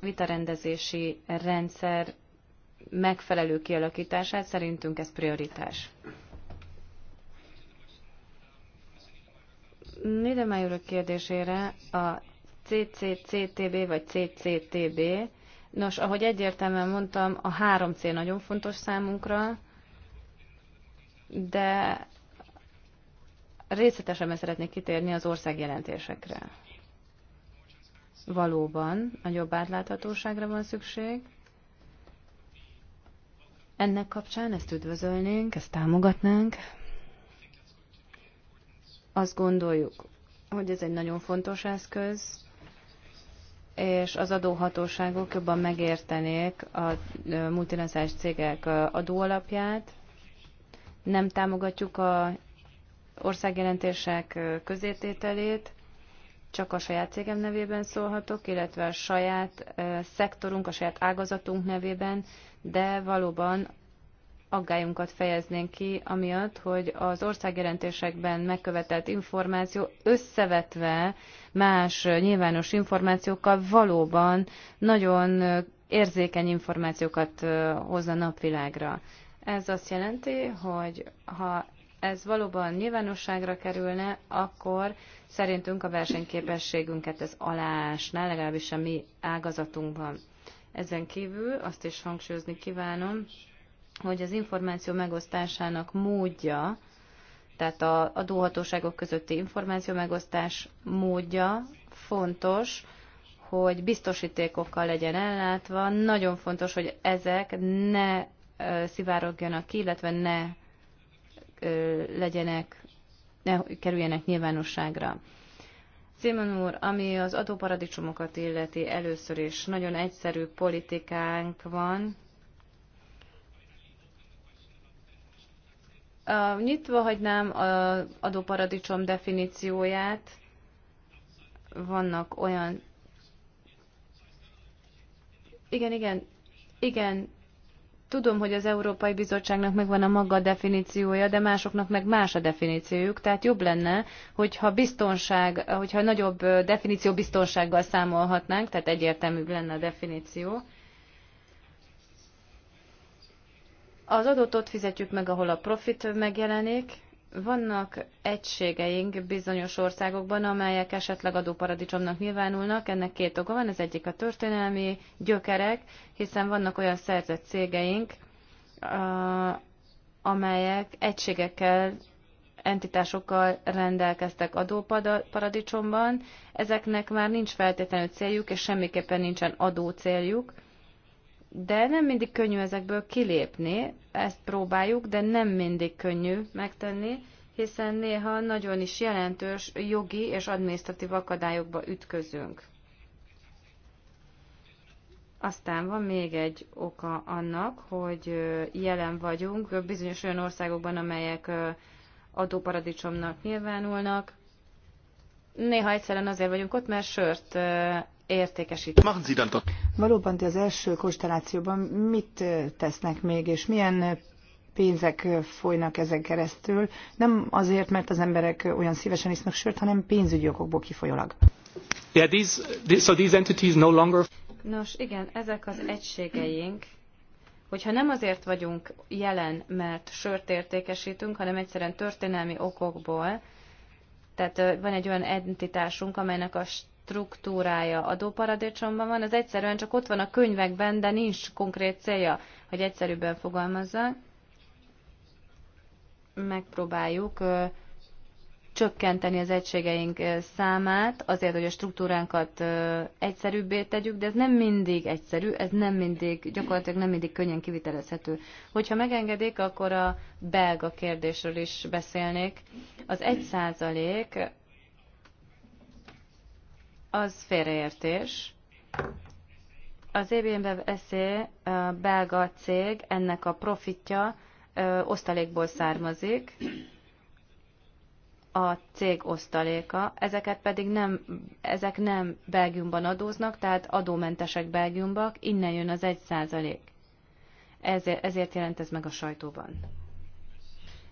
vitarendezési rendszer megfelelő kialakítását, szerintünk ez prioritás. Niedermayer kérdésére a CCCTB vagy CCTB, nos, ahogy egyértelműen mondtam, a három cél nagyon fontos számunkra, de részletesebben szeretnék kitérni az ország jelentésekre. Valóban nagyobb átláthatóságra van szükség. Ennek kapcsán ezt üdvözölnénk, ezt támogatnánk. Azt gondoljuk, hogy ez egy nagyon fontos eszköz, és az adóhatóságok jobban megértenék a multinacionális cégek adóalapját. Nem támogatjuk a országjelentések közértételét csak a saját cégem nevében szólhatok, illetve a saját szektorunk, a saját ágazatunk nevében, de valóban aggályunkat fejeznénk ki, amiatt, hogy az országjelentésekben megkövetelt információ összevetve más nyilvános információkkal valóban nagyon érzékeny információkat hozza napvilágra. Ez azt jelenti, hogy ha ez valóban nyilvánosságra kerülne, akkor szerintünk a versenyképességünket ez alásná, legalábbis a mi ágazatunkban. Ezen kívül azt is hangsúlyozni kívánom, hogy az információ megosztásának módja, tehát a adóhatóságok közötti információ megosztás módja fontos, hogy biztosítékokkal legyen ellátva. Nagyon fontos, hogy ezek ne szivárogjanak ki, illetve ne legyenek, ne kerüljenek nyilvánosságra. Címen úr, ami az adóparadicsomokat illeti először is nagyon egyszerű politikánk van, A, nyitva hagynám az adóparadicsom definícióját. Vannak olyan... Igen, igen, igen, Tudom, hogy az Európai Bizottságnak megvan a maga definíciója, de másoknak meg más a definíciójuk, tehát jobb lenne, hogyha biztonság, hogyha nagyobb definíció biztonsággal számolhatnánk, tehát egyértelműbb lenne a definíció. Az adót ott fizetjük meg, ahol a profit megjelenik, vannak egységeink bizonyos országokban, amelyek esetleg adóparadicsomnak nyilvánulnak. Ennek két oka van, az egyik a történelmi gyökerek, hiszen vannak olyan szerzett cégeink, amelyek egységekkel entitásokkal rendelkeztek adóparadicsomban, ezeknek már nincs feltétlenül céljuk, és semmiképpen nincsen adó céljuk de nem mindig könnyű ezekből kilépni, ezt próbáljuk, de nem mindig könnyű megtenni, hiszen néha nagyon is jelentős jogi és adminisztratív akadályokba ütközünk. Aztán van még egy oka annak, hogy jelen vagyunk bizonyos olyan országokban, amelyek adóparadicsomnak nyilvánulnak. Néha egyszerűen azért vagyunk ott, mert sört értékesít. Valóban, de az első konstellációban mit tesznek még, és milyen pénzek folynak ezen keresztül, nem azért, mert az emberek olyan szívesen isznak sört, hanem pénzügyi okokból kifolyólag. Yeah, these, so these entities no longer... Nos, igen, ezek az egységeink, hogyha nem azért vagyunk jelen, mert sört értékesítünk, hanem egyszerűen történelmi okokból, tehát van egy olyan entitásunk, amelynek a struktúrája adóparadicsomban van, az egyszerűen csak ott van a könyvekben, de nincs konkrét célja, hogy egyszerűbben fogalmazzak. Megpróbáljuk ö, csökkenteni az egységeink számát, azért, hogy a struktúránkat egyszerűbbé tegyük, de ez nem mindig egyszerű, ez nem mindig, gyakorlatilag nem mindig könnyen kivitelezhető. Hogyha megengedik, akkor a belga kérdésről is beszélnék. Az egy százalék az félreértés. Az Airbnb eszé belga cég, ennek a profitja osztalékból származik, a cég osztaléka, ezeket pedig nem, ezek nem Belgiumban adóznak, tehát adómentesek Belgiumban, innen jön az egy százalék. Ezért, ezért jelent ez meg a sajtóban.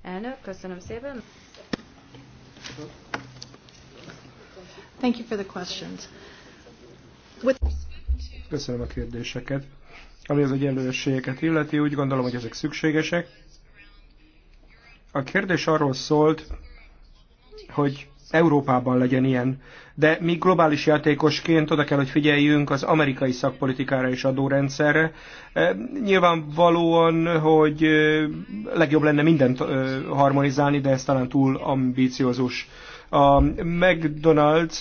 Elnök, köszönöm szépen. Thank you for the questions. With... Köszönöm a kérdéseket. Ami az egyenlőségeket illeti, úgy gondolom, hogy ezek szükségesek. A kérdés arról szólt, hogy Európában legyen ilyen. De mi globális játékosként oda kell, hogy figyeljünk az amerikai szakpolitikára és adórendszerre. E, nyilvánvalóan, hogy e, legjobb lenne mindent e, harmonizálni, de ez talán túl ambíciózus. A McDonald's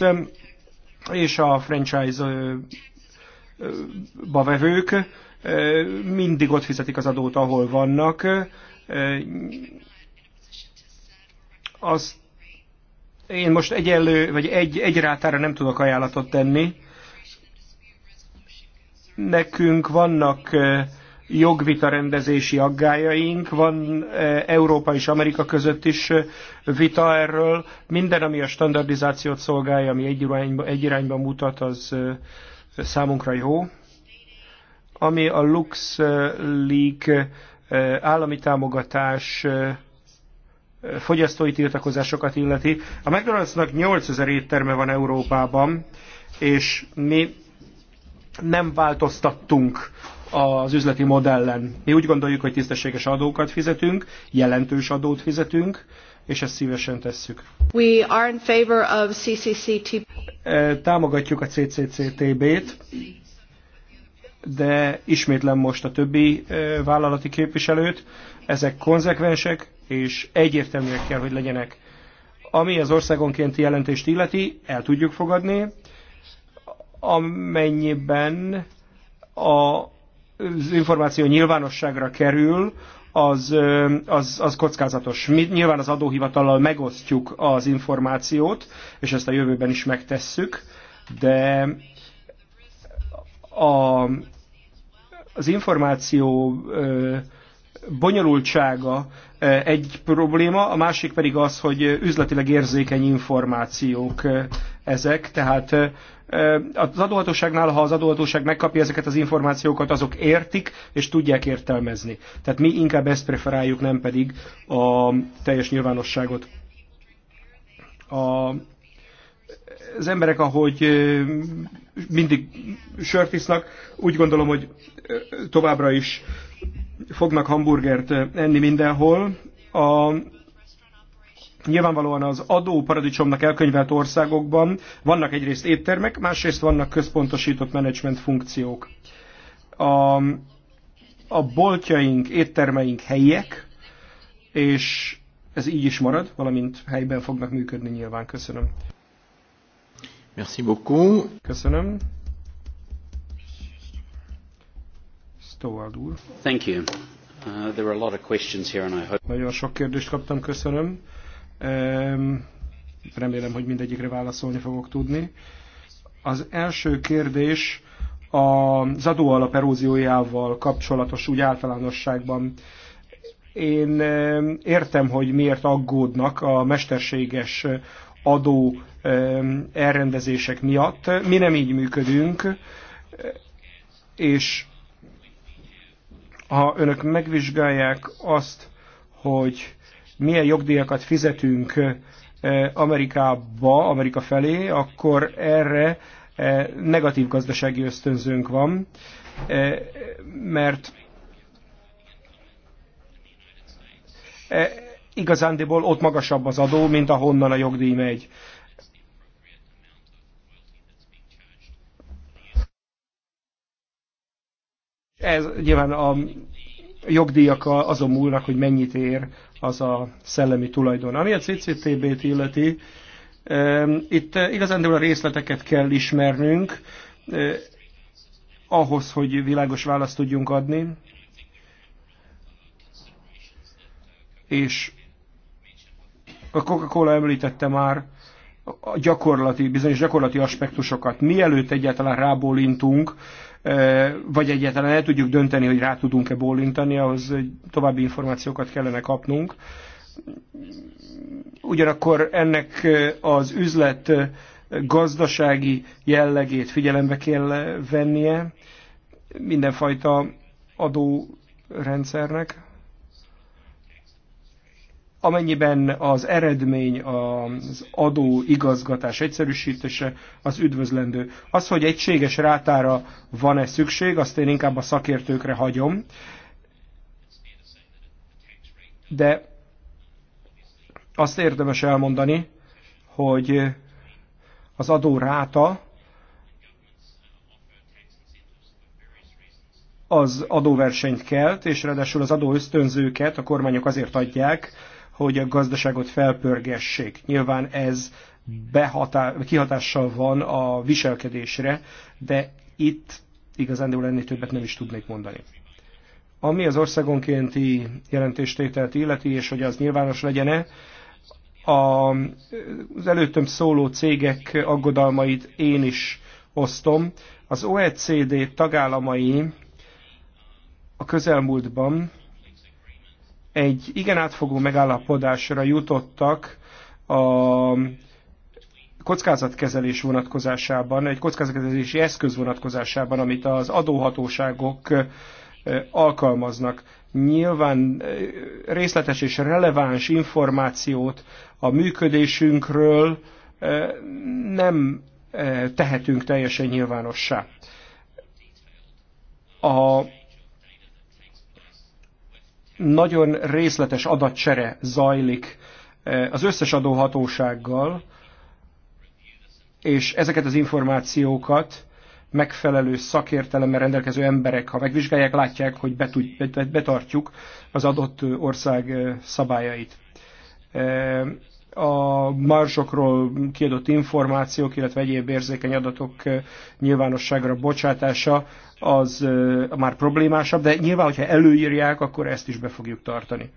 és a franchise bavevők mindig ott fizetik az adót, ahol vannak. Azt én most egyenlő, vagy egy, egy rátára nem tudok ajánlatot tenni. Nekünk vannak jogvita rendezési aggájaink, van e, Európa és Amerika között is e, vita erről. Minden, ami a standardizációt szolgálja, ami egy irányba, egy irányba mutat, az e, számunkra jó. Ami a LuxLeak állami támogatás fogyasztói tiltakozásokat illeti. A McDonald'snak 8000 étterme van Európában, és mi nem változtattunk az üzleti modellen. Mi úgy gondoljuk, hogy tisztességes adókat fizetünk, jelentős adót fizetünk, és ezt szívesen tesszük. We are in favor of CCCTB. E, támogatjuk a CCCTB-t, de ismétlem most a többi e, vállalati képviselőt. Ezek konzekvensek, és egyértelműek kell, hogy legyenek. Ami az országonkénti jelentést illeti, el tudjuk fogadni, amennyiben a az információ nyilvánosságra kerül, az, az, az kockázatos. Mi nyilván az adóhivatallal megosztjuk az információt, és ezt a jövőben is megtesszük, de a, az információ bonyolultsága eh, egy probléma, a másik pedig az, hogy eh, üzletileg érzékeny információk eh, ezek, tehát az adóhatóságnál, ha az adóhatóság megkapja ezeket az információkat, azok értik és tudják értelmezni. Tehát mi inkább ezt preferáljuk, nem pedig a teljes nyilvánosságot. A az emberek, ahogy mindig sört isznak, úgy gondolom, hogy továbbra is fognak hamburgert eh, enni mindenhol. A Nyilvánvalóan az adó paradicsomnak elkönyvelt országokban vannak egyrészt éttermek, másrészt vannak központosított menedzsment funkciók. A, a boltjaink, éttermeink helyiek, és ez így is marad, valamint helyben fognak működni nyilván. Köszönöm. Merci beaucoup. Köszönöm. Stoward úr. Thank you. Uh, there a lot of questions here and I hope... Nagyon sok kérdést kaptam, köszönöm. Um, remélem, hogy mindegyikre válaszolni fogok tudni. Az első kérdés az adóalap eróziójával kapcsolatos úgy általánosságban. Én értem, hogy miért aggódnak a mesterséges adó elrendezések miatt. Mi nem így működünk, és ha önök megvizsgálják azt, hogy milyen jogdíjakat fizetünk eh, Amerikába, Amerika felé, akkor erre eh, negatív gazdasági ösztönzőnk van, eh, mert igazándiból ott magasabb az adó, mint ahonnan a jogdíj megy. Ez nyilván a jogdíjak azon múlnak, hogy mennyit ér az a szellemi tulajdon. Ami a CCTB-t illeti, itt eh, igazán a részleteket kell ismernünk, eh, ahhoz, hogy világos választ tudjunk adni. És a Coca-Cola említette már a gyakorlati, bizonyos gyakorlati aspektusokat. Mielőtt egyáltalán rábólintunk vagy egyáltalán el tudjuk dönteni, hogy rá tudunk-e bólintani, ahhoz további információkat kellene kapnunk. Ugyanakkor ennek az üzlet gazdasági jellegét figyelembe kell vennie mindenfajta adórendszernek. Amennyiben az eredmény az adó igazgatás egyszerűsítése, az üdvözlendő. Az, hogy egységes rátára van-e szükség, azt én inkább a szakértőkre hagyom. De azt érdemes elmondani, hogy az adó ráta az adóversenyt kelt, és ráadásul az ösztönzőket a kormányok azért adják, hogy a gazdaságot felpörgessék. Nyilván ez behatá, kihatással van a viselkedésre, de itt igazán lenni többet nem is tudnék mondani. Ami az országonkénti jelentéstételt illeti, és hogy az nyilvános legyen-e, az előttem szóló cégek aggodalmait én is osztom. Az OECD tagállamai a közelmúltban egy igen átfogó megállapodásra jutottak a kockázatkezelés vonatkozásában, egy kockázatkezelési eszköz vonatkozásában, amit az adóhatóságok alkalmaznak. Nyilván részletes és releváns információt a működésünkről nem tehetünk teljesen nyilvánossá. A nagyon részletes adatcsere zajlik eh, az összes adóhatósággal, és ezeket az információkat megfelelő szakértelemmel rendelkező emberek, ha megvizsgálják, látják, hogy betartjuk az adott ország szabályait. Eh, a marsokról kiadott információk, illetve egyéb érzékeny adatok eh, nyilvánosságra bocsátása az eh, már problémásabb, de nyilván, hogyha előírják, akkor ezt is be fogjuk tartani.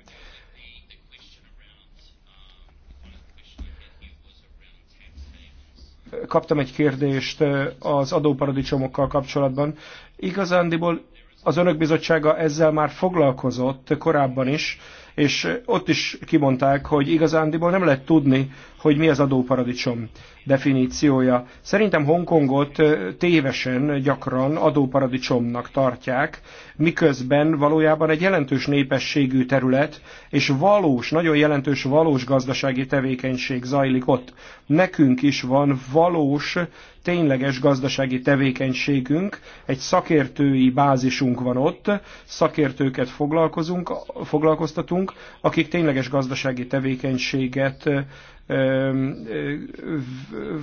Kaptam egy kérdést eh, az adóparadicsomokkal kapcsolatban. Igazándiból az önök bizottsága ezzel már foglalkozott korábban is, és ott is kimondták, hogy igazándiból nem lehet tudni, hogy mi az adóparadicsom definíciója. Szerintem Hongkongot tévesen gyakran adóparadicsomnak tartják, miközben valójában egy jelentős népességű terület, és valós, nagyon jelentős valós gazdasági tevékenység zajlik ott. Nekünk is van valós, tényleges gazdasági tevékenységünk, egy szakértői bázisunk van ott, szakértőket foglalkozunk, foglalkoztatunk, akik tényleges gazdasági tevékenységet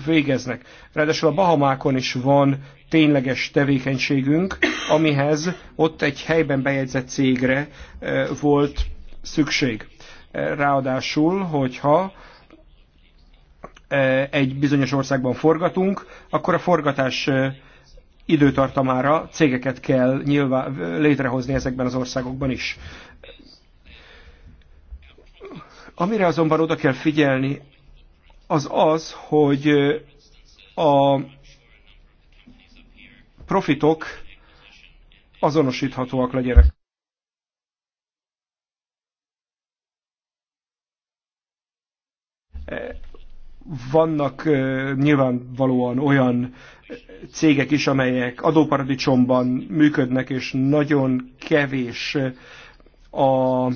végeznek. Ráadásul a Bahamákon is van tényleges tevékenységünk, amihez ott egy helyben bejegyzett cégre volt szükség. Ráadásul, hogyha egy bizonyos országban forgatunk, akkor a forgatás időtartamára cégeket kell nyilván létrehozni ezekben az országokban is. Amire azonban oda kell figyelni, az az, hogy a profitok azonosíthatóak legyenek. E, vannak nyilvánvalóan olyan cégek is, amelyek adóparadicsomban működnek, és nagyon kevés a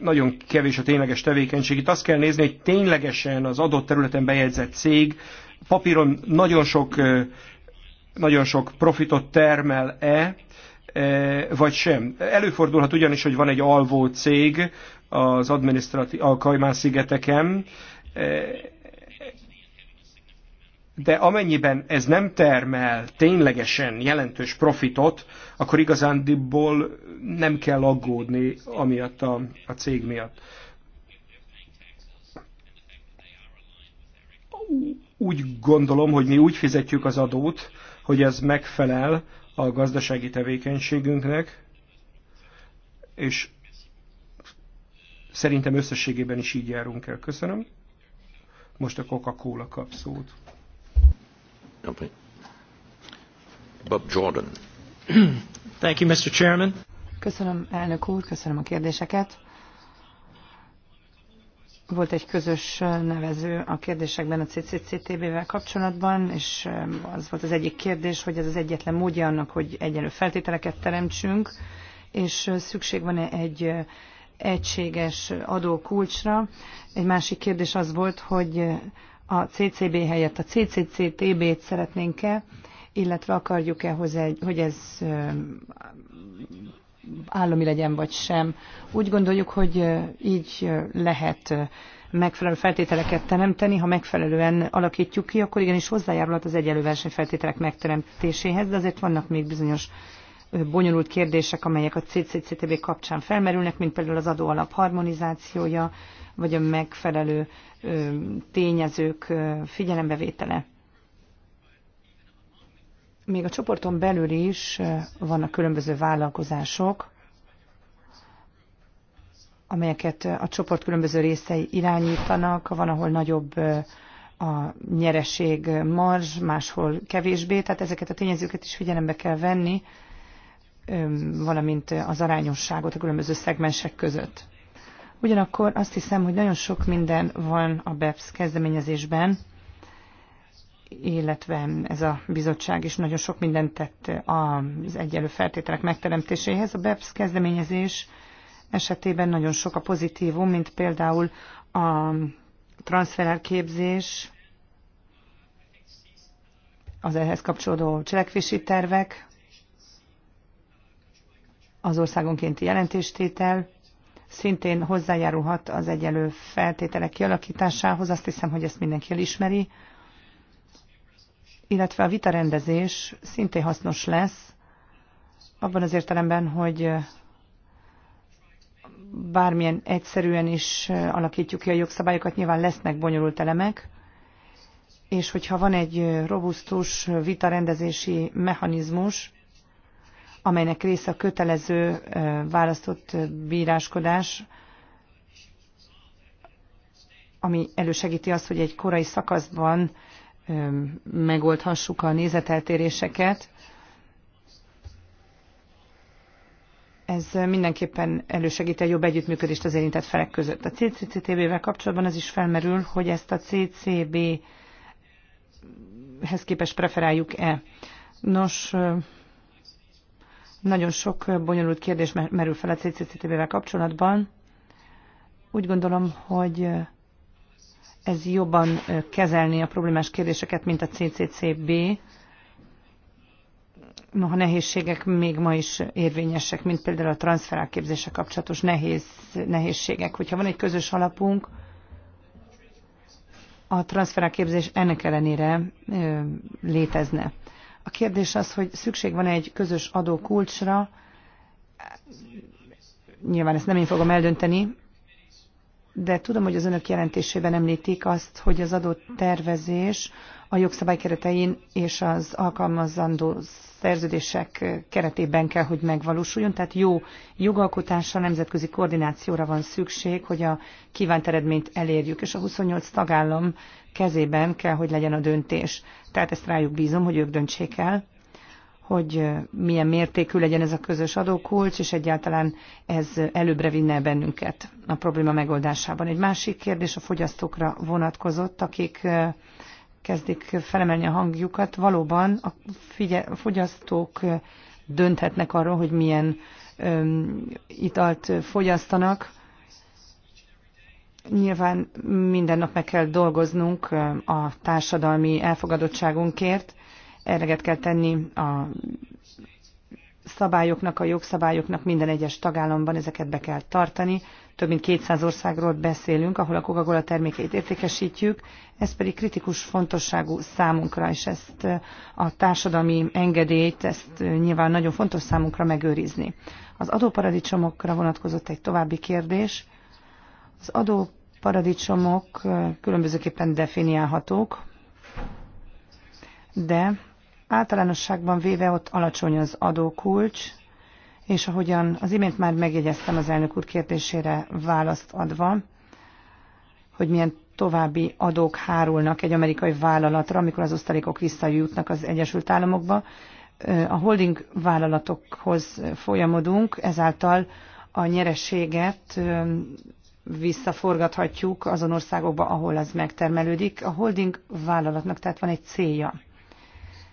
nagyon kevés a tényleges tevékenység. Itt azt kell nézni, hogy ténylegesen az adott területen bejegyzett cég papíron nagyon sok, nagyon sok profitot termel-e, vagy sem. Előfordulhat ugyanis, hogy van egy alvó cég az adminisztratív a Kajmán szigeteken, de amennyiben ez nem termel ténylegesen jelentős profitot, akkor igazándiból nem kell aggódni amiatt a, a cég miatt. Úgy gondolom, hogy mi úgy fizetjük az adót, hogy ez megfelel a gazdasági tevékenységünknek, és szerintem összességében is így járunk el. Köszönöm. Most a Coca-Cola kap szót. Bob Jordan. Thank you, Mr. Chairman. Köszönöm, elnök úr, köszönöm a kérdéseket. Volt egy közös nevező a kérdésekben a CCCTB-vel kapcsolatban, és eh, az volt az egyik kérdés, hogy ez az egyetlen módja annak, hogy egyenlő feltételeket teremtsünk, és eh, szükség van-e egy eh, egységes adókulcsra. Egy másik kérdés az volt, hogy a CCB helyett a CCCTB-t szeretnénk-e, illetve akarjuk-e, hogy ez állami legyen vagy sem. Úgy gondoljuk, hogy így lehet megfelelő feltételeket teremteni, ha megfelelően alakítjuk ki, akkor igenis hozzájárulhat az egyenlő versenyfeltételek megteremtéséhez, de azért vannak még bizonyos bonyolult kérdések, amelyek a CCCTB kapcsán felmerülnek, mint például az adóalap harmonizációja, vagy a megfelelő tényezők figyelembevétele. Még a csoporton belül is vannak különböző vállalkozások, amelyeket a csoport különböző részei irányítanak, van, ahol nagyobb a nyereség marzs, máshol kevésbé, tehát ezeket a tényezőket is figyelembe kell venni, valamint az arányosságot a különböző szegmensek között. Ugyanakkor azt hiszem, hogy nagyon sok minden van a BEPS kezdeményezésben, illetve ez a bizottság is nagyon sok mindent tett az egyenlő feltételek megteremtéséhez. A BEPS kezdeményezés esetében nagyon sok a pozitívum, mint például a transferelképzés, az ehhez kapcsolódó cselekvési tervek, az országonkénti jelentéstétel, szintén hozzájárulhat az egyelő feltételek kialakításához. Azt hiszem, hogy ezt mindenki elismeri. Illetve a vitarendezés szintén hasznos lesz, abban az értelemben, hogy bármilyen egyszerűen is alakítjuk ki a jogszabályokat, nyilván lesznek bonyolult elemek, és hogyha van egy robusztus vitarendezési mechanizmus, amelynek része a kötelező választott bíráskodás, ami elősegíti azt, hogy egy korai szakaszban megoldhassuk a nézeteltéréseket. Ez mindenképpen elősegít egy jobb együttműködést az érintett felek között. A CCCTB-vel kapcsolatban az is felmerül, hogy ezt a CCB-hez képest preferáljuk-e. Nos, nagyon sok bonyolult kérdés merül fel a CCCTV-vel kapcsolatban. Úgy gondolom, hogy ez jobban kezelni a problémás kérdéseket, mint a CCCB. Noha nehézségek még ma is érvényesek, mint például a transferáképzése kapcsolatos nehéz, nehézségek. Hogyha van egy közös alapunk, a transferáképzés ennek ellenére létezne. A kérdés az, hogy szükség van -e egy közös adókulcsra. Nyilván ezt nem én fogom eldönteni, de tudom, hogy az önök jelentésében említik azt, hogy az adott tervezés a jogszabály keretein és az alkalmazandó szerződések keretében kell, hogy megvalósuljon. Tehát jó jogalkotásra, nemzetközi koordinációra van szükség, hogy a kívánt eredményt elérjük, és a 28 tagállam kezében kell, hogy legyen a döntés. Tehát ezt rájuk bízom, hogy ők döntsék el, hogy milyen mértékű legyen ez a közös adókulcs, és egyáltalán ez előbbre vinne bennünket a probléma megoldásában. Egy másik kérdés a fogyasztókra vonatkozott, akik kezdik felemelni a hangjukat. Valóban a, figye- a fogyasztók dönthetnek arról, hogy milyen öm, italt fogyasztanak, Nyilván minden nap meg kell dolgoznunk a társadalmi elfogadottságunkért, eleget kell tenni a szabályoknak, a jogszabályoknak minden egyes tagállamban ezeket be kell tartani. Több mint 200 országról beszélünk, ahol a Coca-Cola termékeit értékesítjük, ez pedig kritikus fontosságú számunkra, és ezt a társadalmi engedélyt, ezt nyilván nagyon fontos számunkra megőrizni. Az adóparadicsomokra vonatkozott egy további kérdés. Az adóparadicsomok különbözőképpen definiálhatók, de általánosságban véve ott alacsony az adókulcs, és ahogyan az imént már megjegyeztem az elnök úr kérdésére választ adva, hogy milyen további adók hárulnak egy amerikai vállalatra, amikor az osztalékok visszajutnak az Egyesült Államokba. A holding vállalatokhoz folyamodunk, ezáltal a nyereséget visszaforgathatjuk azon országokba, ahol az megtermelődik. A holding vállalatnak tehát van egy célja.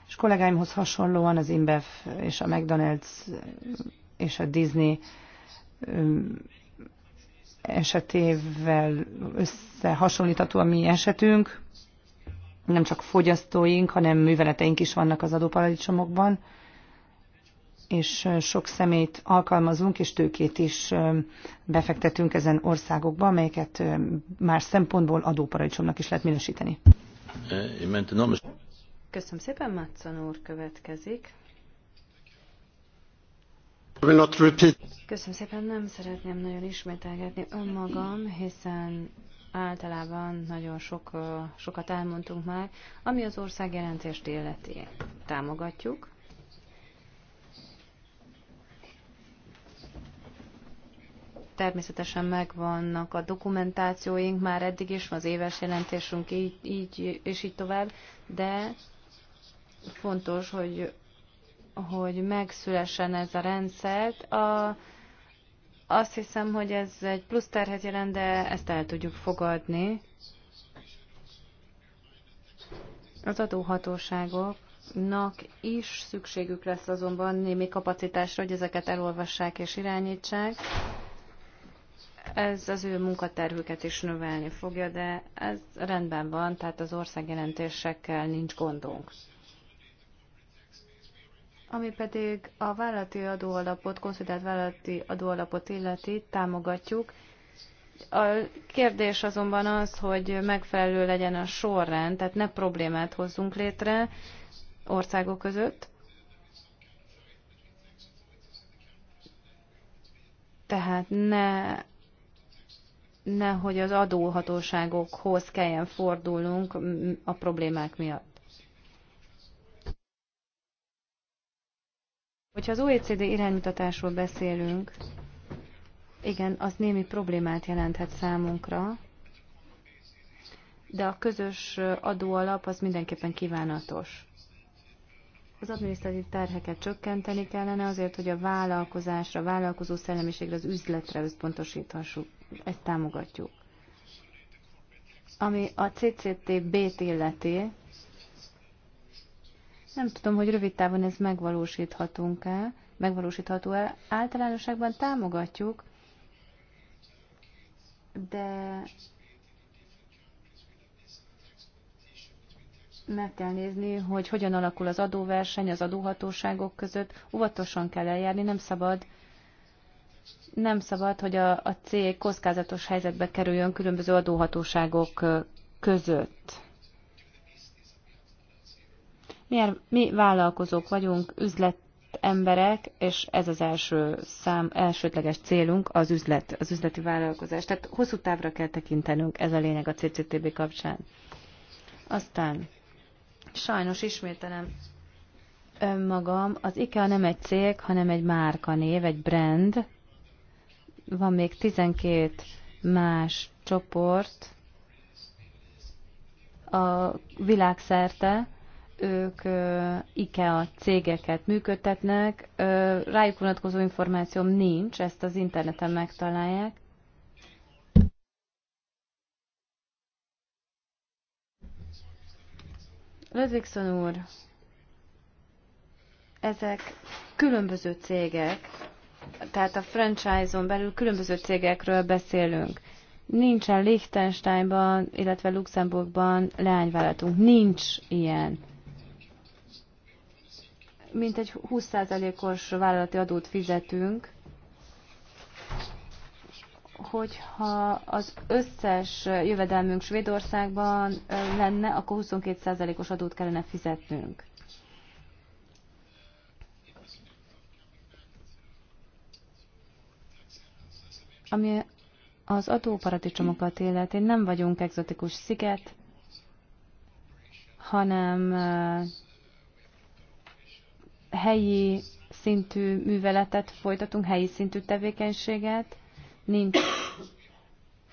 És kollégáimhoz hasonlóan az InBev és a McDonald's és a Disney esetével összehasonlítható a mi esetünk. Nem csak fogyasztóink, hanem műveleteink is vannak az adóparadicsomokban és sok szemét alkalmazunk, és tőkét is befektetünk ezen országokba, amelyeket más szempontból adóparadicsomnak is lehet minősíteni. Köszönöm szépen, Matson úr következik. Köszönöm szépen, nem szeretném nagyon ismételgetni önmagam, hiszen általában nagyon sok, sokat elmondtunk már, ami az ország jelentést illeti. Támogatjuk, természetesen megvannak a dokumentációink, már eddig is van az éves jelentésünk, így, így és így tovább, de fontos, hogy, hogy megszülessen ez a rendszert. A, azt hiszem, hogy ez egy plusz terhet jelent, de ezt el tudjuk fogadni. Az adóhatóságoknak is szükségük lesz azonban némi kapacitásra, hogy ezeket elolvassák és irányítsák ez az ő munkaterhüket is növelni fogja, de ez rendben van, tehát az országjelentésekkel nincs gondunk. Ami pedig a vállalati adóalapot, konszolidált vállalati adóalapot illeti, támogatjuk. A kérdés azonban az, hogy megfelelő legyen a sorrend, tehát ne problémát hozzunk létre országok között. Tehát ne nehogy az adóhatóságokhoz kelljen fordulnunk a problémák miatt. Hogyha az OECD iránymutatásról beszélünk, igen, az némi problémát jelenthet számunkra, de a közös adóalap az mindenképpen kívánatos. Az adminisztratív terheket csökkenteni kellene azért, hogy a vállalkozásra, a vállalkozó szellemiségre, az üzletre összpontosíthassuk. Ezt támogatjuk. Ami a CCTB-t illeti, nem tudom, hogy rövid távon ez megvalósíthatunk-e, megvalósítható-e. Általánosságban támogatjuk, de meg kell nézni, hogy hogyan alakul az adóverseny az adóhatóságok között. Óvatosan kell eljárni, nem szabad nem szabad, hogy a, a cég kockázatos helyzetbe kerüljön különböző adóhatóságok között. Milyen, er, mi vállalkozók vagyunk, üzletemberek, és ez az első szám, elsődleges célunk az üzlet, az üzleti vállalkozás. Tehát hosszú távra kell tekintenünk, ez a lényeg a CCTB kapcsán. Aztán Sajnos ismételem önmagam, az IKEA nem egy cég, hanem egy név, egy brand. Van még 12 más csoport a világszerte, ők IKEA cégeket működtetnek, rájuk vonatkozó információm nincs, ezt az interneten megtalálják. Ludvigson úr, ezek különböző cégek, tehát a franchise-on belül különböző cégekről beszélünk. Nincsen Liechtensteinban, illetve Luxemburgban leányvállalatunk. Nincs ilyen. Mint egy 20%-os vállalati adót fizetünk, hogyha az összes jövedelmünk Svédországban lenne, akkor 22%-os adót kellene fizetnünk. Ami az adóparadicsomokat illeti, nem vagyunk egzotikus sziget, hanem helyi szintű műveletet folytatunk, helyi szintű tevékenységet, nincs,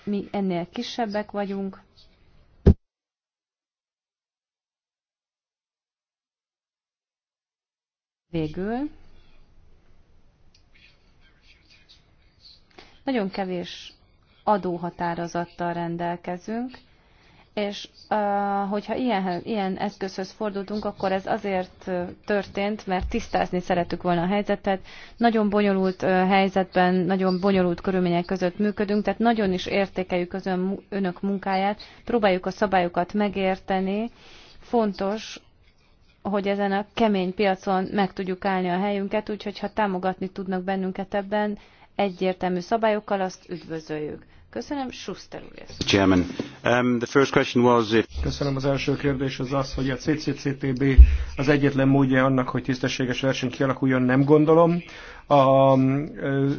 mi ennél kisebbek vagyunk, Végül nagyon kevés adóhatározattal rendelkezünk, és hogyha ilyen, ilyen eszközhöz fordultunk, akkor ez azért történt, mert tisztázni szeretük volna a helyzetet. Nagyon bonyolult helyzetben, nagyon bonyolult körülmények között működünk, tehát nagyon is értékeljük az ön, önök munkáját, próbáljuk a szabályokat megérteni. Fontos, hogy ezen a kemény piacon meg tudjuk állni a helyünket, úgyhogy ha támogatni tudnak bennünket ebben, egyértelmű szabályokkal azt üdvözöljük. Köszönöm, Schuster úr. Chairman, um, the first question was if... Köszönöm, az első kérdés az az, hogy a CCCTB az egyetlen módja annak, hogy tisztességes verseny kialakuljon, nem gondolom a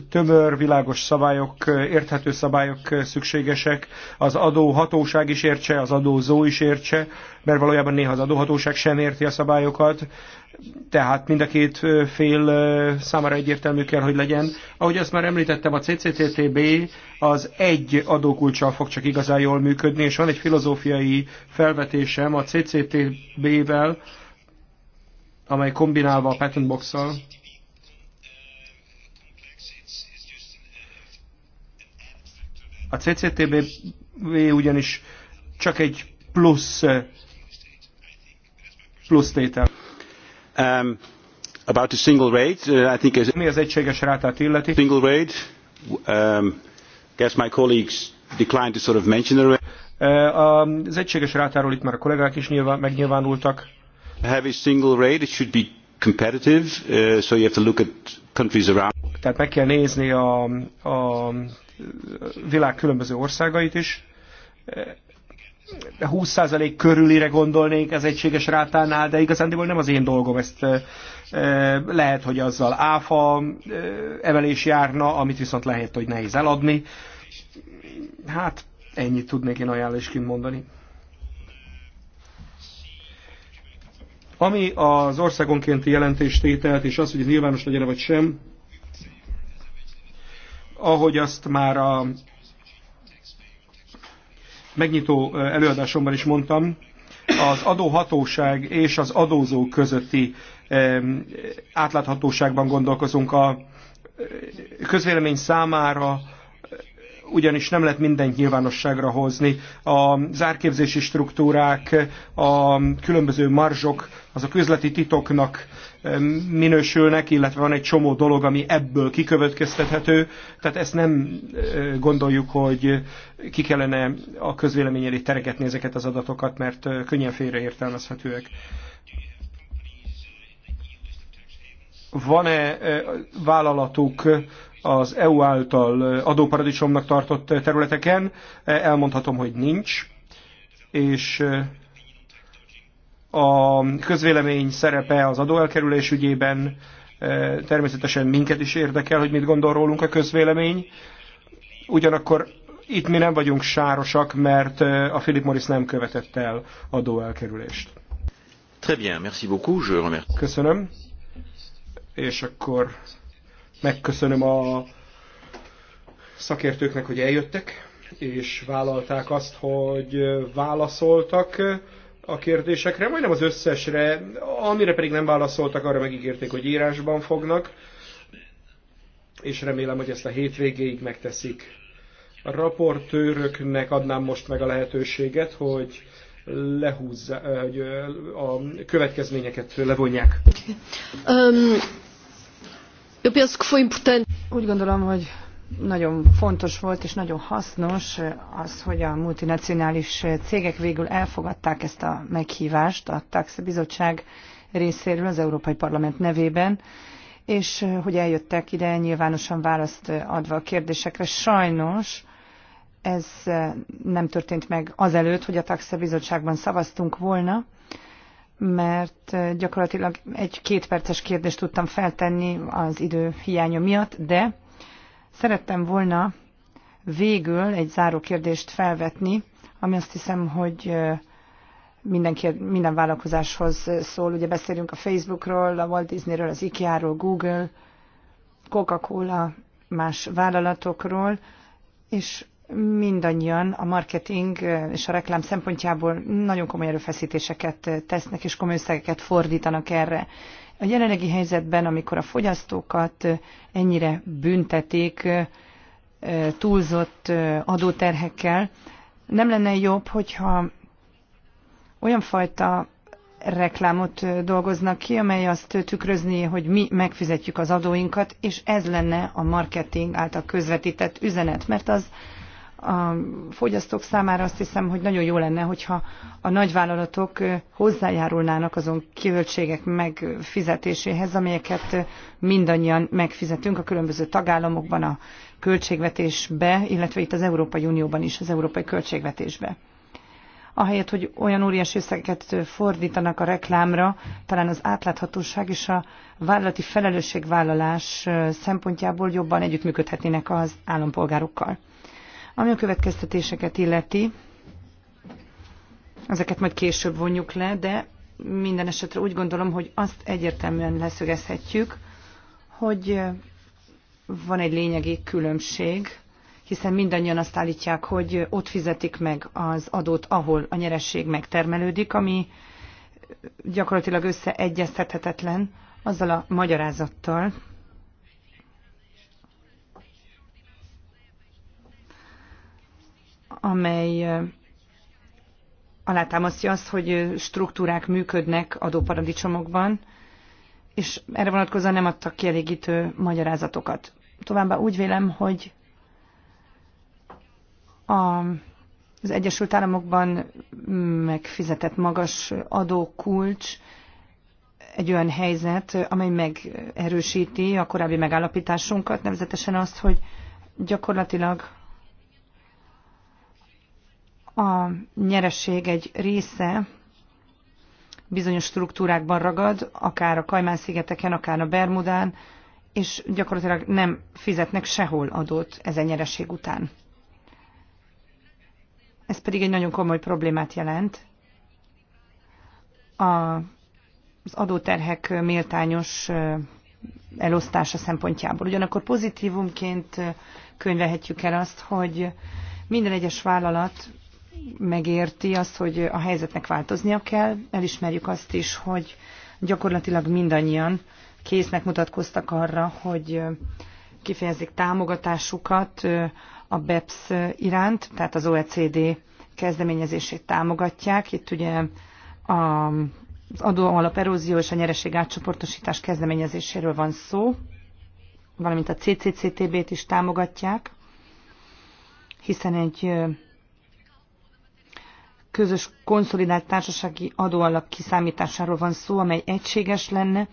tömör, világos szabályok, érthető szabályok szükségesek, az adóhatóság is értse, az adózó is értse, mert valójában néha az adóhatóság sem érti a szabályokat, tehát mind a két fél számára egyértelmű kell, hogy legyen. Ahogy azt már említettem, a CCTTB az egy adókulcsal fog csak igazán jól működni, és van egy filozófiai felvetésem a CCTB-vel, amely kombinálva a patentbox-szal, A CCTB ugyanis csak egy plusz eh, plusz tétel. Um, about the single rate, uh, I think is... Mi az egységes rátát illeti? Single rate, um, guess my colleagues declined to sort of mention the rate. Uh, az egységes rátáról itt már a kollégák is nyilván, megnyilvánultak. Have a single rate, it should be competitive, uh, so you have to look at countries around. Tehát meg kell nézni a, a világ különböző országait is. 20% körülire gondolnék ez egységes rátánál, de igazándiból nem az én dolgom, ezt lehet, hogy azzal áfa emelés járna, amit viszont lehet, hogy nehéz eladni. Hát ennyit tudnék én ajánlásként mondani. Ami az országonkénti jelentéstételt és az, hogy nyilvános legyen vagy sem, ahogy azt már a megnyitó előadásomban is mondtam, az adóhatóság és az adózó közötti átláthatóságban gondolkozunk a közvélemény számára, ugyanis nem lehet mindent nyilvánosságra hozni. a zárképzési struktúrák, a különböző marzsok, az a közleti titoknak minősülnek, illetve van egy csomó dolog, ami ebből kikövetkeztethető, tehát ezt nem gondoljuk, hogy ki kellene a közvélemény elé teregetni ezeket az adatokat, mert könnyen félreértelmezhetőek. Van-e vállalatuk az EU által adóparadicsomnak tartott területeken? Elmondhatom, hogy nincs, és a közvélemény szerepe az adóelkerülés ügyében e, természetesen minket is érdekel, hogy mit gondol rólunk a közvélemény. Ugyanakkor itt mi nem vagyunk sárosak, mert e, a Philip Morris nem követett el adóelkerülést. Très bien, merci beaucoup, je remercie. Köszönöm. És akkor megköszönöm a szakértőknek, hogy eljöttek, és vállalták azt, hogy válaszoltak a kérdésekre, majdnem az összesre, amire pedig nem válaszoltak, arra megígérték, hogy írásban fognak, és remélem, hogy ezt a hétvégéig megteszik. A raportőröknek adnám most meg a lehetőséget, hogy lehúzza, hogy a következményeket levonják. Um, eu penso que foi importante. Úgy gondolom, hogy nagyon fontos volt és nagyon hasznos az, hogy a multinacionális cégek végül elfogadták ezt a meghívást a Tax Bizottság részéről az Európai Parlament nevében, és eh, hogy eljöttek ide nyilvánosan választ adva a kérdésekre. Sajnos ez eh, nem történt meg azelőtt, hogy a Tax Bizottságban szavaztunk volna, mert eh, gyakorlatilag egy kétperces kérdést tudtam feltenni az idő hiánya miatt, de Szerettem volna végül egy záró kérdést felvetni, ami azt hiszem, hogy mindenki, minden vállalkozáshoz szól. Ugye beszélünk a Facebookról, a Walt Disneyről, az IKEA-ról, Google, Coca-Cola, más vállalatokról, és mindannyian a marketing és a reklám szempontjából nagyon komoly erőfeszítéseket tesznek, és komoly összegeket fordítanak erre. A jelenlegi helyzetben, amikor a fogyasztókat ennyire büntetik túlzott adóterhekkel, nem lenne jobb, hogyha olyan fajta reklámot dolgoznak ki, amely azt tükrözni, hogy mi megfizetjük az adóinkat, és ez lenne a marketing által közvetített üzenet, mert az a fogyasztók számára azt hiszem, hogy nagyon jó lenne, hogyha a nagyvállalatok hozzájárulnának azon költségek megfizetéséhez, amelyeket mindannyian megfizetünk a különböző tagállamokban, a költségvetésbe, illetve itt az Európai Unióban is, az európai költségvetésbe. Ahelyett, hogy olyan óriási összegeket fordítanak a reklámra, talán az átláthatóság és a vállalati felelősségvállalás szempontjából jobban együttműködhetnének az állampolgárokkal. Ami a következtetéseket illeti, ezeket majd később vonjuk le, de minden esetre úgy gondolom, hogy azt egyértelműen leszögezhetjük, hogy van egy lényegi különbség, hiszen mindannyian azt állítják, hogy ott fizetik meg az adót, ahol a nyeresség megtermelődik, ami gyakorlatilag összeegyeztethetetlen azzal a magyarázattal, amely alátámasztja azt, hogy struktúrák működnek adóparadicsomokban, és erre vonatkozóan nem adtak kielégítő magyarázatokat. Továbbá úgy vélem, hogy a, az Egyesült Államokban megfizetett magas adókulcs egy olyan helyzet, amely megerősíti a korábbi megállapításunkat, nevezetesen azt, hogy gyakorlatilag a nyereség egy része bizonyos struktúrákban ragad, akár a Kajmán-szigeteken, akár a Bermudán, és gyakorlatilag nem fizetnek sehol adót ezen nyereség után. Ez pedig egy nagyon komoly problémát jelent. A, az adóterhek méltányos elosztása szempontjából. Ugyanakkor pozitívumként könyvehetjük el azt, hogy minden egyes vállalat megérti azt, hogy a helyzetnek változnia kell. Elismerjük azt is, hogy gyakorlatilag mindannyian késznek mutatkoztak arra, hogy kifejezik támogatásukat a BEPS iránt, tehát az OECD kezdeményezését támogatják. Itt ugye a, az adóalap erózió és a nyereség átcsoportosítás kezdeményezéséről van szó, valamint a CCCTB-t is támogatják, hiszen egy közös konszolidált társasági adóalap kiszámításáról van szó, amely egységes lenne,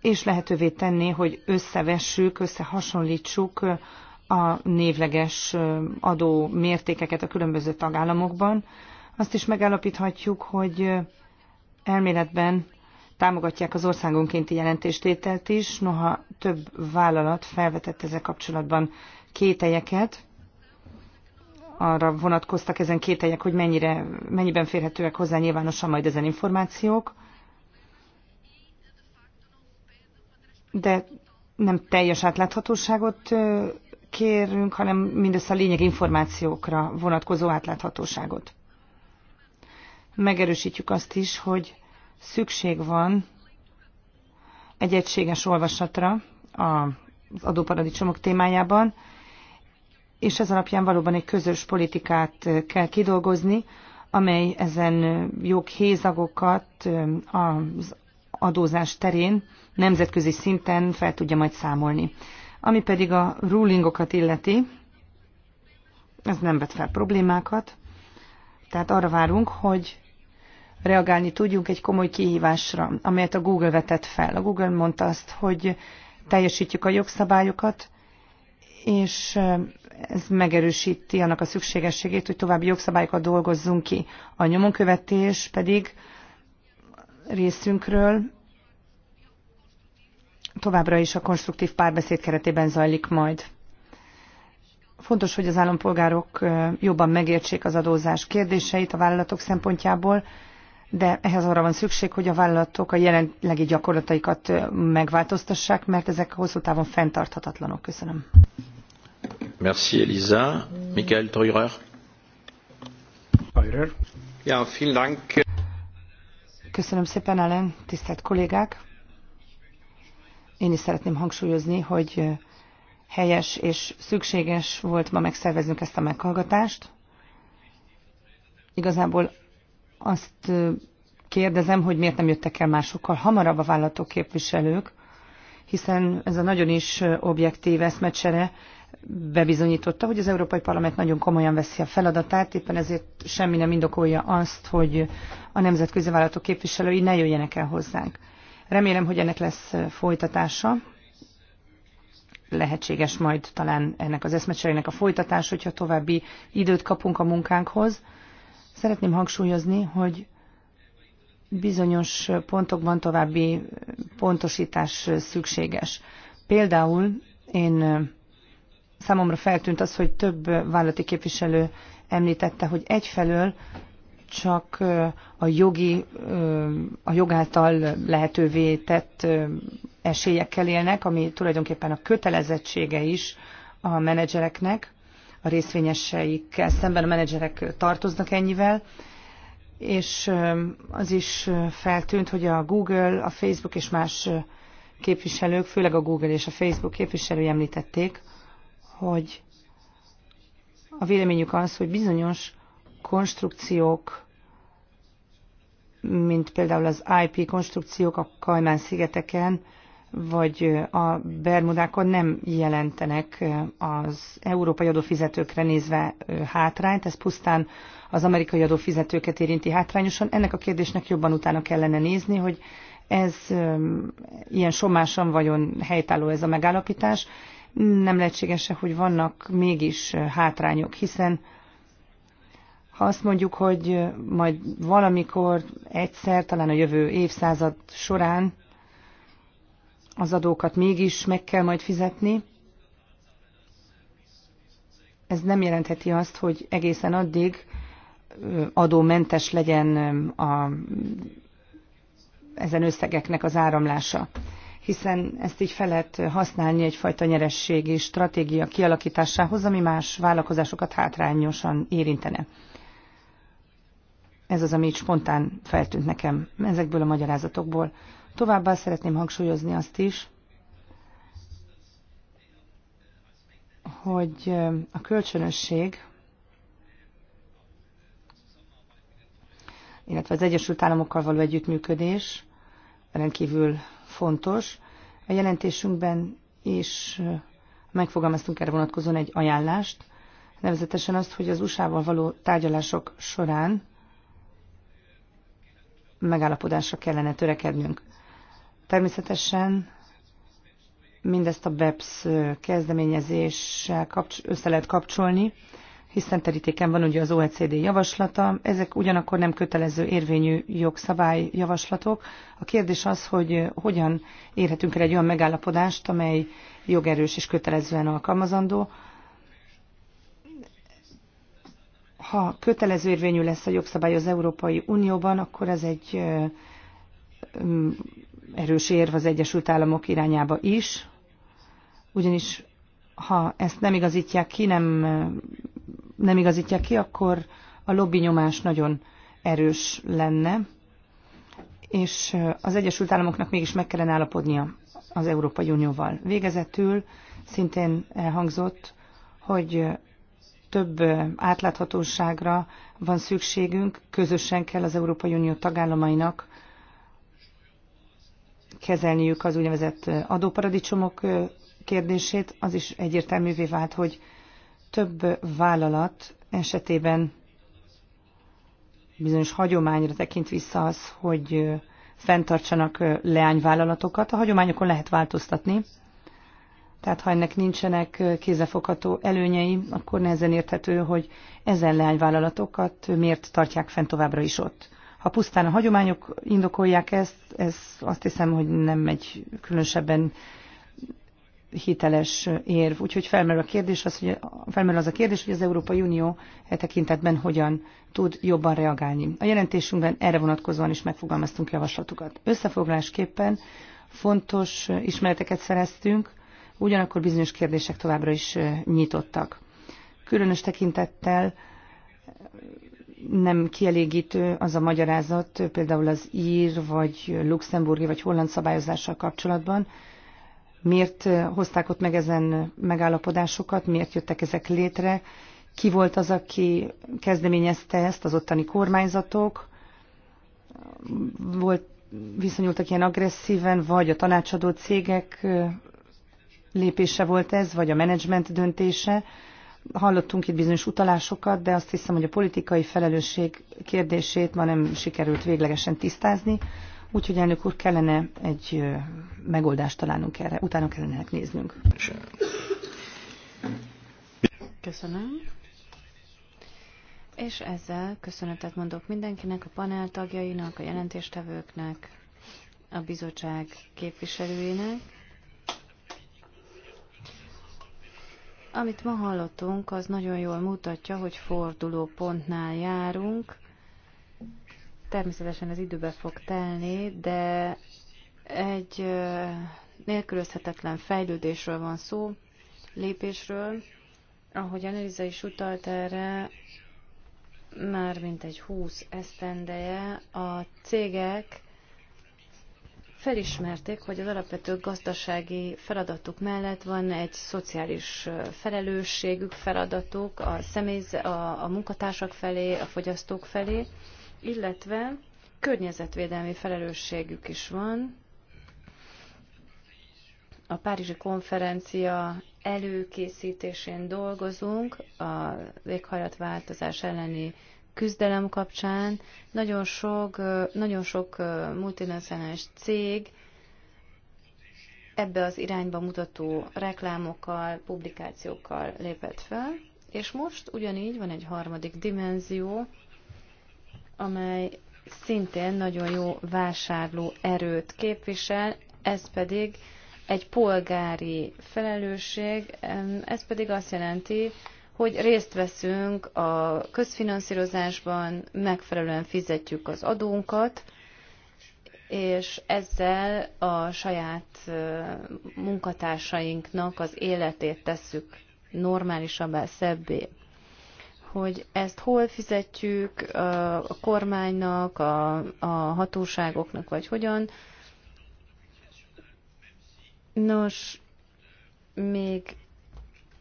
és lehetővé tenné, hogy összevessük, összehasonlítsuk a névleges adó mértékeket a különböző tagállamokban. Azt is megállapíthatjuk, hogy elméletben támogatják az országonkénti jelentéstételt is, noha több vállalat felvetett ezzel kapcsolatban kételyeket, arra vonatkoztak ezen kételyek, hogy mennyire, mennyiben férhetőek hozzá nyilvánosan majd ezen információk. De nem teljes átláthatóságot kérünk, hanem mindössze a lényeg információkra vonatkozó átláthatóságot. Megerősítjük azt is, hogy szükség van egy egységes olvasatra az adóparadicsomok témájában, és ez alapján valóban egy közös politikát kell kidolgozni, amely ezen joghézagokat az adózás terén nemzetközi szinten fel tudja majd számolni. Ami pedig a rulingokat illeti, ez nem vet fel problémákat, tehát arra várunk, hogy reagálni tudjunk egy komoly kihívásra, amelyet a Google vetett fel. A Google mondta azt, hogy teljesítjük a jogszabályokat, és ez megerősíti annak a szükségességét, hogy további jogszabályokat dolgozzunk ki. A nyomonkövetés pedig részünkről továbbra is a konstruktív párbeszéd keretében zajlik majd. Fontos, hogy az állampolgárok jobban megértsék az adózás kérdéseit a vállalatok szempontjából, de ehhez arra van szükség, hogy a vállalatok a jelenlegi gyakorlataikat megváltoztassák, mert ezek hosszú távon fenntarthatatlanok. Köszönöm. Merci Elisa. Michael Teurer. Teurer. Ja, vielen Dank. Köszönöm szépen, Ellen, tisztelt kollégák! Én is szeretném hangsúlyozni, hogy helyes és szükséges volt ma megszerveznünk ezt a meghallgatást. Igazából azt kérdezem, hogy miért nem jöttek el másokkal hamarabb a vállalatok képviselők, hiszen ez a nagyon is objektív eszmecsere bebizonyította, hogy az Európai Parlament nagyon komolyan veszi a feladatát, éppen ezért semmi nem indokolja azt, hogy a nemzetközi vállalatok képviselői ne jöjjenek el hozzánk. Remélem, hogy ennek lesz folytatása. Lehetséges majd talán ennek az eszmecserének a folytatás, hogyha további időt kapunk a munkánkhoz. Szeretném hangsúlyozni, hogy bizonyos pontokban további pontosítás szükséges. Például én számomra feltűnt az, hogy több vállalati képviselő említette, hogy egyfelől csak a jogi, a jogáltal lehetővé tett esélyekkel élnek, ami tulajdonképpen a kötelezettsége is a menedzsereknek, a részvényeseikkel szemben a menedzserek tartoznak ennyivel, és az is feltűnt, hogy a Google, a Facebook és más képviselők, főleg a Google és a Facebook képviselői említették, hogy a véleményük az, hogy bizonyos konstrukciók, mint például az IP konstrukciók a Kajmán-szigeteken, vagy a Bermudákon nem jelentenek az európai adófizetőkre nézve hátrányt, ez pusztán az amerikai adófizetőket érinti hátrányosan. Ennek a kérdésnek jobban utána kellene nézni, hogy ez ilyen somásan vajon helytálló ez a megállapítás, nem lehetséges, hogy vannak mégis hátrányok, hiszen ha azt mondjuk, hogy majd valamikor egyszer, talán a jövő évszázad során az adókat mégis meg kell majd fizetni, ez nem jelentheti azt, hogy egészen addig adómentes legyen a, ezen összegeknek az áramlása hiszen ezt így fel lehet használni egyfajta nyerességi stratégia kialakításához, ami más vállalkozásokat hátrányosan érintene. Ez az, ami így spontán feltűnt nekem ezekből a magyarázatokból. Továbbá szeretném hangsúlyozni azt is, hogy a kölcsönösség, illetve az Egyesült Államokkal való együttműködés rendkívül fontos. A jelentésünkben is megfogalmaztunk erre vonatkozóan egy ajánlást, nevezetesen azt, hogy az USA-val való tárgyalások során megállapodásra kellene törekednünk. Természetesen mindezt a BEPS kezdeményezéssel össze lehet kapcsolni, hiszen terítéken van ugye az OECD javaslata, ezek ugyanakkor nem kötelező érvényű jogszabály javaslatok. A kérdés az, hogy eh, hogyan érhetünk el egy olyan megállapodást, amely jogerős és kötelezően alkalmazandó. Ha kötelező érvényű lesz a jogszabály az Európai Unióban, akkor ez egy eh, mm, erős érv az Egyesült Államok irányába is, ugyanis ha ezt nem igazítják ki, nem eh, nem igazítják ki, akkor a lobby nyomás nagyon erős lenne, és az Egyesült Államoknak mégis meg kellene állapodnia az Európai Unióval. Végezetül szintén elhangzott, hogy több átláthatóságra van szükségünk, közösen kell az Európai Unió tagállamainak kezelniük az úgynevezett adóparadicsomok kérdését. Az is egyértelművé vált, hogy több vállalat esetében bizonyos hagyományra tekint vissza az, hogy fenntartsanak leányvállalatokat. A hagyományokon lehet változtatni, tehát ha ennek nincsenek kézefogható előnyei, akkor nehezen érthető, hogy ezen leányvállalatokat miért tartják fent továbbra is ott. Ha pusztán a hagyományok indokolják ezt, ez azt hiszem, hogy nem egy különösebben hiteles érv. Úgyhogy felmerül, a kérdés az, hogy, felmerül az a kérdés, hogy az Európai Unió e tekintetben hogyan tud jobban reagálni. A jelentésünkben erre vonatkozóan is megfogalmaztunk javaslatokat. Összefoglalásképpen fontos ismereteket szereztünk, ugyanakkor bizonyos kérdések továbbra is nyitottak. Különös tekintettel nem kielégítő az a magyarázat, például az ír, vagy luxemburgi, vagy holland szabályozással kapcsolatban, miért eh, hozták ott meg ezen megállapodásokat, miért jöttek ezek létre, ki volt az, aki kezdeményezte ezt, az ottani kormányzatok, volt, viszonyultak ilyen agresszíven, vagy a tanácsadó cégek eh, lépése volt ez, vagy a menedzsment döntése. Hallottunk itt bizonyos utalásokat, de azt hiszem, hogy a politikai felelősség kérdését ma nem sikerült véglegesen tisztázni. Úgyhogy elnök úr, kellene egy megoldást találnunk erre, utána kellene néznünk. Köszönöm. És ezzel köszönetet mondok mindenkinek, a panel tagjainak, a jelentéstevőknek, a bizottság képviselőinek. Amit ma hallottunk, az nagyon jól mutatja, hogy fordulópontnál járunk, Természetesen ez időbe fog telni, de egy nélkülözhetetlen fejlődésről van szó, lépésről. Ahogy Aneliza is utalt erre, már mint egy 20 esztendeje a cégek felismerték, hogy az alapvető gazdasági feladatuk mellett van egy szociális felelősségük, feladatuk a, személy a, a munkatársak felé, a fogyasztók felé, illetve környezetvédelmi felelősségük is van. A Párizsi konferencia előkészítésén dolgozunk a éghajlatváltozás elleni küzdelem kapcsán. Nagyon sok, nagyon sok multinacionális cég ebbe az irányba mutató reklámokkal, publikációkkal lépett fel, és most ugyanígy van egy harmadik dimenzió, amely szintén nagyon jó vásárló erőt képvisel, ez pedig egy polgári felelősség, ez pedig azt jelenti, hogy részt veszünk a közfinanszírozásban, megfelelően fizetjük az adónkat, és ezzel a saját munkatársainknak az életét tesszük normálisabbá, szebbé hogy ezt hol fizetjük a kormánynak, a, a hatóságoknak, vagy hogyan. Nos, még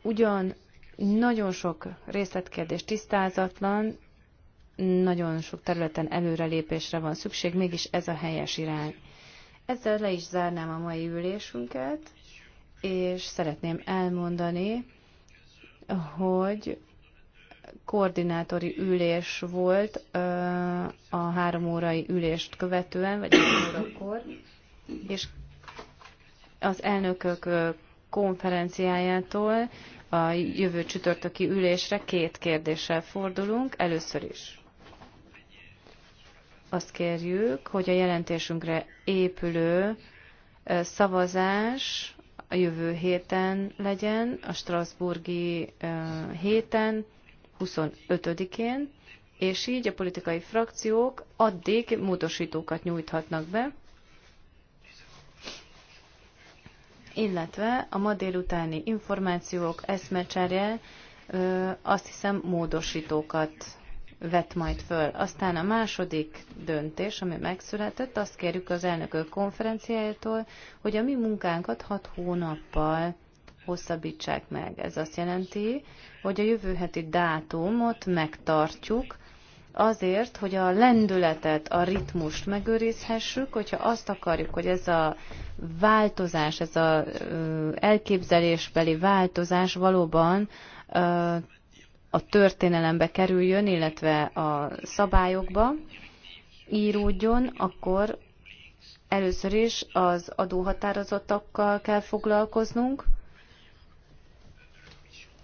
ugyan nagyon sok részletkérdés tisztázatlan, nagyon sok területen előrelépésre van szükség, mégis ez a helyes irány. Ezzel le is zárnám a mai ülésünket, és szeretném elmondani, hogy koordinátori ülés volt a három órai ülést követően, vagy egy órakor, és az elnökök konferenciájától a jövő csütörtöki ülésre két kérdéssel fordulunk. Először is azt kérjük, hogy a jelentésünkre épülő szavazás a jövő héten legyen, a Strasburgi héten, 25-én, és így a politikai frakciók addig módosítókat nyújthatnak be, illetve a ma délutáni információk eszmecserje azt hiszem módosítókat vett majd föl. Aztán a második döntés, ami megszületett, azt kérjük az elnökök konferenciájától, hogy a mi munkánkat hat hónappal hosszabbítsák meg. Ez azt jelenti, hogy a jövő heti dátumot megtartjuk, azért, hogy a lendületet, a ritmust megőrizhessük, hogyha azt akarjuk, hogy ez a változás, ez a elképzelésbeli változás valóban a történelembe kerüljön, illetve a szabályokba íródjon, akkor először is az adóhatározatokkal kell foglalkoznunk,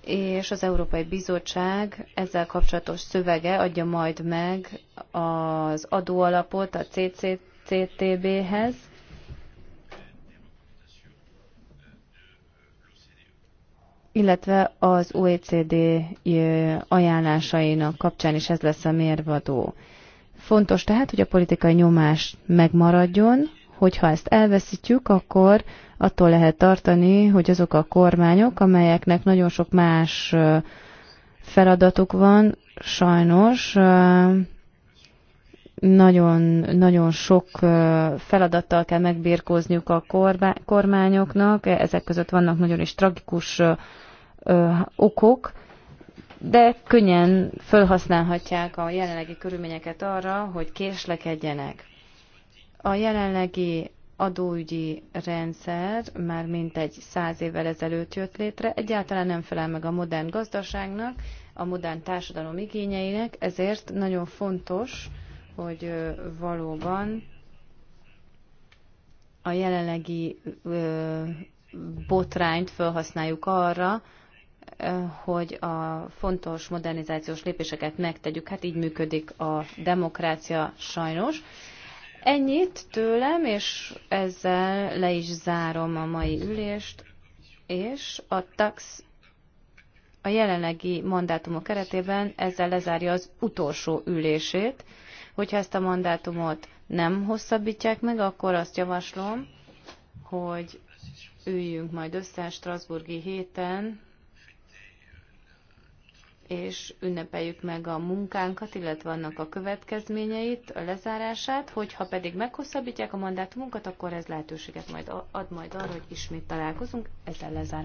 és az Európai Bizottság ezzel kapcsolatos szövege adja majd meg az adóalapot a CCCTB-hez. illetve az OECD ajánlásainak kapcsán is ez lesz a mérvadó. Fontos tehát, hogy a politikai nyomás megmaradjon, hogyha ezt elveszítjük, akkor attól lehet tartani, hogy azok a kormányok, amelyeknek nagyon sok más feladatuk van, sajnos nagyon, nagyon sok feladattal kell megbírkózniuk a kormányoknak, ezek között vannak nagyon is tragikus okok, de könnyen felhasználhatják a jelenlegi körülményeket arra, hogy késlekedjenek. A jelenlegi adóügyi rendszer már mintegy száz évvel ezelőtt jött létre, egyáltalán nem felel meg a modern gazdaságnak, a modern társadalom igényeinek, ezért nagyon fontos, hogy valóban a jelenlegi botrányt felhasználjuk arra, hogy a fontos modernizációs lépéseket megtegyük. Hát így működik a demokrácia sajnos. Ennyit tőlem, és ezzel le is zárom a mai ülést, és a tax a jelenlegi mandátumok keretében ezzel lezárja az utolsó ülését. Hogyha ezt a mandátumot nem hosszabbítják meg, akkor azt javaslom, hogy üljünk majd össze Strasburgi héten és ünnepeljük meg a munkánkat, illetve annak a következményeit, a lezárását, hogyha pedig meghosszabbítják a mandátumunkat, akkor ez lehetőséget majd ad majd arra, hogy ismét találkozunk. Ezzel lezárom.